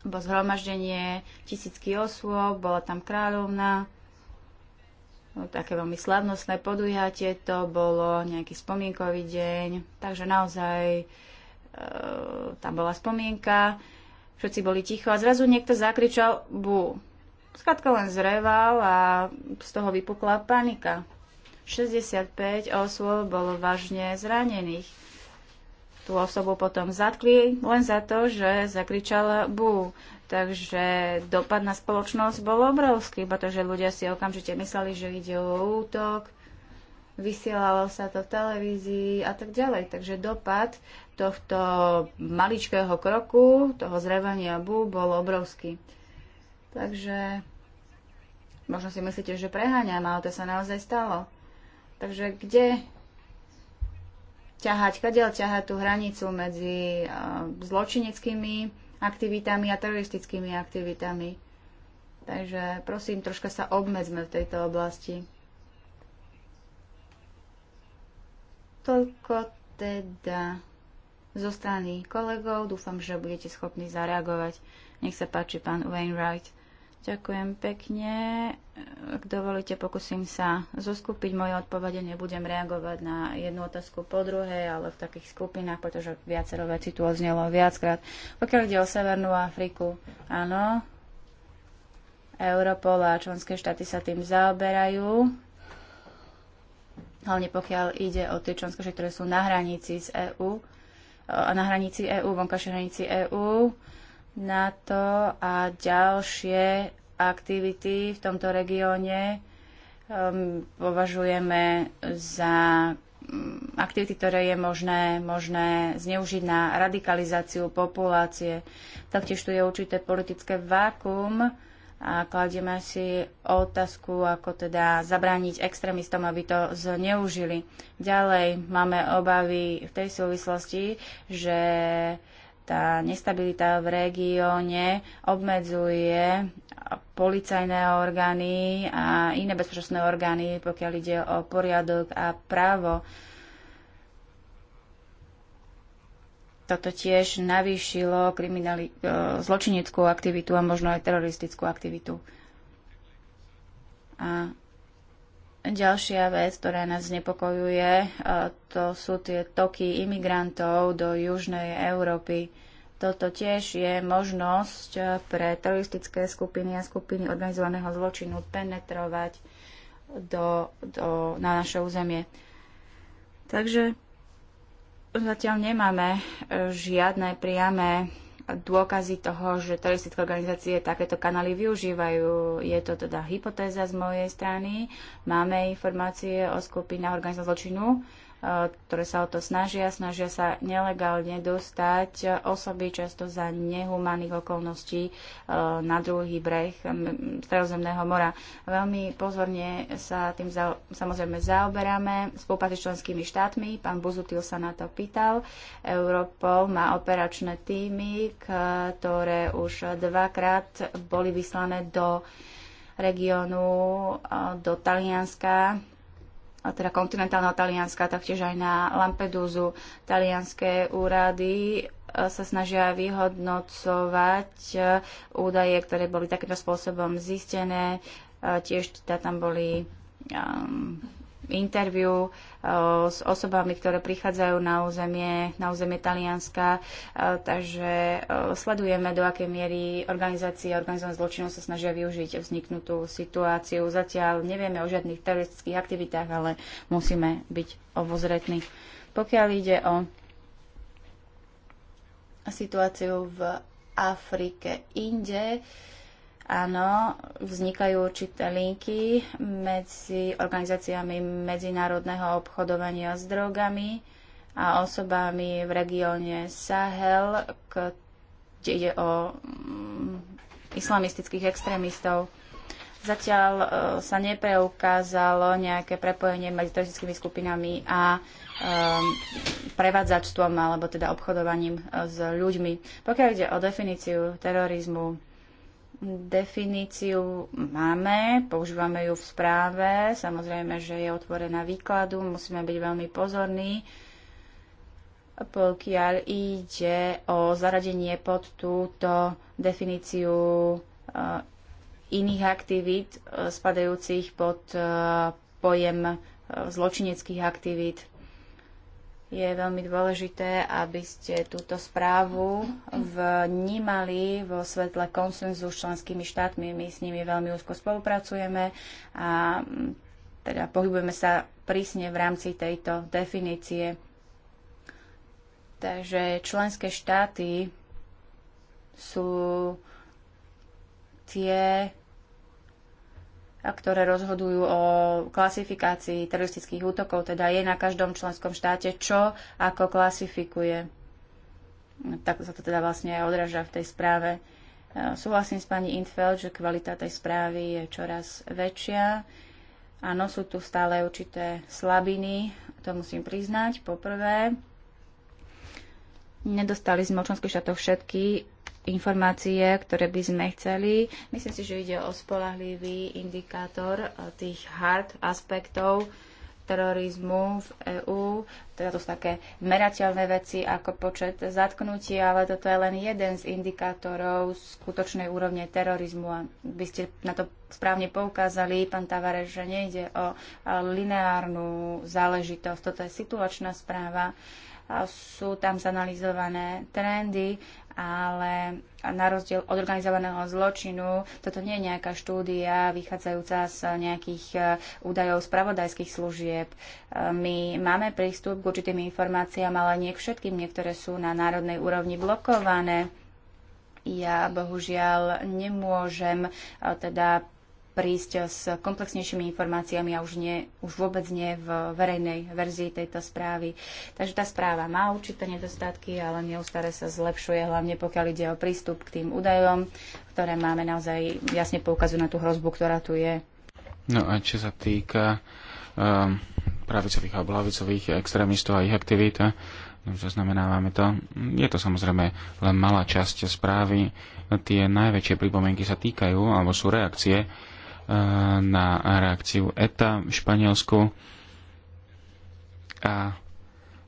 bolo zhromaždenie tisícky osôb, bola tam kráľovna, no, také veľmi slavnostné podujatie to bolo, nejaký spomienkový deň, takže naozaj e, tam bola spomienka, všetci boli ticho a zrazu niekto zakričal bu. Skladka len zreval a z toho vypukla panika. 65 osôb bolo vážne zranených. Tú osobu potom zatkli len za to, že zakričala bú. Takže dopad na spoločnosť bol obrovský, pretože ľudia si okamžite mysleli, že ide o útok, vysielalo sa to v televízii a tak ďalej. Takže dopad tohto maličkého kroku, toho zrevania bú, bol obrovský. Takže možno si myslíte, že preháňam, ale to sa naozaj stalo. Takže kde ťahať, kde ťahať tú hranicu medzi zločineckými aktivitami a teroristickými aktivitami. Takže prosím, troška sa obmedzme v tejto oblasti. Toľko teda zo strany kolegov. Dúfam, že budete schopní zareagovať. Nech sa páči, pán Wainwright. Ďakujem pekne. Ak dovolíte, pokúsim sa zoskupiť moje odpovede. Nebudem reagovať na jednu otázku po druhej, ale v takých skupinách, pretože viacero vecí tu oznelo viackrát. Pokiaľ ide o Severnú Afriku, áno, Europol a členské štáty sa tým zaoberajú, hlavne pokiaľ ide o tie členské štáty, ktoré sú na hranici z EÚ, na hranici EÚ, vonkajšej hranici EÚ, NATO a ďalšie aktivity v tomto regióne um, považujeme za um, aktivity, ktoré je možné, možné zneužiť na radikalizáciu populácie. Taktiež tu je určité politické vákum a kladieme si otázku, ako teda zabrániť extrémistom, aby to zneužili. Ďalej máme obavy v tej súvislosti, že tá nestabilita v regióne obmedzuje policajné orgány a iné bezpečnostné orgány, pokiaľ ide o poriadok a právo. Toto tiež navýšilo kriminali- e, zločineckú aktivitu a možno aj teroristickú aktivitu. A Ďalšia vec, ktorá nás znepokojuje, e, to sú tie toky imigrantov do južnej Európy. Toto tiež je možnosť e, pre teroristické skupiny a skupiny organizovaného zločinu penetrovať do, do, na naše územie. Takže zatiaľ nemáme e, žiadne priame dôkazy toho, že teroristické organizácie takéto kanály využívajú. Je to teda hypotéza z mojej strany. Máme informácie o skupinách organizácie zločinu, E, ktoré sa o to snažia. Snažia sa nelegálne dostať osoby často za nehumánnych okolností e, na druhý breh Stredozemného mora. Veľmi pozorne sa tým za, samozrejme zaoberáme spolupráci s členskými štátmi. Pán Buzutil sa na to pýtal. Europol má operačné týmy, ktoré už dvakrát boli vyslané do regiónu, e, do Talianska, teda kontinentálneho Talianska, taktiež aj na Lampedúzu. Talianské úrady e, sa snažia vyhodnocovať e, údaje, ktoré boli takýmto spôsobom zistené. E, tiež teda tam boli um, interviu eh, s osobami, ktoré prichádzajú na územie, na územie Talianska. Eh, takže eh, sledujeme, do akej miery organizácie a organizované zločinov sa snažia využiť vzniknutú situáciu. Zatiaľ nevieme o žiadnych teroristických aktivitách, ale musíme byť obozretní. Pokiaľ ide o situáciu v Afrike inde, uh, Áno, vznikajú určité linky medzi organizáciami medzinárodného obchodovania s drogami a osobami v regióne Sahel, kde ide o mm, islamistických extrémistov. Zatiaľ e, sa nepreukázalo nejaké prepojenie medzi teroristickými skupinami a e, prevádzačstvom alebo teda obchodovaním e, s ľuďmi. Pokiaľ ide o definíciu terorizmu, Definíciu máme, používame ju v správe, samozrejme, že je otvorená výkladu, musíme byť veľmi pozorní, pokiaľ ide o zaradenie pod túto definíciu eh, iných aktivít eh, spadajúcich pod eh, pojem zločineckých aktivít je veľmi dôležité, aby ste túto správu vnímali vo svetle konsenzu s členskými štátmi. My s nimi veľmi úzko spolupracujeme a mm, teda pohybujeme sa prísne v rámci tejto definície. Takže členské štáty sú tie, ktoré rozhodujú o klasifikácii teroristických útokov, teda je na každom členskom štáte, čo ako klasifikuje. Tak sa to teda vlastne aj odraža v tej správe. E, súhlasím s pani Intfeld, že kvalita tej správy je čoraz väčšia. Áno, sú tu stále určité slabiny, to musím priznať, poprvé. Nedostali sme od členských štátov všetky informácie, ktoré by sme chceli. Myslím si, že ide o spolahlivý indikátor eh, tých hard aspektov terorizmu v EÚ. Teda to sú také merateľné veci ako počet zatknutí, ale toto je len jeden z indikátorov skutočnej úrovne terorizmu. A by ste na to správne poukázali, pán Tavares, že nejde o eh, lineárnu záležitosť. Toto je situačná správa. A sú tam zanalizované trendy ale na rozdiel od organizovaného zločinu, toto nie je nejaká štúdia vychádzajúca z nejakých e, údajov spravodajských služieb. E, my máme prístup k určitým informáciám, ale nie k všetkým. Niektoré sú na národnej úrovni blokované. Ja bohužiaľ nemôžem e, teda prísť s komplexnejšími informáciami a už, nie, už vôbec nie v verejnej verzii tejto správy. Takže tá správa má určité nedostatky, ale neustále sa zlepšuje, hlavne pokiaľ ide o prístup k tým údajom, ktoré máme naozaj jasne poukazujú na tú hrozbu, ktorá tu je. No a čo sa týka um, pravicových a blavicových extrémistov a ich aktivít, eh, zaznamenávame to. Je to samozrejme len malá časť správy. Tie najväčšie pripomienky sa týkajú, alebo sú reakcie na reakciu ETA v Španielsku a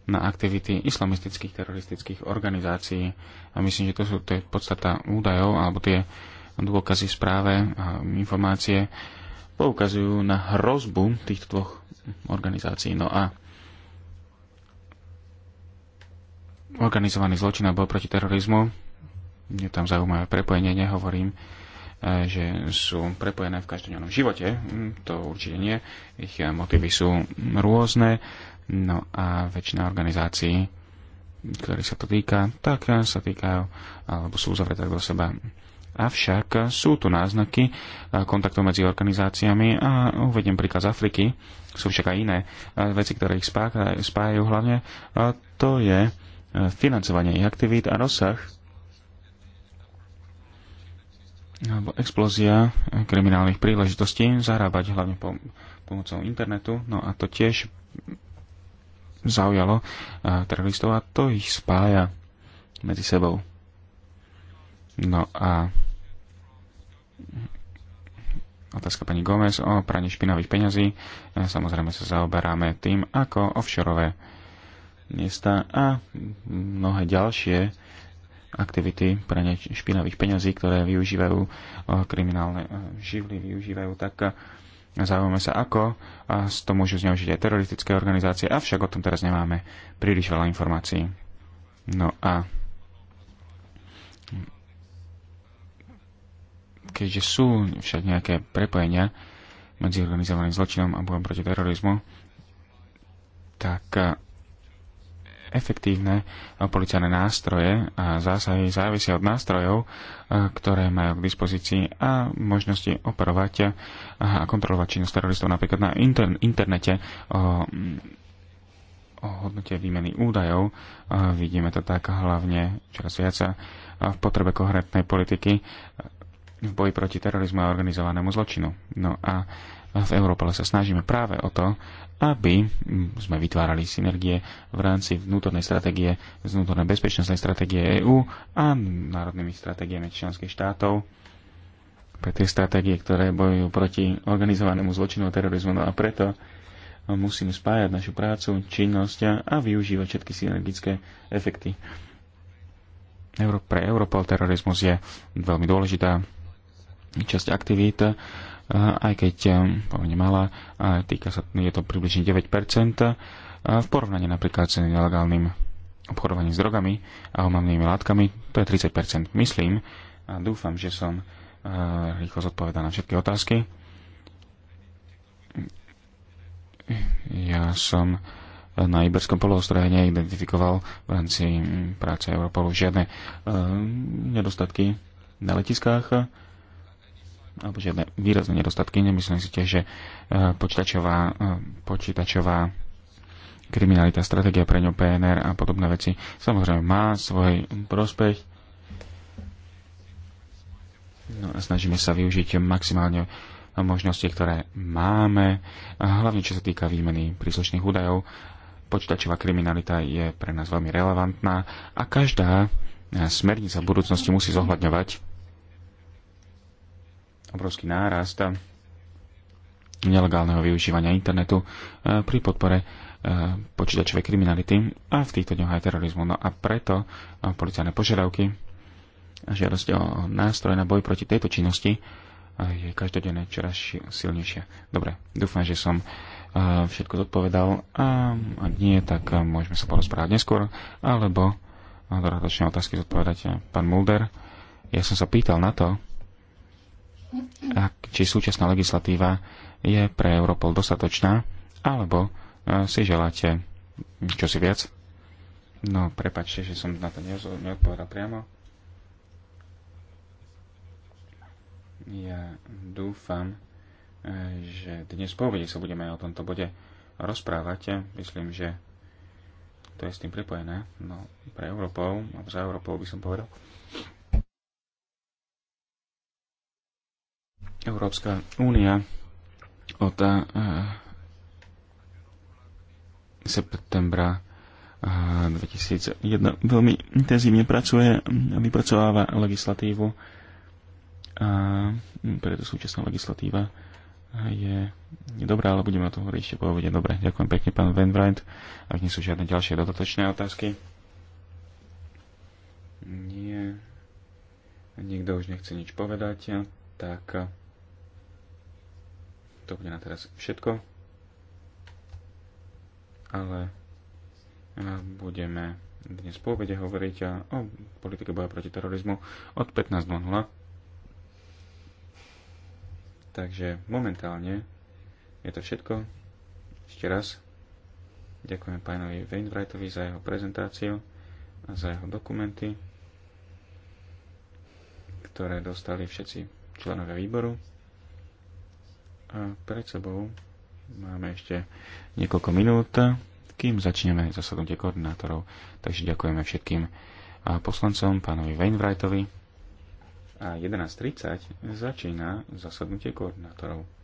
na aktivity islamistických teroristických organizácií. A myslím, že to sú to je podstata údajov, alebo tie dôkazy v správe a informácie poukazujú na hrozbu týchto dvoch organizácií. No a organizovaný zločin a boj proti terorizmu, je tam zaujímavé prepojenie, nehovorím, E, že sú prepojené v každodennom živote. Mm, to určite nie. Ich e, motivy sú rôzne. No a väčšina organizácií, ktoré sa to týka, tak e, sa týkajú alebo sú uzavreté do seba. Avšak sú tu náznaky kontaktov medzi organizáciami a uvediem príklad z Afriky. Sú však aj iné veci, ktoré ich spájajú hlavne. A to je financovanie ich aktivít a rozsah alebo explózia kriminálnych príležitostí zarábať hlavne pomocou internetu. No a to tiež zaujalo eh, teroristov a to ich spája medzi sebou. No a otázka pani Gomez o praní špinavých peňazí. Eh, samozrejme sa zaoberáme tým, ako offshore miesta a mnohé ďalšie aktivity prania špinavých peňazí, ktoré využívajú eh, kriminálne eh, živly, využívajú tak eh, zaujíme sa ako a to môžu zneužiť aj teroristické organizácie, avšak o tom teraz nemáme príliš veľa informácií. No a keďže sú však nejaké prepojenia medzi organizovaným zločinom a bojom proti terorizmu, tak efektívne policajné nástroje a zásahy závisia od nástrojov, ktoré majú k dispozícii a možnosti operovať a kontrolovať činnosť teroristov napríklad na internete o, mm, o hodnote výmeny údajov. Vidíme to tak hlavne čoraz viac v potrebe koherentnej politiky v boji proti terorizmu a organizovanému zločinu. No a v Európe, ale sa snažíme práve o to, aby sme vytvárali synergie v rámci vnútornej stratégie, vnútornej bezpečnostnej stratégie EÚ a národnými stratégiami členských štátov pre tie stratégie, ktoré bojujú proti organizovanému zločinu a terorizmu. No a preto musíme spájať našu prácu, činnosť a využívať všetky synergické efekty. Pre Europol terorizmus je veľmi dôležitá časť aktivít aj keď um, pomene malá, týka sa, je to približne 9%, v porovnaní napríklad s nelegálnym obchodovaním s drogami a omamnými látkami, to je 30%. Myslím a dúfam, že som rýchlo zodpovedal na všetky otázky. Ja som na Iberskom poloostrove neidentifikoval v rámci práce Europolu žiadne nedostatky na letiskách alebo žiadne výrazné nedostatky. Nemyslím si tiež, že e, počítačová, e, počítačová kriminalita, stratégia pre ňu, PNR a podobné veci samozrejme má svoj prospech. No a snažíme sa využiť maximálne možnosti, ktoré máme, hlavne čo sa týka výmeny príslušných údajov. Počítačová kriminalita je pre nás veľmi relevantná a každá e, smernica v budúcnosti musí zohľadňovať obrovský nárast nelegálneho využívania internetu e, pri podpore e, počítačovej kriminality a v týchto dňoch aj terorizmu. No a preto e, policajné požiadavky a žiadosť o nástroj na boj proti tejto činnosti je každodenne čoraz silnejšia. Dobre, dúfam, že som všetko zodpovedal a ak nie, tak môžeme sa porozprávať neskôr, alebo dodatočné otázky zodpovedať pán Mulder. Ja som sa pýtal na to, či súčasná legislatíva je pre Europol dostatočná, alebo e, si želáte si viac? No, prepačte, že som na to neodpovedal priamo. Ja dúfam, e, že dnes po obede sa budeme o tomto bode rozprávať. Myslím, že to je s tým pripojené. No, pre Európou, za Európou by som povedal. Európska únia od eh, septembra 2001 eh, veľmi intenzívne pracuje a vypracováva legislatívu. A preto súčasná legislatíva je, eh, je dobrá, ale budeme o tom hovoriť ešte po obede. Dobre, ďakujem pekne, pán Van Vrind. Ak nie sú žiadne ďalšie dodatočné otázky. Nie. Nikto už nechce nič povedať. Tak to bude na teraz všetko. Ale budeme dnes po obede hovoriť o politike boja proti terorizmu od 15.00. Takže momentálne je to všetko. Ešte raz ďakujem pánovi Wainwrightovi za jeho prezentáciu a za jeho dokumenty, ktoré dostali všetci členovia výboru. A pred sebou máme ešte niekoľko minút, kým začneme zasadnutie koordinátorov. Takže ďakujeme všetkým poslancom, pánovi Wainwrightovi. A 11.30 začína zasadnutie koordinátorov.